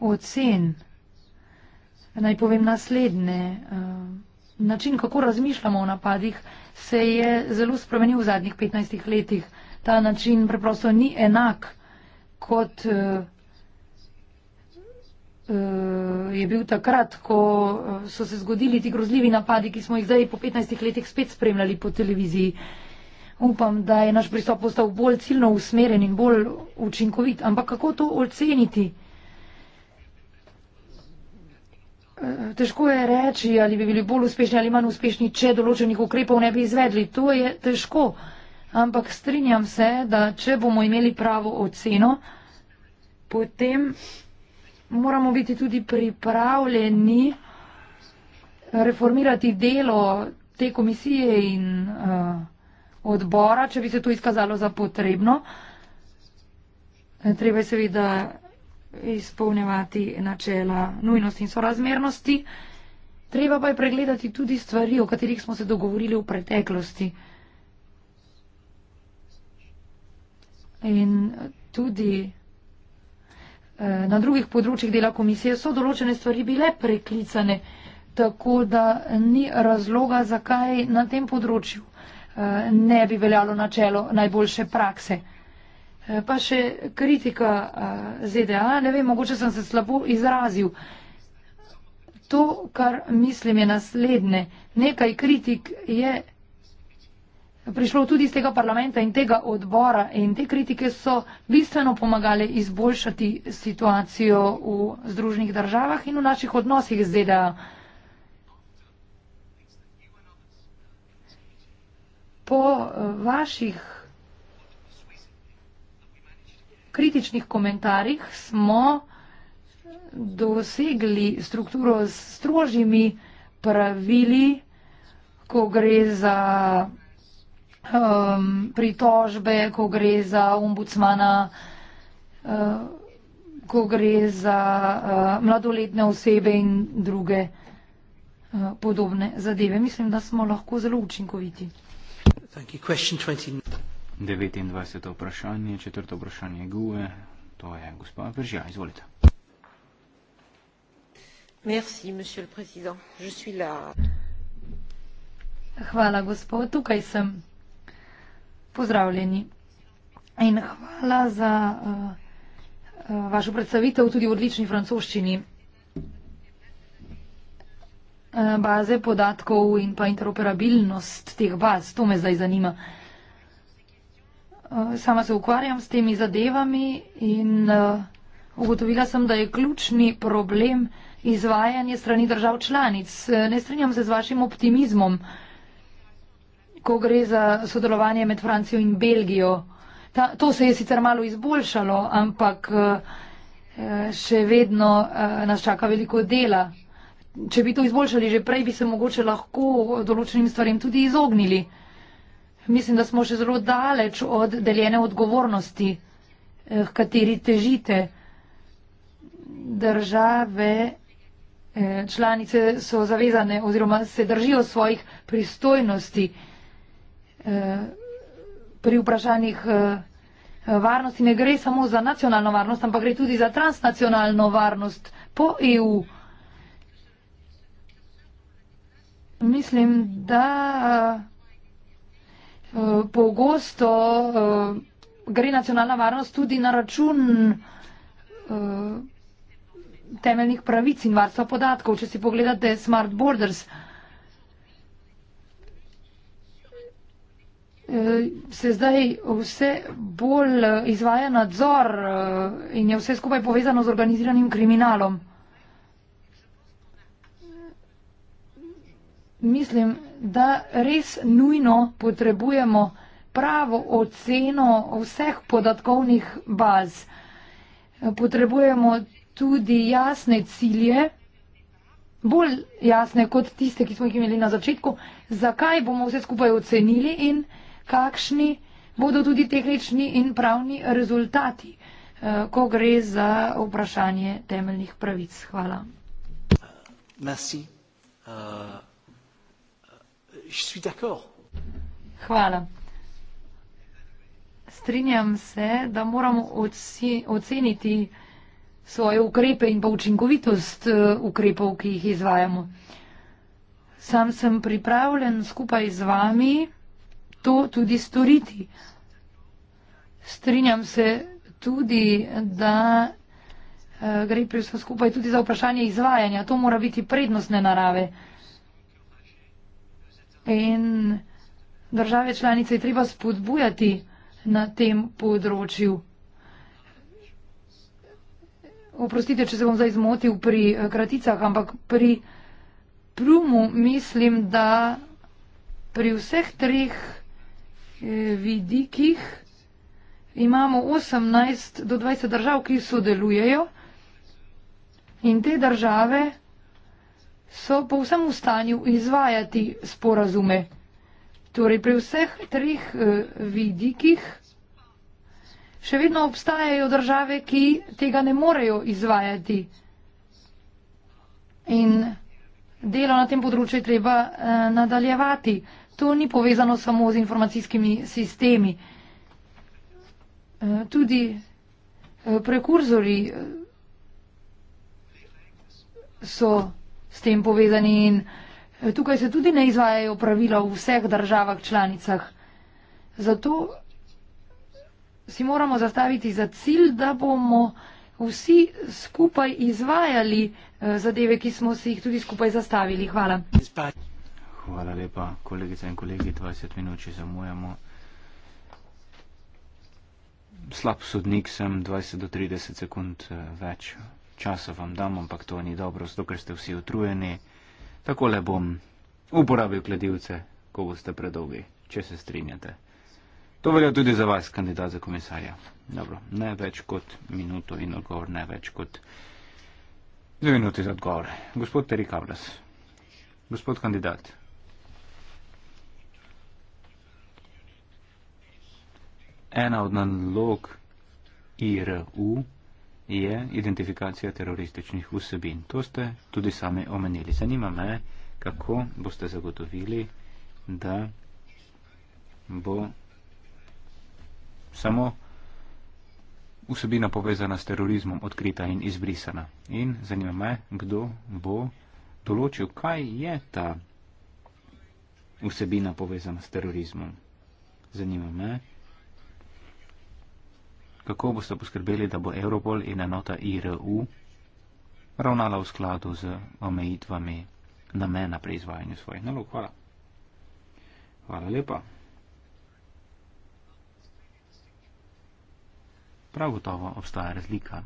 [SPEAKER 3] ocen, naj povem naslednje. Uh, način, kako razmišljamo o napadih, se je zelo spremenil v zadnjih 15 letih. Ta način preprosto ni enak, kot uh, uh, je bil takrat, ko eh, so se zgodili ti grozljivi napadi, ki smo jih zdaj po 15 letih spet spremljali po televiziji. Upam, da je naš pristop postal bolj ciljno usmeren in bolj učinkovit. Ampak kako to oceniti? Uh, Težko je reči, ali bi bili bolj uspešni ali manj uspešni, če določenih ukrepov ne bi izvedli. To je težko. Ampak strinjam se, da če bomo imeli pravo oceno, potem moramo biti tudi pripravljeni reformirati delo te komisije in uh, odbora, če bi se to izkazalo za potrebno. Eh, treba je seveda izpolnjevati načela nujnosti in sorazmernosti. Treba pa je pregledati tudi stvari, o katerih smo se dogovorili v preteklosti. In tudi eh, na drugih področjih dela komisije so določene stvari bile preklicane, tako da ni razloga, zakaj na tem področju eh, ne bi veljalo načelo najboljše prakse. Eh, pa še kritika eh, ZDA, ne vem, mogoče sem se slabo izrazil. To, kar mislim, je naslednje. Nekaj kritik je prišlo tudi iz tega parlamenta in tega odbora in te kritike so bistveno pomagale izboljšati situacijo v Združenih državah in v naših odnosih z ZDA. Po eh, vaših kritičnih komentarjih smo dosegli strukturo s strožjimi pravili, ko gre za um, pritožbe, ko gre za ombudsmana, uh, ko gre za uh, mladoletne osebe in druge uh, podobne zadeve. Mislim, da smo lahko zelo učinkoviti.
[SPEAKER 2] 29. vprašanje, četrto vprašanje Gue, to je gospa Vržja, izvolite.
[SPEAKER 3] Merci, monsieur le président. Je suis là. Hvala, gospod, tukaj sem. Pozdravljeni. In hvala za uh, vašo predstavitev tudi v odlični francoščini. Uh, baze podatkov in pa interoperabilnost teh baz, to me zdaj zanima. Uh, Eh, sama se ukvarjam s temi zadevami in eh, ugotovila sem, da je ključni problem izvajanje strani držav članic. Eh, ne strinjam se z vašim optimizmom, ko gre za sodelovanje med Francijo in Belgijo. Ta, to se je sicer malo izboljšalo, ampak še vedno nas čaka veliko dela. Če bi to izboljšali že prej, bi se mogoče lahko določenim stvarem tudi izognili. Mislim, da smo še zelo daleč od deljene odgovornosti, eh, kateri težite. Države eh, članice so zavezane oziroma se držijo svojih pristojnosti eh, pri vprašanjih. Eh, Varnosti ne gre samo za nacionalno varnost, ampak gre tudi za transnacionalno varnost po EU. Mislim, da Eh, pogosto eh, gre nacionalna varnost tudi na račun eh, temeljnih pravic in varstva podatkov. Če si pogledate Smart Borders, se zdaj vse bolj izvaja nadzor in je vse skupaj povezano z organiziranim kriminalom. Mislim, da res nujno potrebujemo pravo oceno vseh podatkovnih baz. Potrebujemo tudi jasne cilje, bolj jasne kot tiste, ki smo jih imeli na začetku, zakaj bomo vse skupaj ocenili in kakšni bodo tudi tehnični in pravni rezultati, eh, ko gre za vprašanje temeljnih pravic. Hvala.
[SPEAKER 2] Merci. Uh je suis d'accord.
[SPEAKER 3] Hvala. Strinjam se, da moramo oceniti svoje ukrepe in pa učinkovitost eh, ukrepov, ki jih izvajamo. Sam sem pripravljen skupaj z vami to tudi storiti. Strinjam se tudi, da eh, gre pri vsem skupaj tudi za vprašanje izvajanja. To mora biti prednostne narave in države članice je treba spodbujati na tem področju. Oprostite, če se bom zdaj zmotil pri eh, kraticah, ampak pri prumu mislim, da pri vseh treh eh, vidikih imamo 18 do 20 držav, ki sodelujejo in te države so povsem v stanju izvajati sporazume. Torej, pri vseh treh eh, vidikih še vedno obstajajo države, ki tega ne morejo izvajati. In delo na tem področju treba eh, nadaljevati. To ni povezano samo z informacijskimi sistemi. Eh, tudi prekurzori so s tem povezani in eh, tukaj se tudi ne izvajajo pravila v vseh državah članicah. Zato si moramo zastaviti za cilj, da bomo vsi skupaj izvajali eh, zadeve, ki smo si jih tudi skupaj zastavili. Hvala.
[SPEAKER 2] Hvala lepa, kolegice in kolegi, 20 minut, če zamujamo. Slab sodnik sem, 20 do 30 sekund eh, več časa vam dam, ampak to ni dobro, zato ker ste vsi utrujeni. Takole bom uporabil kladivce, ko boste predolgi, če se strinjate. To velja tudi za vas, kandidat za komisarja. Dobro, ne več kot minuto in odgovor, ne več kot dve minuti za odgovor. Gospod Terry Kavlas, gospod kandidat. Ena od nalog IRU je identifikacija terorističnih vsebin. To ste tudi sami omenili. Zanima me, kako boste zagotovili, da bo samo vsebina povezana s terorizmom odkrita in izbrisana. In zanima me, kdo bo določil, kaj je ta vsebina povezana s terorizmom. Zanima me, kako boste poskrbeli, da bo Europol in enota IRU ravnala v skladu z omejitvami namena pri izvajanju svojih nalog. Hvala. Hvala lepa. Prav gotovo obstaja razlika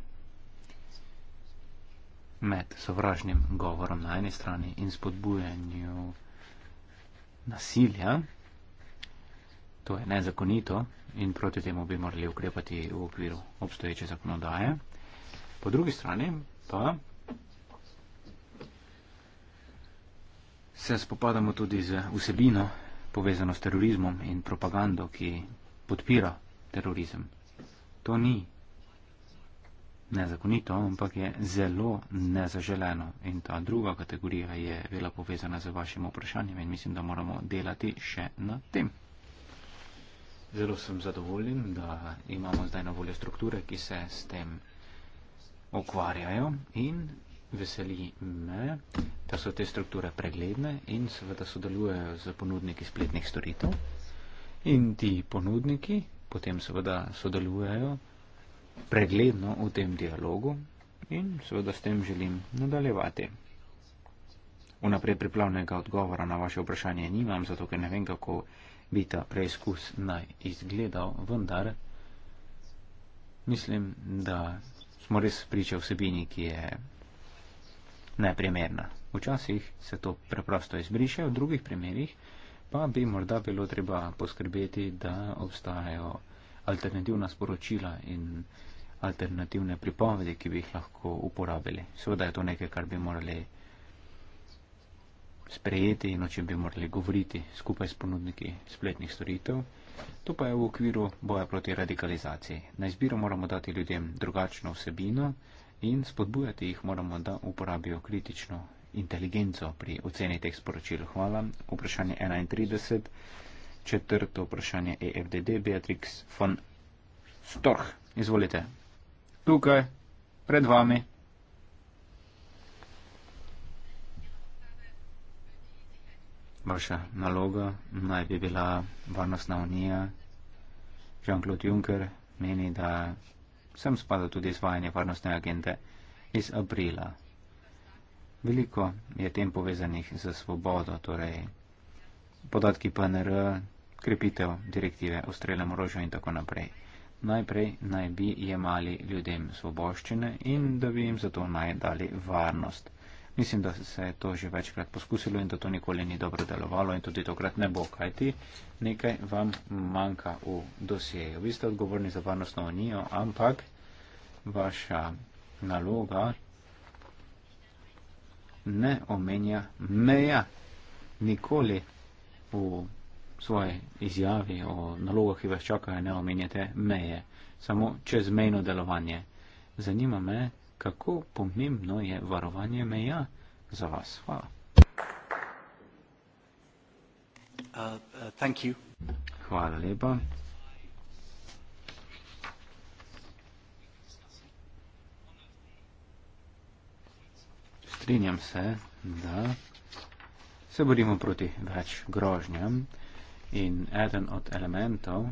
[SPEAKER 2] med sovražnim govorom na eni strani in spodbujanju nasilja, to je nezakonito, in proti temu bi morali ukrepati v okviru obstoječe zakonodaje. Po drugi strani pa se spopadamo tudi z vsebino povezano s terorizmom in propagando, ki podpira terorizem. To ni nezakonito, ampak je zelo nezaželeno. In ta druga kategorija je bila povezana z vašim vprašanjem in mislim, da moramo delati še na tem. Zelo sem zadovoljen, da imamo zdaj na voljo strukture, ki se s tem ukvarjajo in veseli me, da so te strukture pregledne in seveda sodelujejo z ponudniki spletnih storitev. In ti ponudniki potem seveda sodelujejo pregledno v tem dialogu in seveda s tem želim nadaljevati. Vnaprej pripravljenega odgovora na vaše vprašanje nimam, zato ker ne vem, kako bi ta preizkus naj izgledal, vendar mislim, da smo res priča vsebini, ki je neprimerna. Včasih se to preprosto izbriše, v drugih primerjih pa bi morda bilo treba poskrbeti, da obstajajo alternativna sporočila in alternativne pripovedi, ki bi jih lahko uporabili. Seveda je to nekaj, kar bi morali sprejeti in o čem bi morali govoriti skupaj s ponudniki spletnih storitev. To pa je v okviru boja proti radikalizaciji. Na izbiro moramo dati ljudem drugačno vsebino in spodbujati jih moramo, da uporabijo kritično inteligenco pri oceni teh sporočil. Hvala. Vprašanje 31. Četrto vprašanje EFDD. Beatrix von Storch. Izvolite. Tukaj, pred vami. vaša naloga naj bi bila varnostna unija. Jean-Claude Juncker meni, da sem spada tudi izvajanje varnostne agende iz aprila. Veliko je tem povezanih z svobodo, torej podatki PNR, krepitev direktive o strelem orožju in tako naprej. Najprej naj bi jemali ljudem svoboščine in da bi jim zato naj dali varnost. Mislim, da se je to že večkrat poskusilo in da to nikoli ni dobro delovalo in tudi tokrat ne bo, kajti nekaj vam manjka v dosjeju. Vi ste odgovorni za varnostno unijo, ampak vaša naloga ne omenja meja nikoli v svoji izjavi o nalogah, ki vas čakajo, ne omenjate meje, samo čezmejno delovanje. Zanima me, kako pomembno je varovanje meja za vas. Hvala. Uh, uh, Hvala lepa. Strinjam se, da se borimo proti več grožnjam in eden od elementov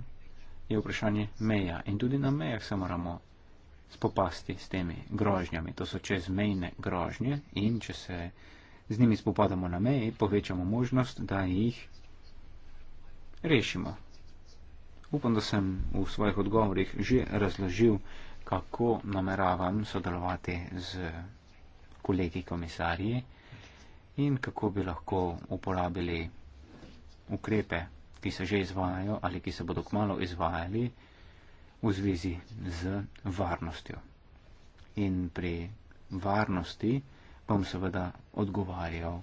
[SPEAKER 2] je vprašanje meja. In tudi na mejah se moramo spopasti s temi grožnjami. To so čezmejne grožnje in če se z njimi spopadamo na meji, povečamo možnost, da jih rešimo. Upam, da sem v svojih odgovorih že razložil, kako nameravam sodelovati z kolegi komisarji in kako bi lahko uporabili ukrepe, ki se že izvajajo ali ki se bodo kmalo izvajali v zvezi z varnostjo. In pri varnosti bom seveda odgovarjal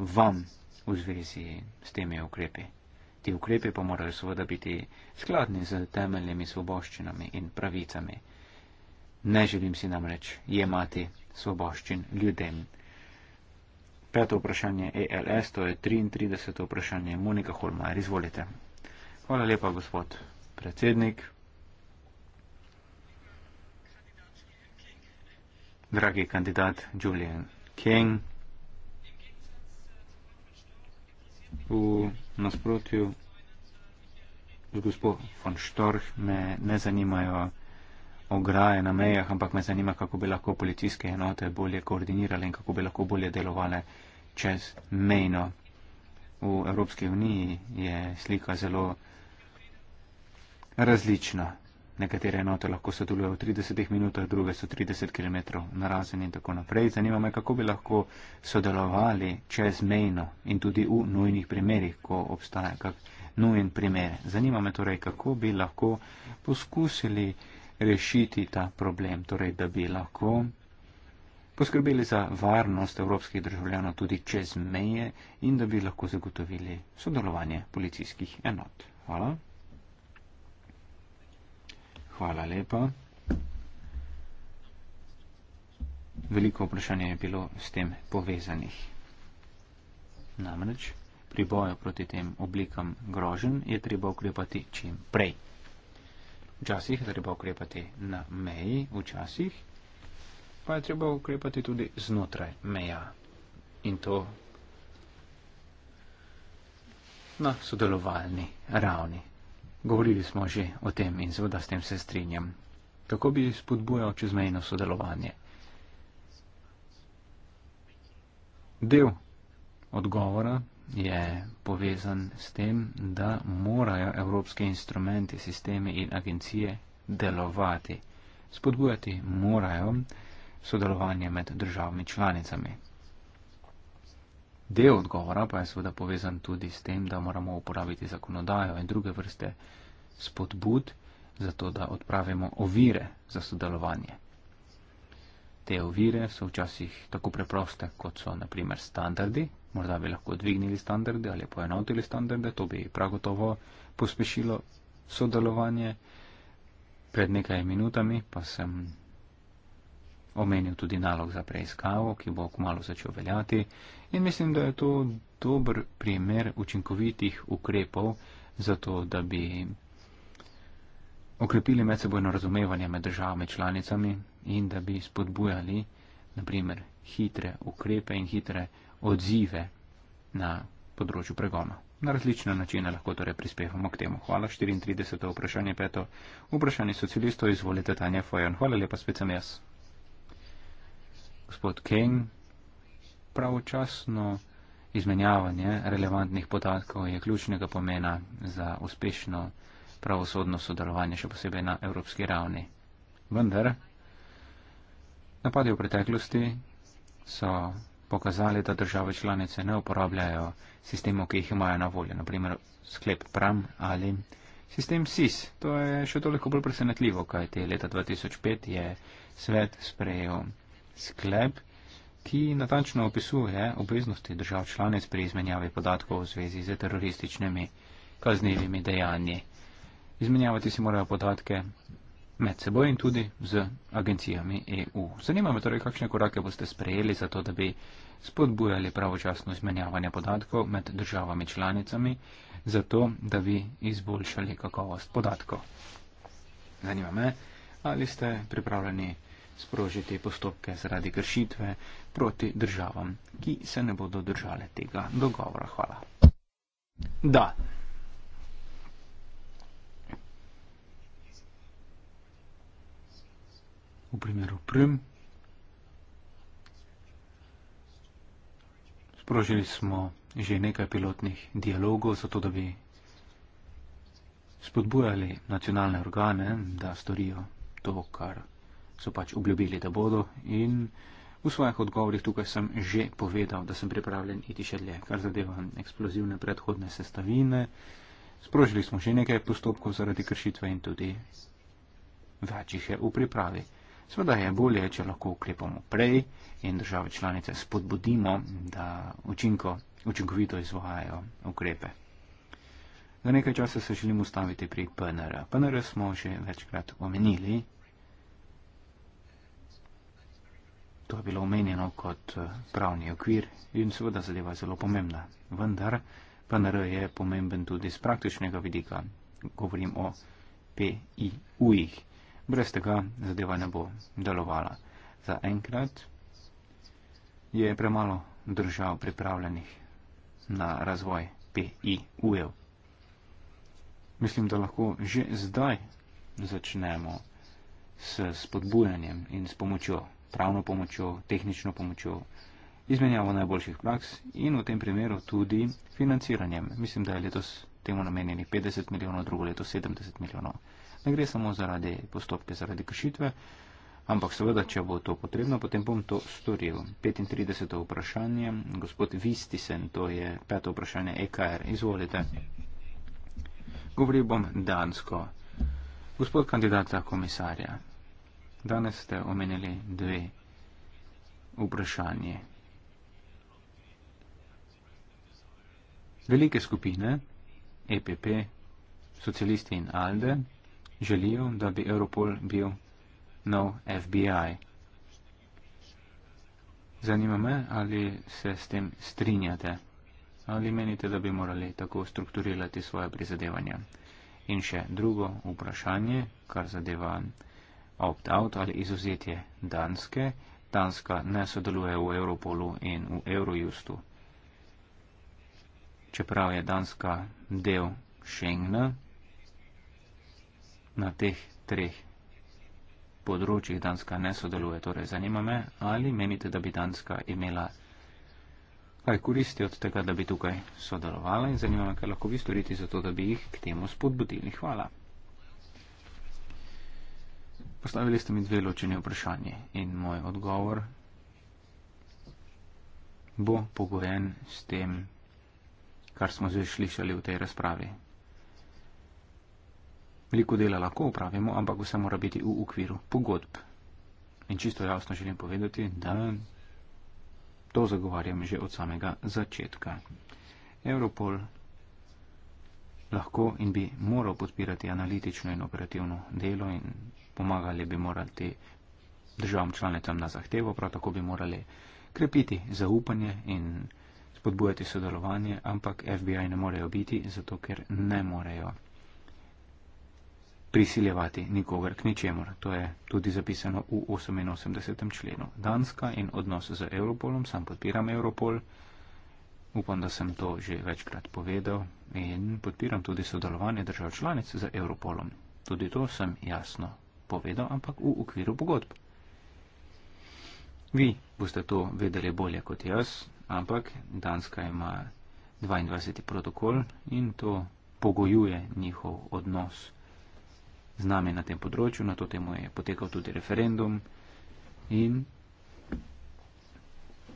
[SPEAKER 2] vam v zvezi s temi ukrepi. Ti ukrepi pa morajo seveda biti skladni z temeljnimi svoboščinami in pravicami. Ne želim si namreč jemati svoboščin ljudem. Peto vprašanje ALS, e to je 33. vprašanje Monika Holmar. Izvolite. Hvala lepa, gospod predsednik. dragi kandidat Julian King. V nasprotju z gospod von Storch me ne zanimajo ograje na mejah, ampak me zanima, kako bi lahko policijske enote bolje koordinirale in kako bi lahko bolje delovale čez mejno. V Evropski uniji je slika zelo različna nekatere enote lahko sodelujejo v 30 minutah, druge so 30 km na razen in tako naprej. Zanima me, kako bi lahko sodelovali čezmejno in tudi v nujnih primerih, ko obstaja kak nujen primer. Zanima me torej, kako bi lahko poskusili rešiti ta problem, torej, da bi lahko poskrbeli za varnost evropskih državljanov tudi čez meje in da bi lahko zagotovili sodelovanje policijskih enot. Hvala. Hvala lepa. Veliko vprašanje je bilo s tem povezanih. Namreč pri boju proti tem oblikam grožen je treba ukrepati čim prej. Včasih je treba ukrepati na meji, včasih pa je treba ukrepati tudi znotraj meja. In to na sodelovalni ravni. Govorili smo že o tem in seveda s tem se strinjam. Kako bi spodbujal čezmejno sodelovanje? Del odgovora je povezan s tem, da morajo evropske instrumenti, sisteme in agencije delovati. Spodbujati morajo sodelovanje med državami članicami. Del odgovora pa je seveda povezan tudi s tem, da moramo uporabiti zakonodajo in druge vrste spodbud, zato da odpravimo ovire za sodelovanje. Te ovire so včasih tako preproste, kot so naprimer standardi. Morda bi lahko dvignili standarde ali poenotili standarde, to bi prav gotovo pospešilo sodelovanje. Pred nekaj minutami pa sem omenil tudi nalog za preiskavo, ki bo kmalo začel veljati in mislim, da je to dober primer učinkovitih ukrepov za to, da bi okrepili medsebojno razumevanje med državami članicami in da bi spodbujali, naprimer, hitre ukrepe in hitre odzive na področju pregona. Na različne načine lahko torej prispevamo k temu. Hvala. 34. vprašanje, peto. Vprašanje socialistov, izvolite Tanja Fojan. Hvala lepa, spet sem jaz gospod King, pravočasno izmenjavanje relevantnih podatkov je ključnega pomena za uspešno pravosodno sodelovanje, še posebej na evropski ravni. Vendar, napadi v preteklosti so pokazali, da države članice ne uporabljajo sistemov, ki jih imajo na voljo, naprimer sklep PRAM ali sistem SIS. To je še toliko bolj presenetljivo, kajti leta 2005 je svet sprejel sklep, ki natančno opisuje obveznosti držav članic pri izmenjavi podatkov v zvezi z terorističnimi kaznevimi dejanji. Izmenjavati si morajo podatke med seboj in tudi z agencijami EU. Zanima me torej, kakšne korake boste sprejeli za to, da bi spodbujali pravočasno izmenjavanje podatkov med državami članicami, zato da bi izboljšali kakovost podatkov. Zanima me, ali ste pripravljeni sproži te postopke zaradi kršitve proti državam, ki se ne bodo držale tega dogovora. Hvala. Da. V primeru Prim. Sprožili smo že nekaj pilotnih dialogov, zato da bi spodbujali nacionalne organe, da storijo to, kar so pač obljubili, da bodo in v svojih odgovorih tukaj sem že povedal, da sem pripravljen iti še dlje, kar zadeva eksplozivne predhodne sestavine. Sprožili smo že nekaj postopkov zaradi kršitve in tudi več jih je v pripravi. Sveda je bolje, če lahko ukrepamo prej in države članice spodbudimo, da učinko, učinkovito izvajajo ukrepe. Za nekaj časa se želim ustaviti pri PNR. PNR smo že večkrat omenili. To je bilo omenjeno kot eh, pravni okvir in seveda zadeva zelo pomembna. Vendar PNR je pomemben tudi z praktičnega vidika. Govorim o PIU-jih. Brez tega zadeva ne bo delovala. Za enkrat je premalo držav pripravljenih na razvoj PIU-jev. Mislim, da lahko že zdaj začnemo s spodbujanjem in s pomočjo pravno pomočjo, tehnično pomočjo, izmenjavo najboljših praks in v tem primeru tudi financiranjem. Mislim, da je letos temu namenjeni 50 milijonov, drugo leto 70 milijonov. Ne gre samo zaradi postopke, zaradi kršitve, ampak seveda, če bo to potrebno, potem bom to storil. 35. vprašanje, gospod Vistisen, to je peto vprašanje EKR, izvolite. Govoril bom dansko. Gospod kandidat za komisarja, Danes ste omenili dve vprašanje. Velike skupine, EPP, socialisti in ALDE, želijo, da bi Europol bil nov FBI. Zanima me, ali se s tem strinjate, ali menite, da bi morali tako strukturirati svoje prizadevanja. In še drugo vprašanje, kar zadeva opt-out ali izuzetje Danske. Danska ne sodeluje v Europolu in v Eurojustu. Čeprav je Danska del Schengena, na teh treh področjih Danska ne sodeluje. Torej, zanima me, ali menite, da bi Danska imela kaj koristi od tega, da bi tukaj sodelovala in zanima me, kaj lahko vi storiti za to, da bi jih k temu spodbudili. Hvala. Postavili ste mi dve ločeni vprašanje in moj odgovor bo pogojen s tem, kar smo že slišali v tej razpravi. Veliko dela lahko upravimo, ampak vse mora biti v okviru pogodb. In čisto jasno želim povedati, da to zagovarjam že od samega začetka. Europol lahko in bi moral podpirati analitično in operativno delo in pomagali bi morali državam članicam na zahtevo, prav tako bi morali krepiti zaupanje in spodbujati sodelovanje, ampak FBI ne morejo biti, zato ker ne morejo prisiljevati nikogar k ničemor. To je tudi zapisano v 88. členu. Danska in odnos z Europolom, sam podpiram Europol, upam, da sem to že večkrat povedal in podpiram tudi sodelovanje držav članic z Europolom. Tudi to sem jasno povedal, ampak v okviru pogodb. Vi boste to vedeli bolje kot jaz, ampak Danska ima 22. protokol in to pogojuje njihov odnos z nami na tem področju. Na to temo je potekal tudi referendum in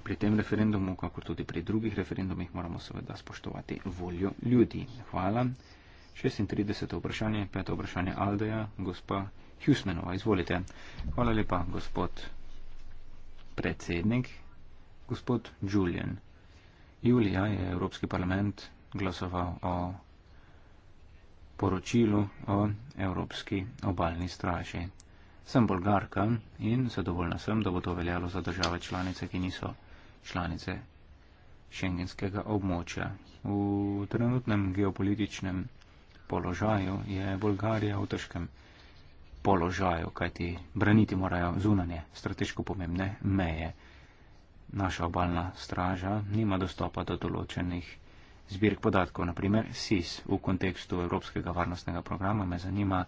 [SPEAKER 2] pri tem referendumu, kako tudi pri drugih referendumih, moramo seveda spoštovati voljo ljudi. Hvala. 36. vprašanje, 5. vprašanje Aldeja, gospa. Husmanova. Izvolite. Hvala lepa, gospod predsednik. Gospod Julian. Julija je Evropski parlament glasoval o poročilu o Evropski obaljni straži. Sem bolgarka in zadovoljna sem, da bo to veljalo za države članice, ki niso članice šengenskega območja. V trenutnem geopolitičnem položaju je Bolgarija v težkem položaju položaju, kajti braniti morajo zunanje, strateško pomembne meje. Naša obaljna straža nima dostopa do določenih zbirk podatkov, naprimer SIS v kontekstu Evropskega varnostnega programa me zanima,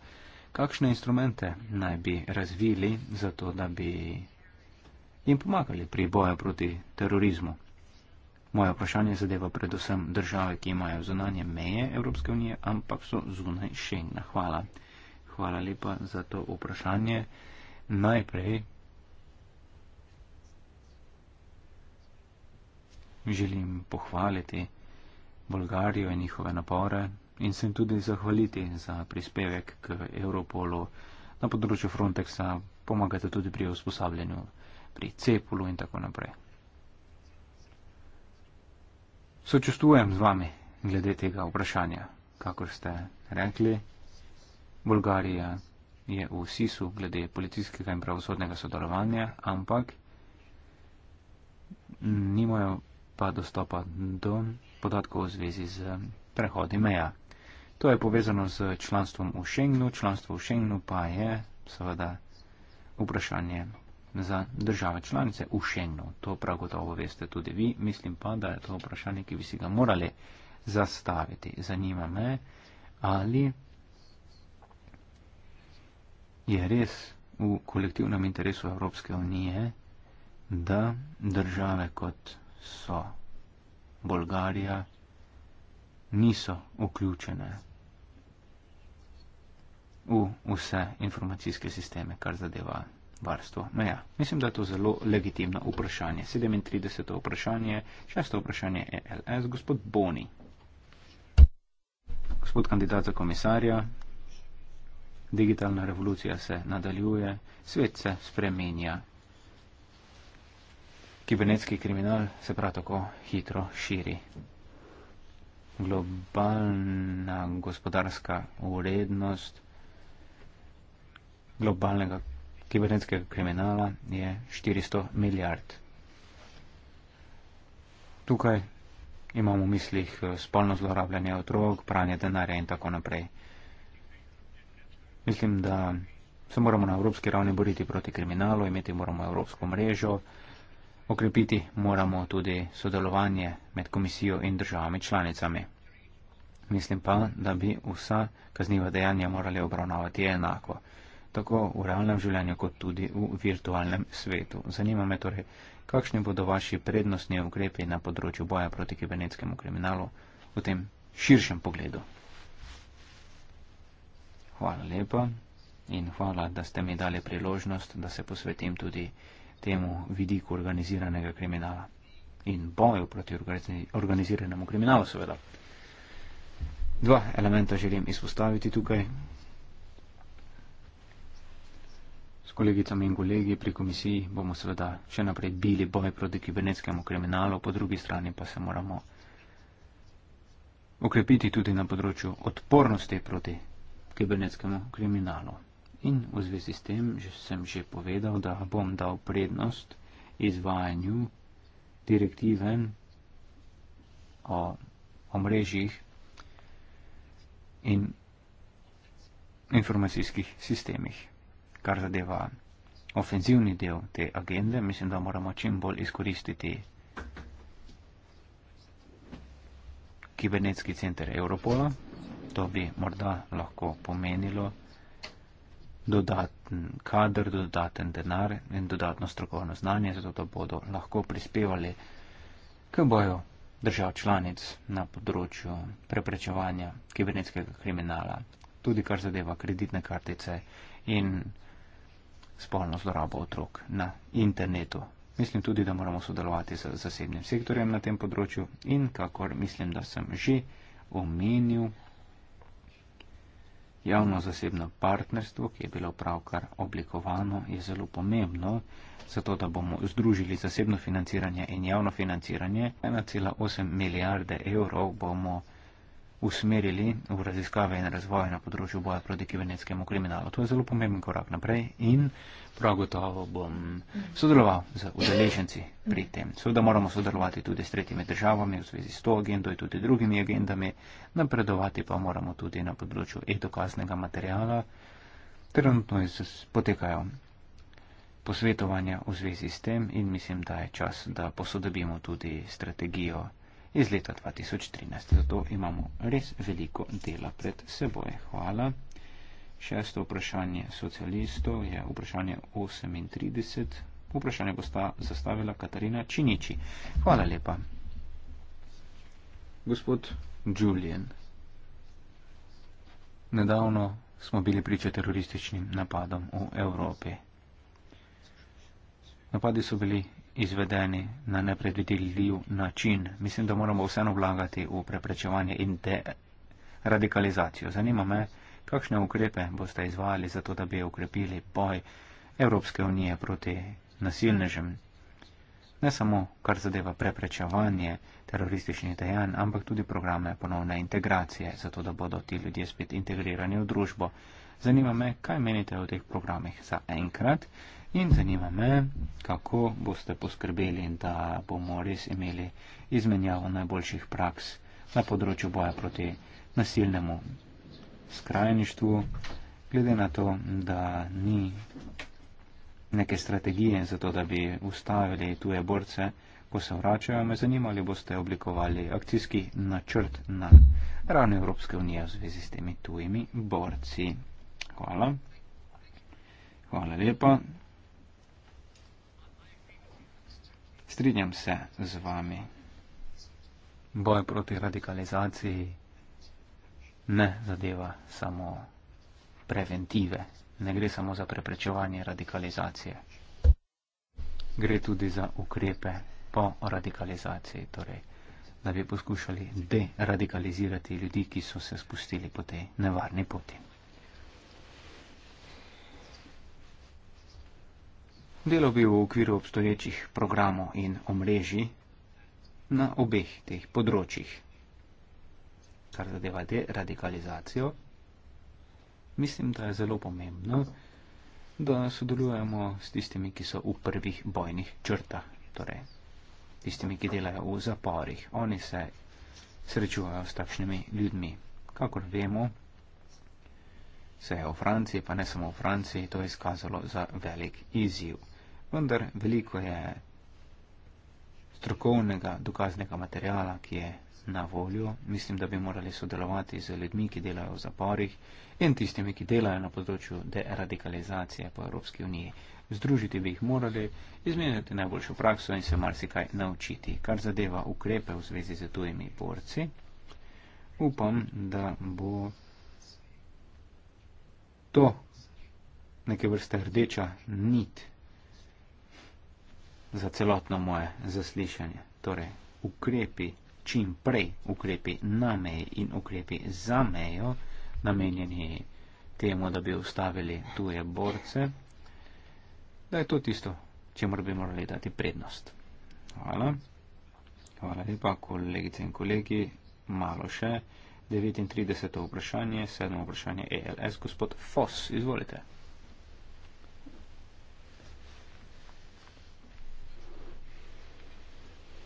[SPEAKER 2] kakšne instrumente naj bi razvili za to, da bi jim pomagali pri boju proti terorizmu. Moje vprašanje zadeva predvsem države, ki imajo zunanje meje Evropske unije, ampak so zunaj Schengna. Hvala. Hvala lepa za to vprašanje. Najprej. Želim pohvaliti Bolgarijo in njihove napore in se jim tudi zahvaliti za prispevek k Europolu na področju Frontexa, pomagate tudi pri usposabljanju, pri Cepulu in tako naprej. Sočustujem z vami glede tega vprašanja, kakor ste rekli, Bulgarija je v sisu glede policijskega in pravosodnega sodelovanja, ampak nimajo pa dostopa do podatkov v zvezi z prehodi meja. To je povezano z članstvom v Schengnu, članstvo v Schengnu pa je seveda vprašanje za države članice v Schengnu. To prav gotovo veste tudi vi, mislim pa, da je to vprašanje, ki bi si ga morali zastaviti. Zanima me, ali je res v kolektivnem interesu Evropske unije, da države kot so Bolgarija niso vključene v vse informacijske sisteme, kar zadeva varstvo. No ja, mislim, da je to zelo legitimno vprašanje. 37. vprašanje, 6. vprašanje ELS, gospod Boni. Gospod kandidat za komisarja, digitalna revolucija se nadaljuje, svet se spremenja. Kibernetski kriminal se prav tako hitro širi. Globalna gospodarska urednost globalnega kibernetskega kriminala je 400 milijard. Tukaj imamo v mislih eh, spolno zlorabljanje otrok, pranje denarja in tako naprej. Mislim, da se moramo na evropski ravni boriti proti kriminalu, imeti moramo evropsko mrežo, okrepiti moramo tudi sodelovanje med komisijo in državami članicami. Mislim pa, da bi vsa kazniva dejanja morali obravnavati enako, tako v realnem življenju kot tudi v virtualnem svetu. Zanima me torej, kakšni bodo vaši prednostni ukrepi na področju boja proti kibernetskemu kriminalu v tem širšem pogledu. Hvala lepa in hvala, da ste mi dali priložnost, da se posvetim tudi temu vidiku organiziranega kriminala in boju proti organiziranemu kriminalu, seveda. Dva elementa želim izpostaviti tukaj. S kolegicami in kolegi pri komisiji bomo seveda še naprej bili boj proti kibernetskemu kriminalu, po drugi strani pa se moramo okrepiti tudi na področju odpornosti proti kibernetskemu kriminalu. In v zvezi s tem že sem že povedal, da bom dal prednost izvajanju direktive o omrežjih in informacijskih sistemih, kar zadeva ofenzivni del te agende. Mislim, da moramo čim bolj izkoristiti kibernetski center Europola, To bi morda lahko pomenilo dodaten kader, dodaten denar in dodatno strokovno znanje, zato da bodo lahko prispevali k boju držav članic na področju preprečevanja kibernetskega kriminala, tudi kar zadeva kreditne kartice in spolno zlorabo otrok na internetu. Mislim tudi, da moramo sodelovati z zasebnim sektorjem na tem področju in kakor mislim, da sem že omenil, Javno-zasebno partnerstvo, ki je bilo pravkar oblikovano, je zelo pomembno, zato da bomo združili zasebno financiranje in javno financiranje. 1,8 milijarde evrov bomo usmerili v raziskave in razvoj na področju boja proti kibernetskemu kriminalu. To je zelo pomemben korak naprej in prav gotovo bom sodeloval z udeleženci pri tem. Seveda moramo sodelovati tudi s tretjimi državami v zvezi s to agendo in tudi drugimi agendami, napredovati pa moramo tudi na področju e-dokaznega materijala. Trenutno potekajo posvetovanja v zvezi s tem in mislim, da je čas, da posodobimo tudi strategijo iz leta 2013. Zato imamo res veliko dela pred seboj. Hvala. Šesto vprašanje socialistov je vprašanje 38. Vprašanje bo sta zastavila Katarina Činiči. Hvala lepa. Gospod Julian, nedavno smo bili priča terorističnim napadom v Evropi. Napadi so bili izvedeni na nepredvidljiv način. Mislim, da moramo vseeno vlagati v preprečevanje in te radikalizacijo. Zanima me, kakšne ukrepe boste izvajali za to, da bi ukrepili boj Evropske unije proti nasilnežem. Ne samo, kar zadeva preprečevanje terorističnih dejanj, ampak tudi programe ponovne integracije, zato da bodo ti ljudje spet integrirani v družbo. Zanima me, kaj menite o teh programih za enkrat. In zanima me, kako boste poskrbeli, da bomo res imeli izmenjavo najboljših praks na področju boja proti nasilnemu skrajništvu, glede na to, da ni neke strategije za to, da bi ustavili tuje borce, ko se vračajo. Me zanima, ali boste oblikovali akcijski načrt na ravni Evropske unije v zvezi s temi tujimi borci. Hvala. Hvala lepa. Strinjam se z vami. Boj proti radikalizaciji ne zadeva samo preventive, ne gre samo za preprečevanje radikalizacije. Gre tudi za ukrepe po radikalizaciji, torej, da bi poskušali deradikalizirati ljudi, ki so se spustili po tej nevarni poti. Delo bi v okviru obstoječih programov in omrežji na obeh teh področjih. Kar zadeva de radikalizacijo, mislim, da je zelo pomembno, da sodelujemo s tistimi, ki so v prvih bojnih črtah, torej tistimi, ki delajo v zaporih. Oni se srečujejo s takšnimi ljudmi. Kakor vemo, se je v Franciji, pa ne samo v Franciji, to izkazalo za velik izziv vendar veliko je strokovnega dokaznega materijala, ki je na voljo. Mislim, da bi morali sodelovati z ljudmi, ki delajo v zaporih in tistimi, ki delajo na področju deradikalizacije po Evropski uniji. Združiti bi jih morali, izmenjati najboljšo prakso in se marsikaj naučiti, kar zadeva ukrepe v zvezi z tujimi borci. Upam, da bo to neke vrste rdeča nit za celotno moje zaslišanje. Torej, ukrepi, čim prej ukrepi na meji in ukrepi za mejo, namenjeni temu, da bi ustavili tuje borce, da je to tisto, čemu bi morali dati prednost. Hvala. Hvala lepa, kolegice in kolegi. Malo še. 39. vprašanje, 7. vprašanje ELS, gospod Foss, izvolite.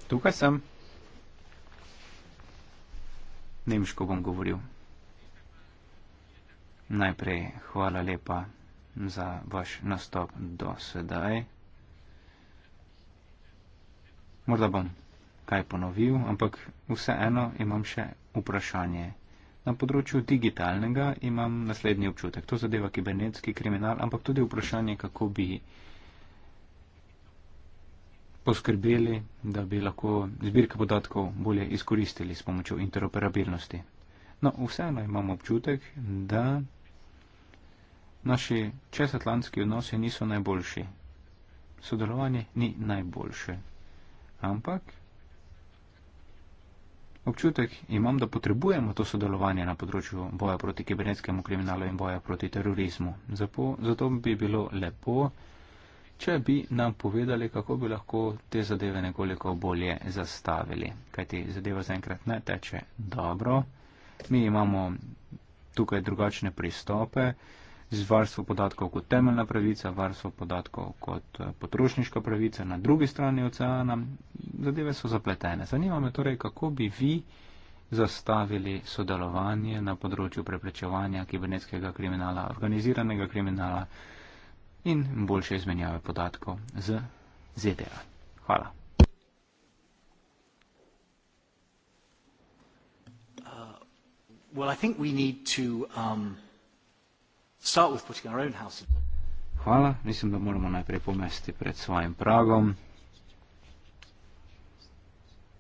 [SPEAKER 2] Tukaj sem. Nemško bom govoril. Najprej hvala lepa za vaš nastop do sedaj. Morda bom kaj ponovil, ampak vseeno imam še vprašanje. Na področju digitalnega imam naslednji občutek. To zadeva kibernetski kriminal, ampak tudi vprašanje, kako bi poskrbeli, da bi lahko zbirke podatkov bolje izkoristili s pomočjo interoperabilnosti. No, vseeno imamo občutek, da naši čezatlantski odnosi niso najboljši. Sodelovanje ni najboljše. Ampak občutek imam, da potrebujemo to sodelovanje na področju boja proti kibernetskemu kriminalu in boja proti terorizmu. Zato, zato bi bilo lepo, če bi nam povedali, kako bi lahko te zadeve nekoliko bolje zastavili. Kajti zadeva zaenkrat ne teče dobro. Mi imamo tukaj drugačne pristope z varstvo podatkov kot temeljna pravica, varstvo podatkov kot eh, potrošniška pravica na drugi strani oceana. Zadeve so zapletene. Zanima me torej, kako bi vi zastavili sodelovanje na področju preprečevanja kibernetskega kriminala, organiziranega kriminala in boljše izmenjave podatkov z ZDA. Hvala. Uh, um, Hvala, mislim, da moramo najprej pomesti pred svojim pragom.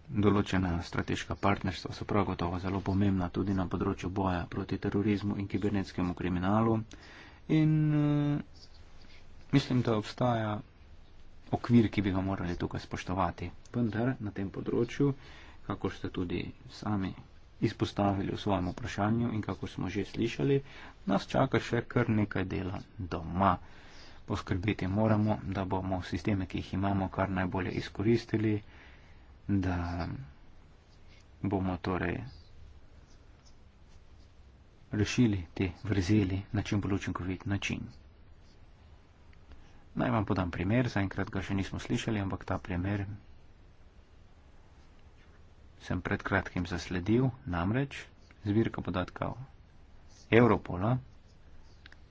[SPEAKER 2] Določena strateška partnerstva so prav gotovo zelo pomembna tudi na področju boja proti terorizmu in kibernetskemu kriminalu. In uh, Mislim, da obstaja okvir, ki bi ga morali tukaj spoštovati. Vendar na tem področju, kako ste tudi sami izpostavili v svojem vprašanju in kako smo že slišali, nas čaka še kar nekaj dela doma. Poskrbeti moramo, da bomo sisteme, ki jih imamo, kar najbolje izkoristili, da bomo torej rešili te vrzeli na čim bolj učinkovit način. Naj vam podam primer, zaenkrat ga še nismo slišali, ampak ta primer sem pred kratkim zasledil, namreč zbirka podatkov Europola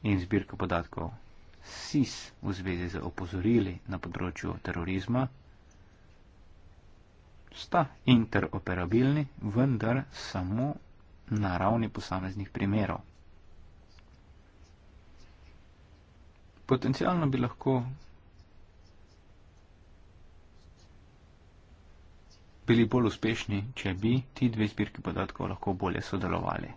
[SPEAKER 2] in zbirka podatkov SIS v zvezi z opozorili na področju terorizma sta interoperabilni, vendar samo na ravni posameznih primerov. potencialno bi lahko bili bolj uspešni, če bi ti dve zbirki podatkov lahko bolje sodelovali.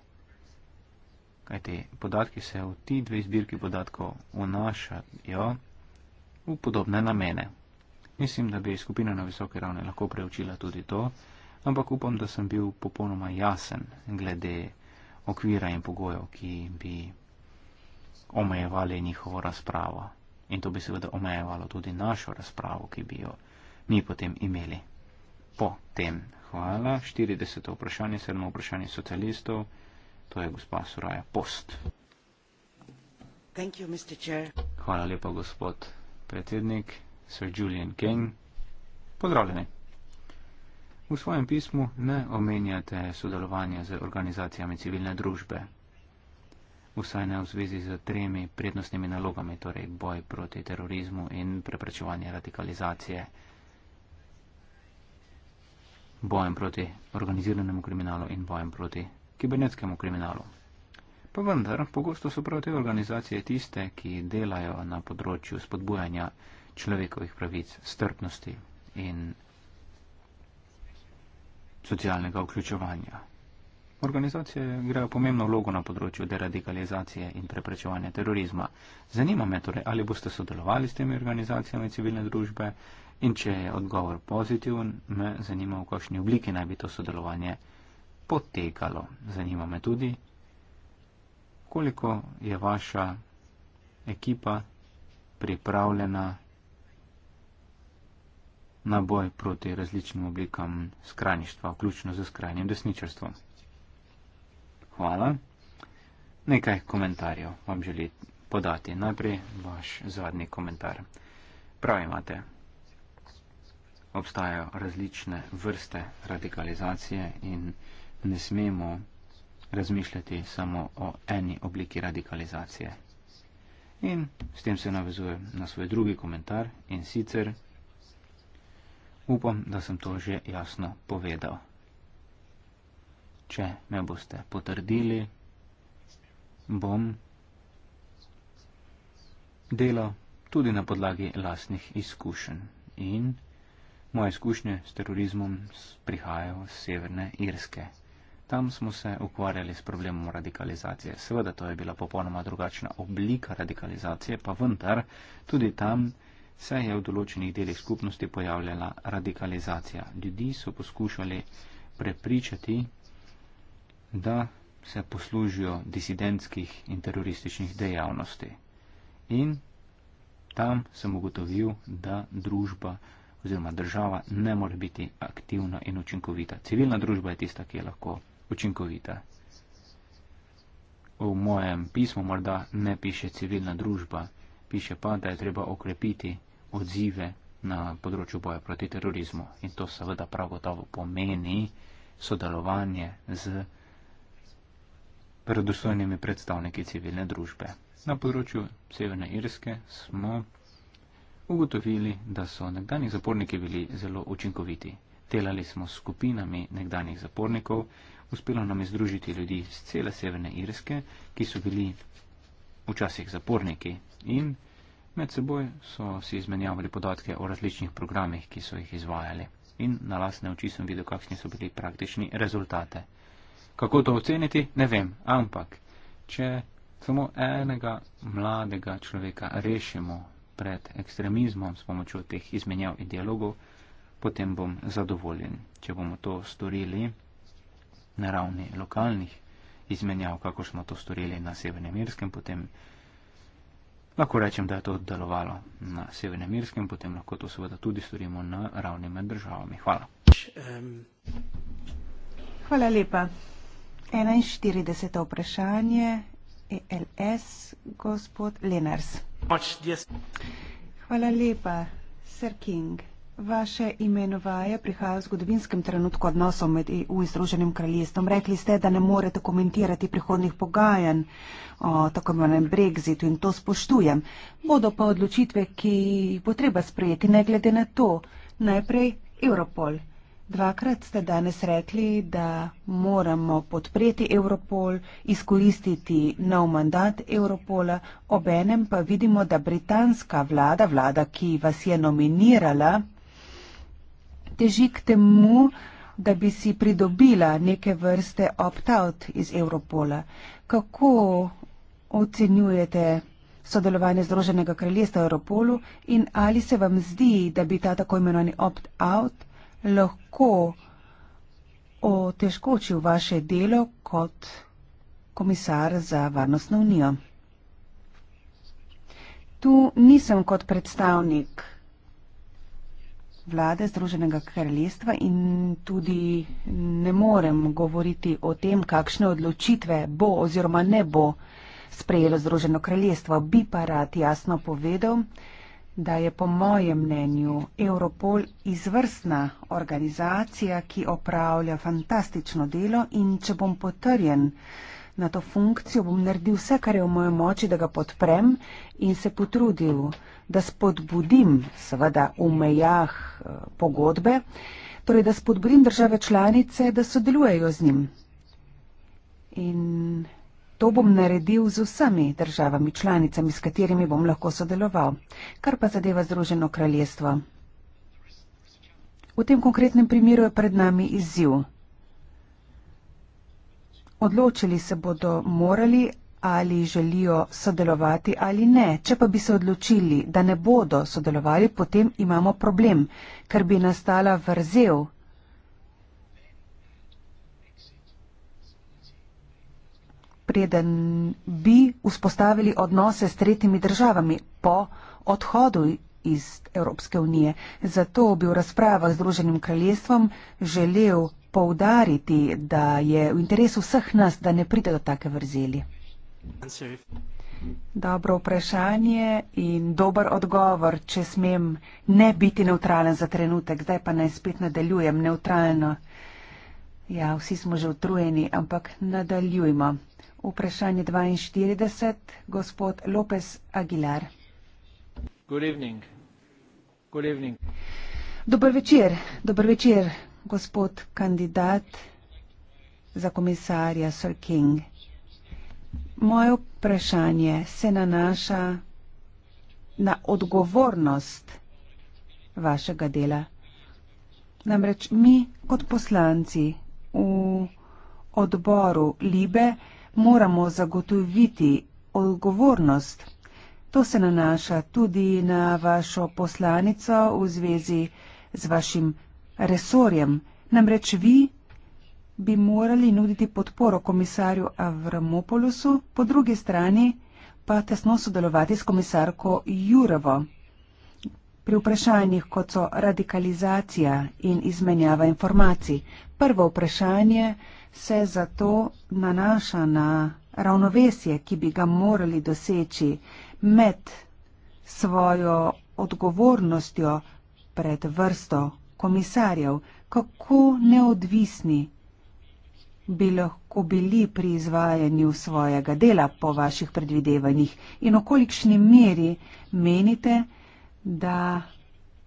[SPEAKER 2] Kajte, podatki se v ti dve zbirki podatkov vnašajo v podobne namene. Mislim, da bi skupina na visoke ravni lahko preučila tudi to, ampak upam, da sem bil popolnoma jasen glede okvira in pogojev, ki bi omejevali njihovo razpravo. In to bi seveda omejevalo tudi našo razpravo, ki bi jo mi potem imeli. Potem, hvala, 40. vprašanje, 7. vprašanje socialistov, to je gospa Suraja Post.
[SPEAKER 1] You,
[SPEAKER 2] hvala lepa, gospod predsednik, sir Julian King. Pozdravljeni. V svojem pismu ne omenjate sodelovanja z organizacijami civilne družbe, vsaj ne v zvezi z tremi prednostnimi nalogami, torej boj proti terorizmu in preprečevanje radikalizacije, bojem proti organiziranemu kriminalu in bojem proti kibernetskemu kriminalu. Pa vendar, pogosto so prav te organizacije tiste, ki delajo na področju spodbujanja človekovih pravic, strpnosti in socialnega vključevanja. Organizacije grejo pomembno vlogo na področju deradikalizacije in preprečevanja terorizma. Zanima me torej, ali boste sodelovali s temi organizacijami civilne družbe in če je odgovor pozitiven, me zanima, v kakšni obliki naj bi to sodelovanje potekalo. Zanima me tudi, koliko je vaša ekipa pripravljena na boj proti različnim oblikam skrajništva, vključno z skrajnim desničarstvom hvala. Nekaj komentarjev vam želi podati. Najprej vaš zadnji komentar. Prav imate. Obstajajo različne vrste radikalizacije in ne smemo razmišljati samo o eni obliki radikalizacije. In s tem se navezuje na svoj drugi komentar in sicer upam, da sem to že jasno povedal. Če me boste potrdili, bom delal tudi na podlagi lastnih izkušenj. In moje izkušnje s terorizmom prihajajo z Severne Irske. Tam smo se ukvarjali s problemom radikalizacije. Seveda to je bila popolnoma drugačna oblika radikalizacije, pa vendar tudi tam se je v določenih delih skupnosti pojavljala radikalizacija. Ljudi so poskušali prepričati, da se poslužijo disidentskih in terorističnih dejavnosti. In tam sem ugotovil, da družba oziroma država ne more biti aktivna in učinkovita. Civilna družba je tista, ki je lahko učinkovita. V mojem pismu morda ne piše civilna družba, piše pa, da je treba okrepiti odzive na področju boja proti terorizmu. In to seveda prav gotovo pomeni sodelovanje z predostojnimi predstavniki civilne družbe. Na področju Severne Irske smo ugotovili, da so nekdani zaporniki bili zelo učinkoviti. Delali smo s skupinami nekdanjih zapornikov, uspelo nam je združiti ljudi z cele Severne Irske, ki so bili včasih zaporniki in med seboj so si izmenjavali podatke o različnih programih, ki so jih izvajali. In na lasne oči sem videl, kakšni so bili praktični rezultate. Kako to oceniti, ne vem. Ampak, če samo enega mladega človeka rešimo pred ekstremizmom s pomočjo teh izmenjav in dialogov, potem bom zadovoljen. Če bomo to storili na ravni lokalnih izmenjav, kako smo to storili na Severnem Irskem, potem lahko rečem, da je to delovalo na Severnem Irskem, potem lahko to seveda tudi storimo na ravni med državami. Hvala.
[SPEAKER 1] Hvala lepa. 41. vprašanje, ELS, gospod Lenars. Hvala lepa, Sir King. Vaše imenovanje prihaja v zgodovinskem trenutku odnosov med EU in Združenim kraljestvom. Rekli ste, da ne morete komentirati prihodnih pogajanj o tako imenem Brexitu in to spoštujem. Bodo pa odločitve, ki jih bo treba sprejeti, ne glede na to. Najprej Europol. Dvakrat ste danes rekli, da moramo podpreti Europol, izkoristiti nov mandat Europola, obenem pa vidimo, da britanska vlada, vlada, ki vas je nominirala, teži k temu, da bi si pridobila neke vrste opt-out iz Europola. Kako ocenjujete sodelovanje Združenega kraljestva v Europolu in ali se vam zdi, da bi ta tako imenovani opt-out lahko otežkočil vaše delo kot komisar za varnostno unijo. Tu nisem kot predstavnik vlade Združenega kraljestva in tudi ne morem govoriti o tem, kakšne odločitve bo oziroma ne bo sprejelo Združeno kraljestvo. Bi pa rad jasno povedal, da je po mojem mnenju Europol izvrstna organizacija, ki opravlja fantastično delo in če bom potrjen na to funkcijo, bom naredil vse, kar je v moje moči, da ga podprem in se potrudil, da spodbudim, seveda v mejah eh, pogodbe, torej da spodbudim države članice, da sodelujejo z njim. In To bom naredil z vsemi državami članicami, s katerimi bom lahko sodeloval. Kar pa zadeva Združeno kraljestvo. V tem konkretnem primeru je pred nami izziv. Odločili se bodo morali, ali želijo sodelovati ali ne. Če pa bi se odločili, da ne bodo sodelovali, potem imamo problem, ker bi nastala vrzel preden bi vzpostavili odnose s tretjimi državami po odhodu iz Evropske unije. Zato bi v razpravah z Združenim kraljestvom želel poudariti, da je v interesu vseh nas, da ne pride do take vrzeli. Dobro vprašanje in dober odgovor, če smem ne biti neutralen za trenutek, zdaj pa naj spet nadaljujem neutralno. Ja, vsi smo že utrujeni, ampak nadaljujmo. Vprašanje 42, gospod Lopez Aguilar.
[SPEAKER 2] Good evening. Good evening.
[SPEAKER 1] Dober večer, dober večer, gospod kandidat za komisarja Sir King. Moje vprašanje se nanaša na odgovornost vašega dela. Namreč mi kot poslanci v odboru Libe moramo zagotoviti odgovornost. To se nanaša tudi na vašo poslanico v zvezi z vašim resorjem. Namreč vi bi morali nuditi podporo komisarju Avramopolusu, po drugi strani pa tesno sodelovati s komisarko Jurovo. Pri vprašanjih, kot so radikalizacija in izmenjava informacij, prvo vprašanje je, se zato nanaša na ravnovesje, ki bi ga morali doseči med svojo odgovornostjo pred vrsto komisarjev, kako neodvisni bi lahko bili pri izvajanju svojega dela po vaših predvidevanjih in v kolikšni meri menite, da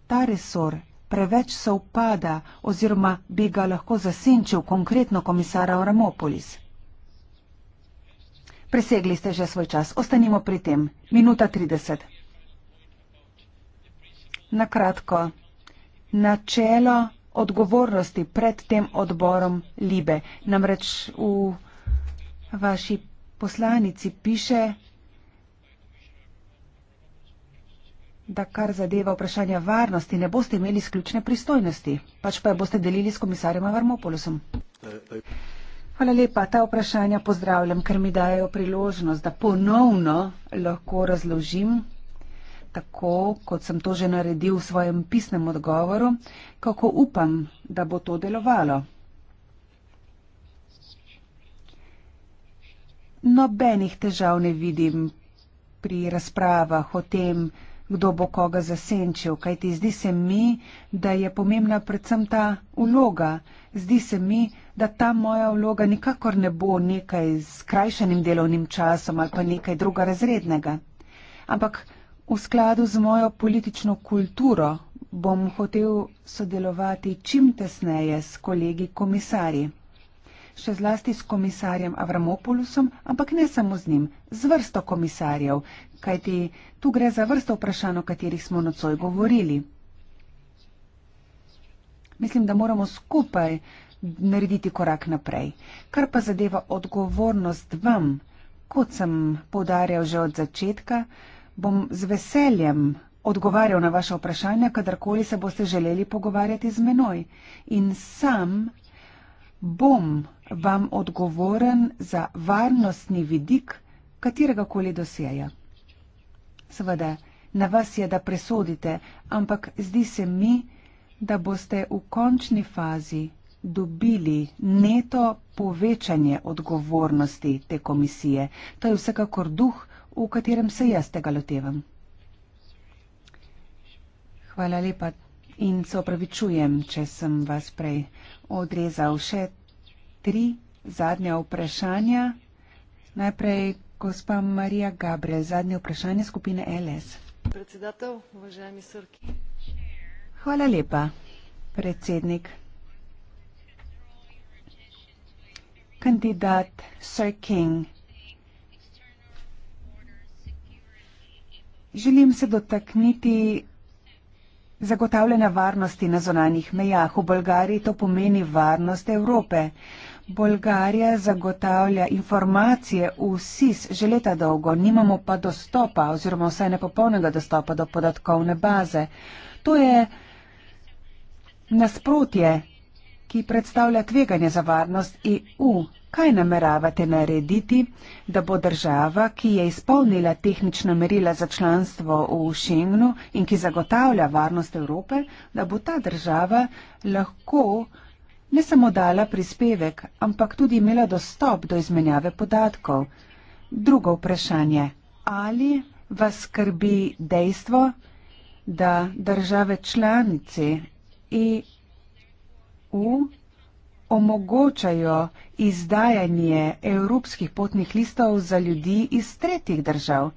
[SPEAKER 1] ta resor preveč sovpada oziroma bi ga lahko zasenčil konkretno komisara Oramopolis. Presegli ste že svoj čas. Ostanimo pri tem. Minuta 30. Na kratko, načelo odgovornosti pred tem odborom Libe. Namreč v vaši poslanici piše, da kar zadeva vprašanja varnosti, ne boste imeli sključne pristojnosti, pač pa jo boste delili s komisarjem Avramopolosom. Hvala lepa, ta vprašanja pozdravljam, ker mi dajo priložnost, da ponovno lahko razložim, tako kot sem to že naredil v svojem pisnem odgovoru, kako upam, da bo to delovalo. Nobenih težav ne vidim pri razpravah o tem, kdo bo koga zasenčil, kajti zdi se mi, da je pomembna predvsem ta vloga. Zdi se mi, da ta moja vloga nikakor ne bo nekaj s krajšanim delovnim časom ali pa nekaj druga razrednega. Ampak v skladu z mojo politično kulturo bom hotel sodelovati čim tesneje s kolegi komisarji še zlasti s komisarjem Avramopolusom, ampak ne samo z njim, z vrsto komisarjev, kajti tu gre za vrsto vprašanj, o katerih smo nocoj govorili. Mislim, da moramo skupaj narediti korak naprej. Kar pa zadeva odgovornost vam, kot sem podarjal že od začetka, bom z veseljem odgovarjal na vaše vprašanja, kadarkoli se boste želeli pogovarjati z menoj. In sam bom vam odgovoren za varnostni vidik katerega koli dosjeja. Seveda, na vas je, da presodite, ampak zdi se mi, da boste v končni fazi dobili neto povečanje odgovornosti te komisije. To je vsekakor duh, v katerem se jaz tega lotevam. Hvala lepa in se opravičujem, če sem vas prej odrezal. Še tri zadnja vprašanja. Najprej gospa Marija Gabriel, zadnje vprašanje skupine LS.
[SPEAKER 3] Predsedatelj, uvaženi srki.
[SPEAKER 1] Hvala lepa, predsednik. Kandidat Sir King. Želim se dotakniti zagotavljanja varnosti na zonanih mejah. V Bolgariji to pomeni varnost Evrope. Bolgarija zagotavlja informacije v SIS že leta dolgo, nimamo pa dostopa oziroma vsaj nepopolnega dostopa do podatkovne baze. To je nasprotje, ki predstavlja tveganje za varnost EU. Kaj nameravate narediti, da bo država, ki je izpolnila tehnična merila za članstvo v Schengenu in ki zagotavlja varnost Evrope, da bo ta država lahko ne samo dala prispevek, ampak tudi imela dostop do izmenjave podatkov. Drugo vprašanje. Ali vas skrbi dejstvo, da države članice EU omogočajo izdajanje evropskih potnih listov za ljudi iz tretjih držav?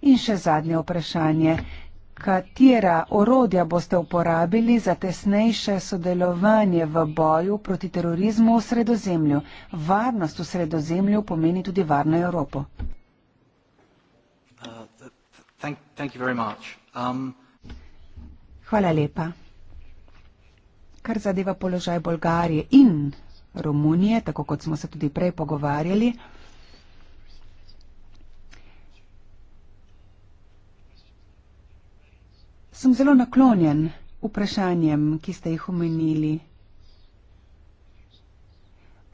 [SPEAKER 1] In še zadnje vprašanje katera orodja boste uporabili za tesnejše sodelovanje v boju proti terorizmu v sredozemlju. Varnost v sredozemlju pomeni tudi varno Evropo.
[SPEAKER 2] Uh, um,
[SPEAKER 1] Hvala lepa. Kar zadeva položaj Bolgarije in Romunije, tako kot smo se tudi prej pogovarjali, sem zelo naklonjen vprašanjem, ki ste jih omenili.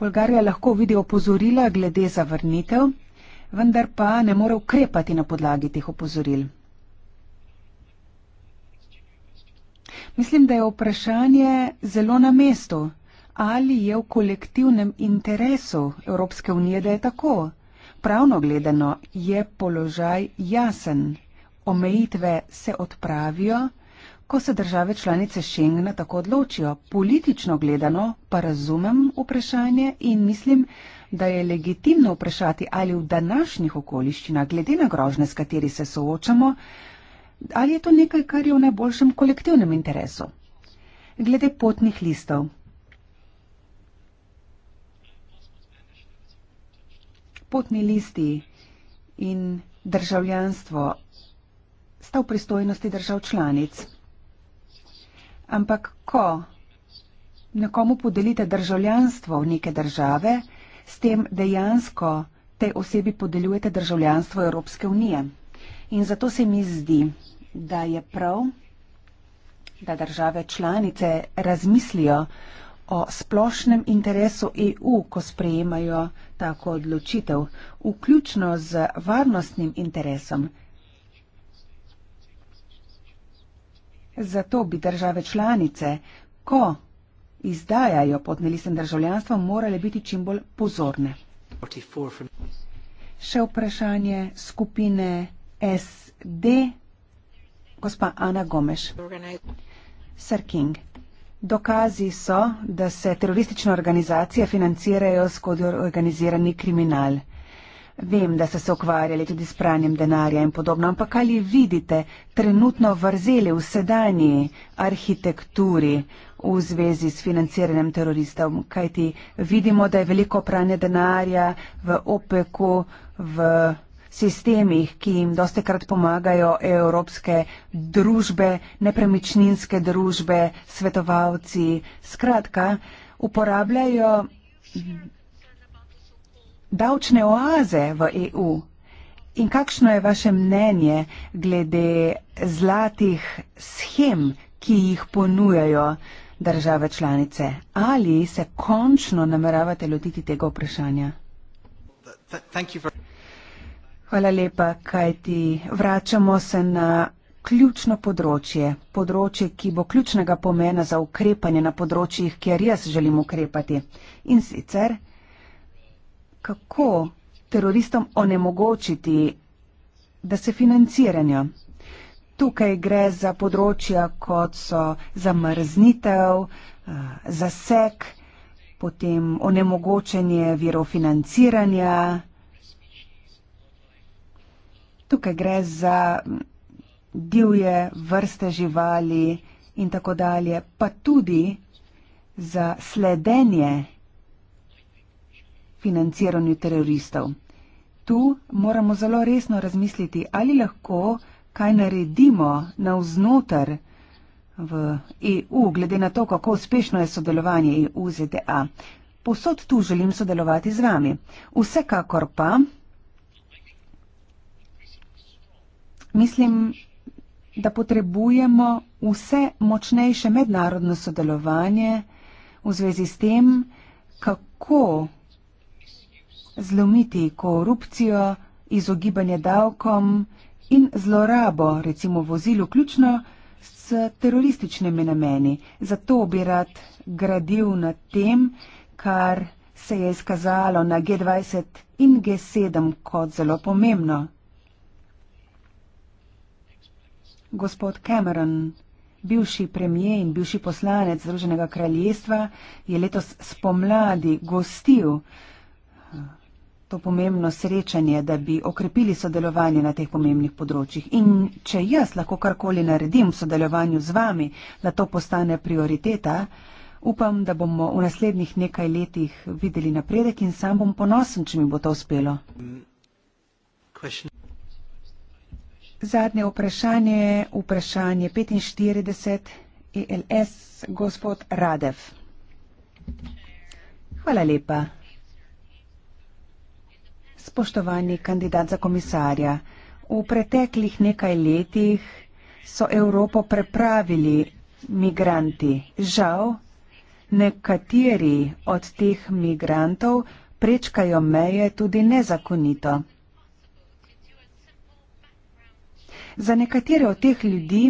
[SPEAKER 1] Bolgarija lahko vidi opozorila glede zavrnitev, vendar pa ne more ukrepati na podlagi teh opozoril. Mislim, da je vprašanje zelo na mestu, ali je v kolektivnem interesu Evropske unije, da je tako. Pravno gledano je položaj jasen omejitve se odpravijo, ko se države članice Schengena tako odločijo. Politično gledano pa razumem vprašanje in mislim, da je legitimno vprašati, ali v današnjih okoliščinah, glede na grožne, s kateri se soočamo, ali je to nekaj, kar je v najboljšem kolektivnem interesu. Glede potnih listov. Potni listi in državljanstvo sta v pristojnosti držav članic. Ampak ko nekomu podelite državljanstvo v neke države, s tem dejansko te osebi podeljujete državljanstvo Evropske unije. In zato se mi zdi, da je prav, da države članice razmislijo o splošnem interesu EU, ko sprejemajo tako odločitev, vključno z varnostnim interesom, Zato bi države članice, ko izdajajo potnelisten državljanstvo, morale biti čim bolj pozorne. Še vprašanje skupine SD, gospa Ana Gomeš. Sir King, dokazi so, da se teroristične organizacije financirajo skozi organizirani kriminal. Vem, da ste se ukvarjali tudi s pranjem denarja in podobno, ampak ali vidite trenutno vrzeli v sedanji arhitekturi v zvezi s financiranjem teroristov? Kaj ti vidimo, da je veliko pranje denarja v OPEC-u, v sistemih, ki jim doste krat pomagajo evropske družbe, nepremičninske družbe, svetovalci, skratka, uporabljajo davčne oaze v EU. In kakšno je vaše mnenje glede zlatih schem, ki jih ponujajo države članice? Ali se končno nameravate lotiti tega vprašanja? Hvala lepa, kajti vračamo se na ključno področje, področje, ki bo ključnega pomena za ukrepanje na področjih, kjer jaz želim ukrepati. In sicer kako teroristom onemogočiti, da se financiranja. Tukaj gre za področja, kot so zamrznitev, eh, zasek, potem onemogočenje virofinanciranja. Tukaj gre za mm, divje vrste živali in tako dalje, pa tudi za sledenje financiranju teroristov. Tu moramo zelo resno razmisliti, ali lahko kaj naredimo navznoter v EU, glede na to, kako uspešno je sodelovanje EU ZDA. Posod tu želim sodelovati z vami. Vsekakor pa mislim, da potrebujemo vse močnejše mednarodno sodelovanje v zvezi s tem, kako zlomiti korupcijo, izogibanje davkom in zlorabo, recimo vozilu ključno, s terorističnimi nameni. Zato bi rad gradil na tem, kar se je izkazalo na G20 in G7 kot zelo pomembno. Gospod Cameron, bivši premijer in bivši poslanec Združenega kraljestva, je letos spomladi gostil to pomembno srečanje, da bi okrepili sodelovanje na teh pomembnih področjih. In če jaz lahko karkoli naredim v sodelovanju z vami, da to postane prioriteta, upam, da bomo v naslednjih nekaj letih videli napredek in sam bom ponosen, če mi bo to uspelo. Zadnje vprašanje, vprašanje 45, ELS, gospod Radev. Hvala lepa. Spoštovani kandidat za komisarja, v preteklih nekaj letih so Evropo prepravili migranti. Žal, nekateri od teh migrantov prečkajo meje tudi nezakonito. Za nekatere od teh ljudi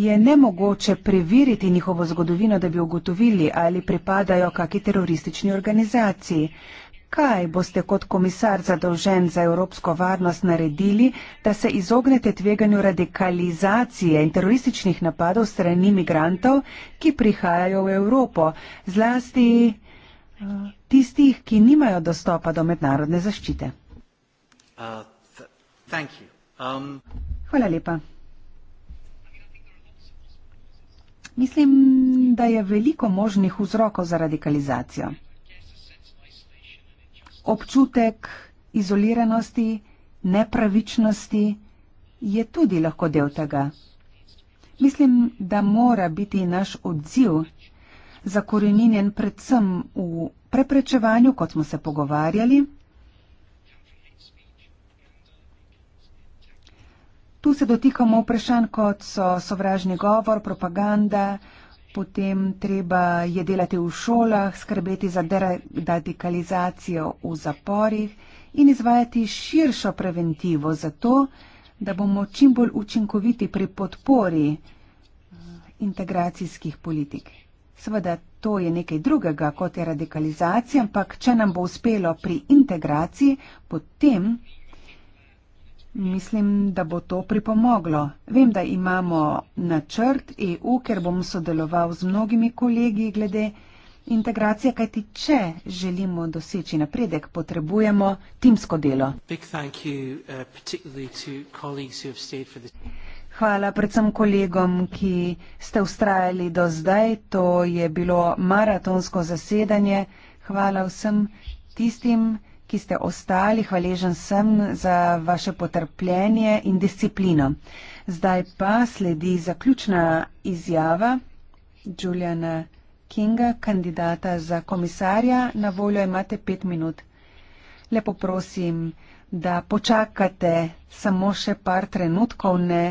[SPEAKER 1] je nemogoče preveriti njihovo zgodovino, da bi ugotovili, ali pripadajo kaki teroristični organizaciji. Kaj boste kot komisar zadolžen za evropsko varnost naredili, da se izognete tveganju radikalizacije in terorističnih napadov strani migrantov, ki prihajajo v Evropo, zlasti eh, tistih, ki nimajo dostopa do mednarodne zaščite?
[SPEAKER 2] Uh, um,
[SPEAKER 1] Hvala lepa. Mislim, da je veliko možnih vzrokov za radikalizacijo občutek izoliranosti, nepravičnosti je tudi lahko del tega. Mislim, da mora biti naš odziv zakoreninjen predvsem v preprečevanju, kot smo se pogovarjali. Tu se dotikamo vprašanj, kot so sovražni govor, propaganda, potem treba je delati v šolah, skrbeti za deradikalizacijo v zaporih in izvajati širšo preventivo za to, da bomo čim bolj učinkoviti pri podpori eh, integracijskih politik. Seveda, to je nekaj drugega kot je radikalizacija, ampak če nam bo uspelo pri integraciji, potem Mislim, da bo to pripomoglo. Vem, da imamo načrt EU, ker bom sodeloval z mnogimi kolegi glede integracije, kajti če želimo doseči napredek, potrebujemo timsko delo. Uh, Hvala predvsem kolegom, ki ste ustrajali do zdaj. To je bilo maratonsko zasedanje. Hvala vsem tistim, ki ki ste ostali, hvaležen sem za vaše potrpljenje in disciplino. Zdaj pa sledi zaključna izjava Juliana Kinga, kandidata za komisarja. Na voljo imate pet minut. Lepo prosim, da počakate samo še par trenutkov, ne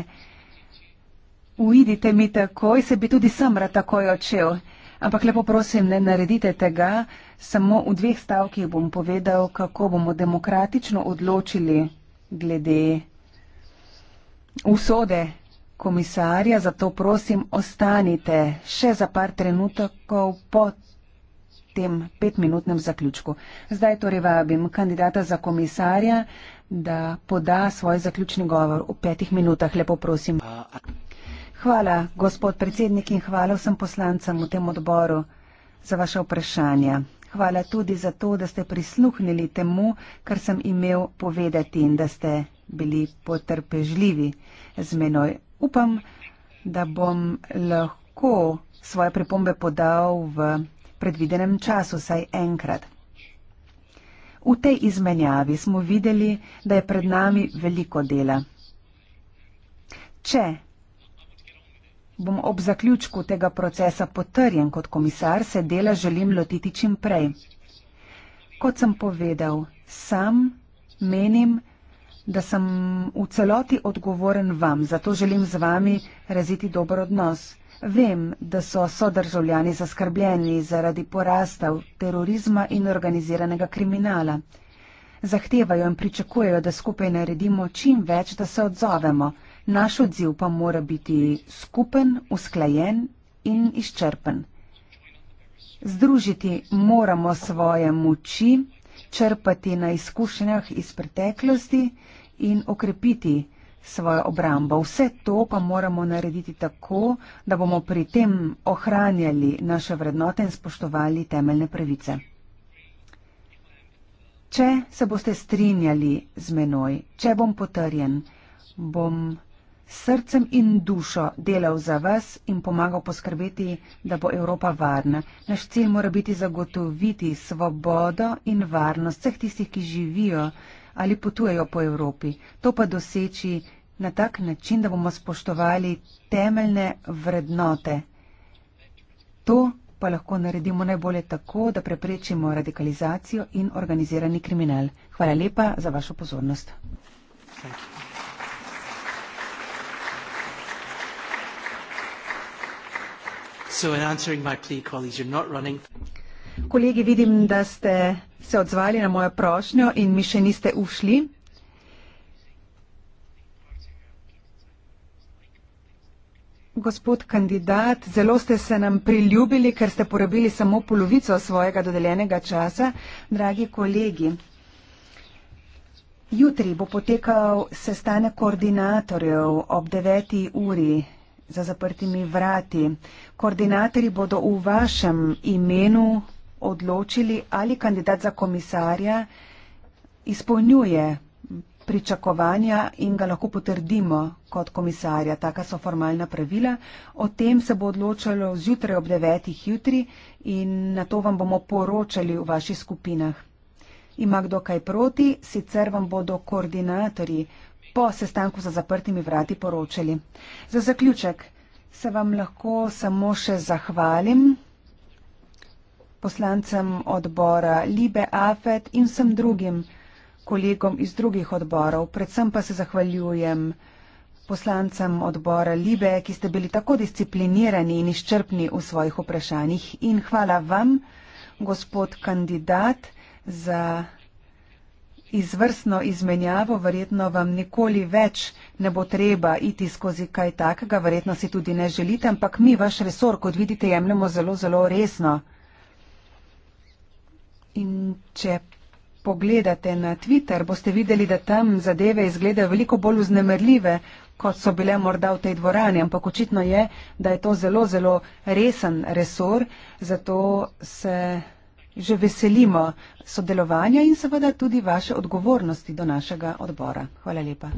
[SPEAKER 1] uidite mi takoj, se bi tudi sam rad takoj očel. Uh, Ampak lepo prosim, ne naredite tega. Samo v dveh stavkih bom povedal, kako bomo demokratično odločili glede usode komisarja. Zato prosim, ostanite še za par trenutkov po tem petminutnem zaključku. Zdaj torej vabim kandidata za komisarja, da poda svoj zaključni govor v petih minutah. Lepo prosim. Hvala, gospod predsednik, in hvala vsem poslancem v tem odboru za vaše vprašanja. Hvala tudi za to, da ste prisluhnili temu, kar sem imel povedati in da ste bili potrpežljivi z menoj. Upam, da bom lahko svoje pripombe podal v predvidenem času, saj enkrat. V tej izmenjavi smo videli, da je pred nami veliko dela. Če bom ob zaključku tega procesa potrjen kot komisar, se dela želim lotiti čim prej. Kot sem povedal, sam menim, da sem v celoti odgovoren vam, zato želim z vami raziti dober odnos. Vem, da so sodržavljani zaskrbljeni zaradi porastav terorizma in organiziranega kriminala. Zahtevajo in pričakujejo, da skupaj naredimo čim več, da se odzovemo. Naš odziv pa mora biti skupen, usklajen in izčrpen. Združiti moramo svoje moči, črpati na izkušnjah iz preteklosti in okrepiti svojo obrambo. Vse to pa moramo narediti tako, da bomo pri tem ohranjali naše vrednote in spoštovali temeljne pravice. Če se boste strinjali z menoj, če bom potrjen, bom srcem in dušo delal za vas in pomagal poskrbeti, da bo Evropa varna. Naš cilj mora biti zagotoviti svobodo in varnost vseh tistih, ki živijo ali potujejo po Evropi. To pa doseči na tak način, da bomo spoštovali temeljne vrednote. To pa lahko naredimo najbolje tako, da preprečimo radikalizacijo in organizirani kriminal. Hvala lepa za vašo pozornost.
[SPEAKER 2] Thank you. So in answering my plea, colleagues, you're not running.
[SPEAKER 1] Kolegi, vidim, da ste se odzvali na mojo prošnjo in mi še niste ušli. Gospod kandidat, zelo ste se nam priljubili, ker ste porabili samo polovico svojega dodeljenega časa. Dragi kolegi, jutri bo potekal sestanek koordinatorjev ob 9. uri za zaprtimi vrati. Koordinatorji bodo v vašem imenu odločili, ali kandidat za komisarja izpolnjuje pričakovanja in ga lahko potrdimo kot komisarja. Taka so formalna pravila. O tem se bo odločalo zjutraj ob devetih jutri in na to vam bomo poročali v vaših skupinah. Ima kdo kaj proti, sicer vam bodo koordinatorji po sestanku za zaprtimi vrati poročali. Za zaključek se vam lahko samo še zahvalim poslancem odbora Libe Afet in vsem drugim kolegom iz drugih odborov. Predvsem pa se zahvaljujem poslancem odbora Libe, ki ste bili tako disciplinirani in izčrpni v svojih vprašanjih. In hvala vam, gospod kandidat, za izvrstno izmenjavo, verjetno vam nikoli več ne bo treba iti skozi kaj takega, verjetno si tudi ne želite, ampak mi vaš resor, kot vidite, jemljemo zelo, zelo resno. In če pogledate na Twitter, boste videli, da tam zadeve izgledajo veliko bolj uznemerljive, kot so bile morda v tej dvorani, ampak očitno je, da je to zelo, zelo resen resor, zato se že veselimo sodelovanja in seveda tudi vaše odgovornosti do našega odbora. Hvala lepa.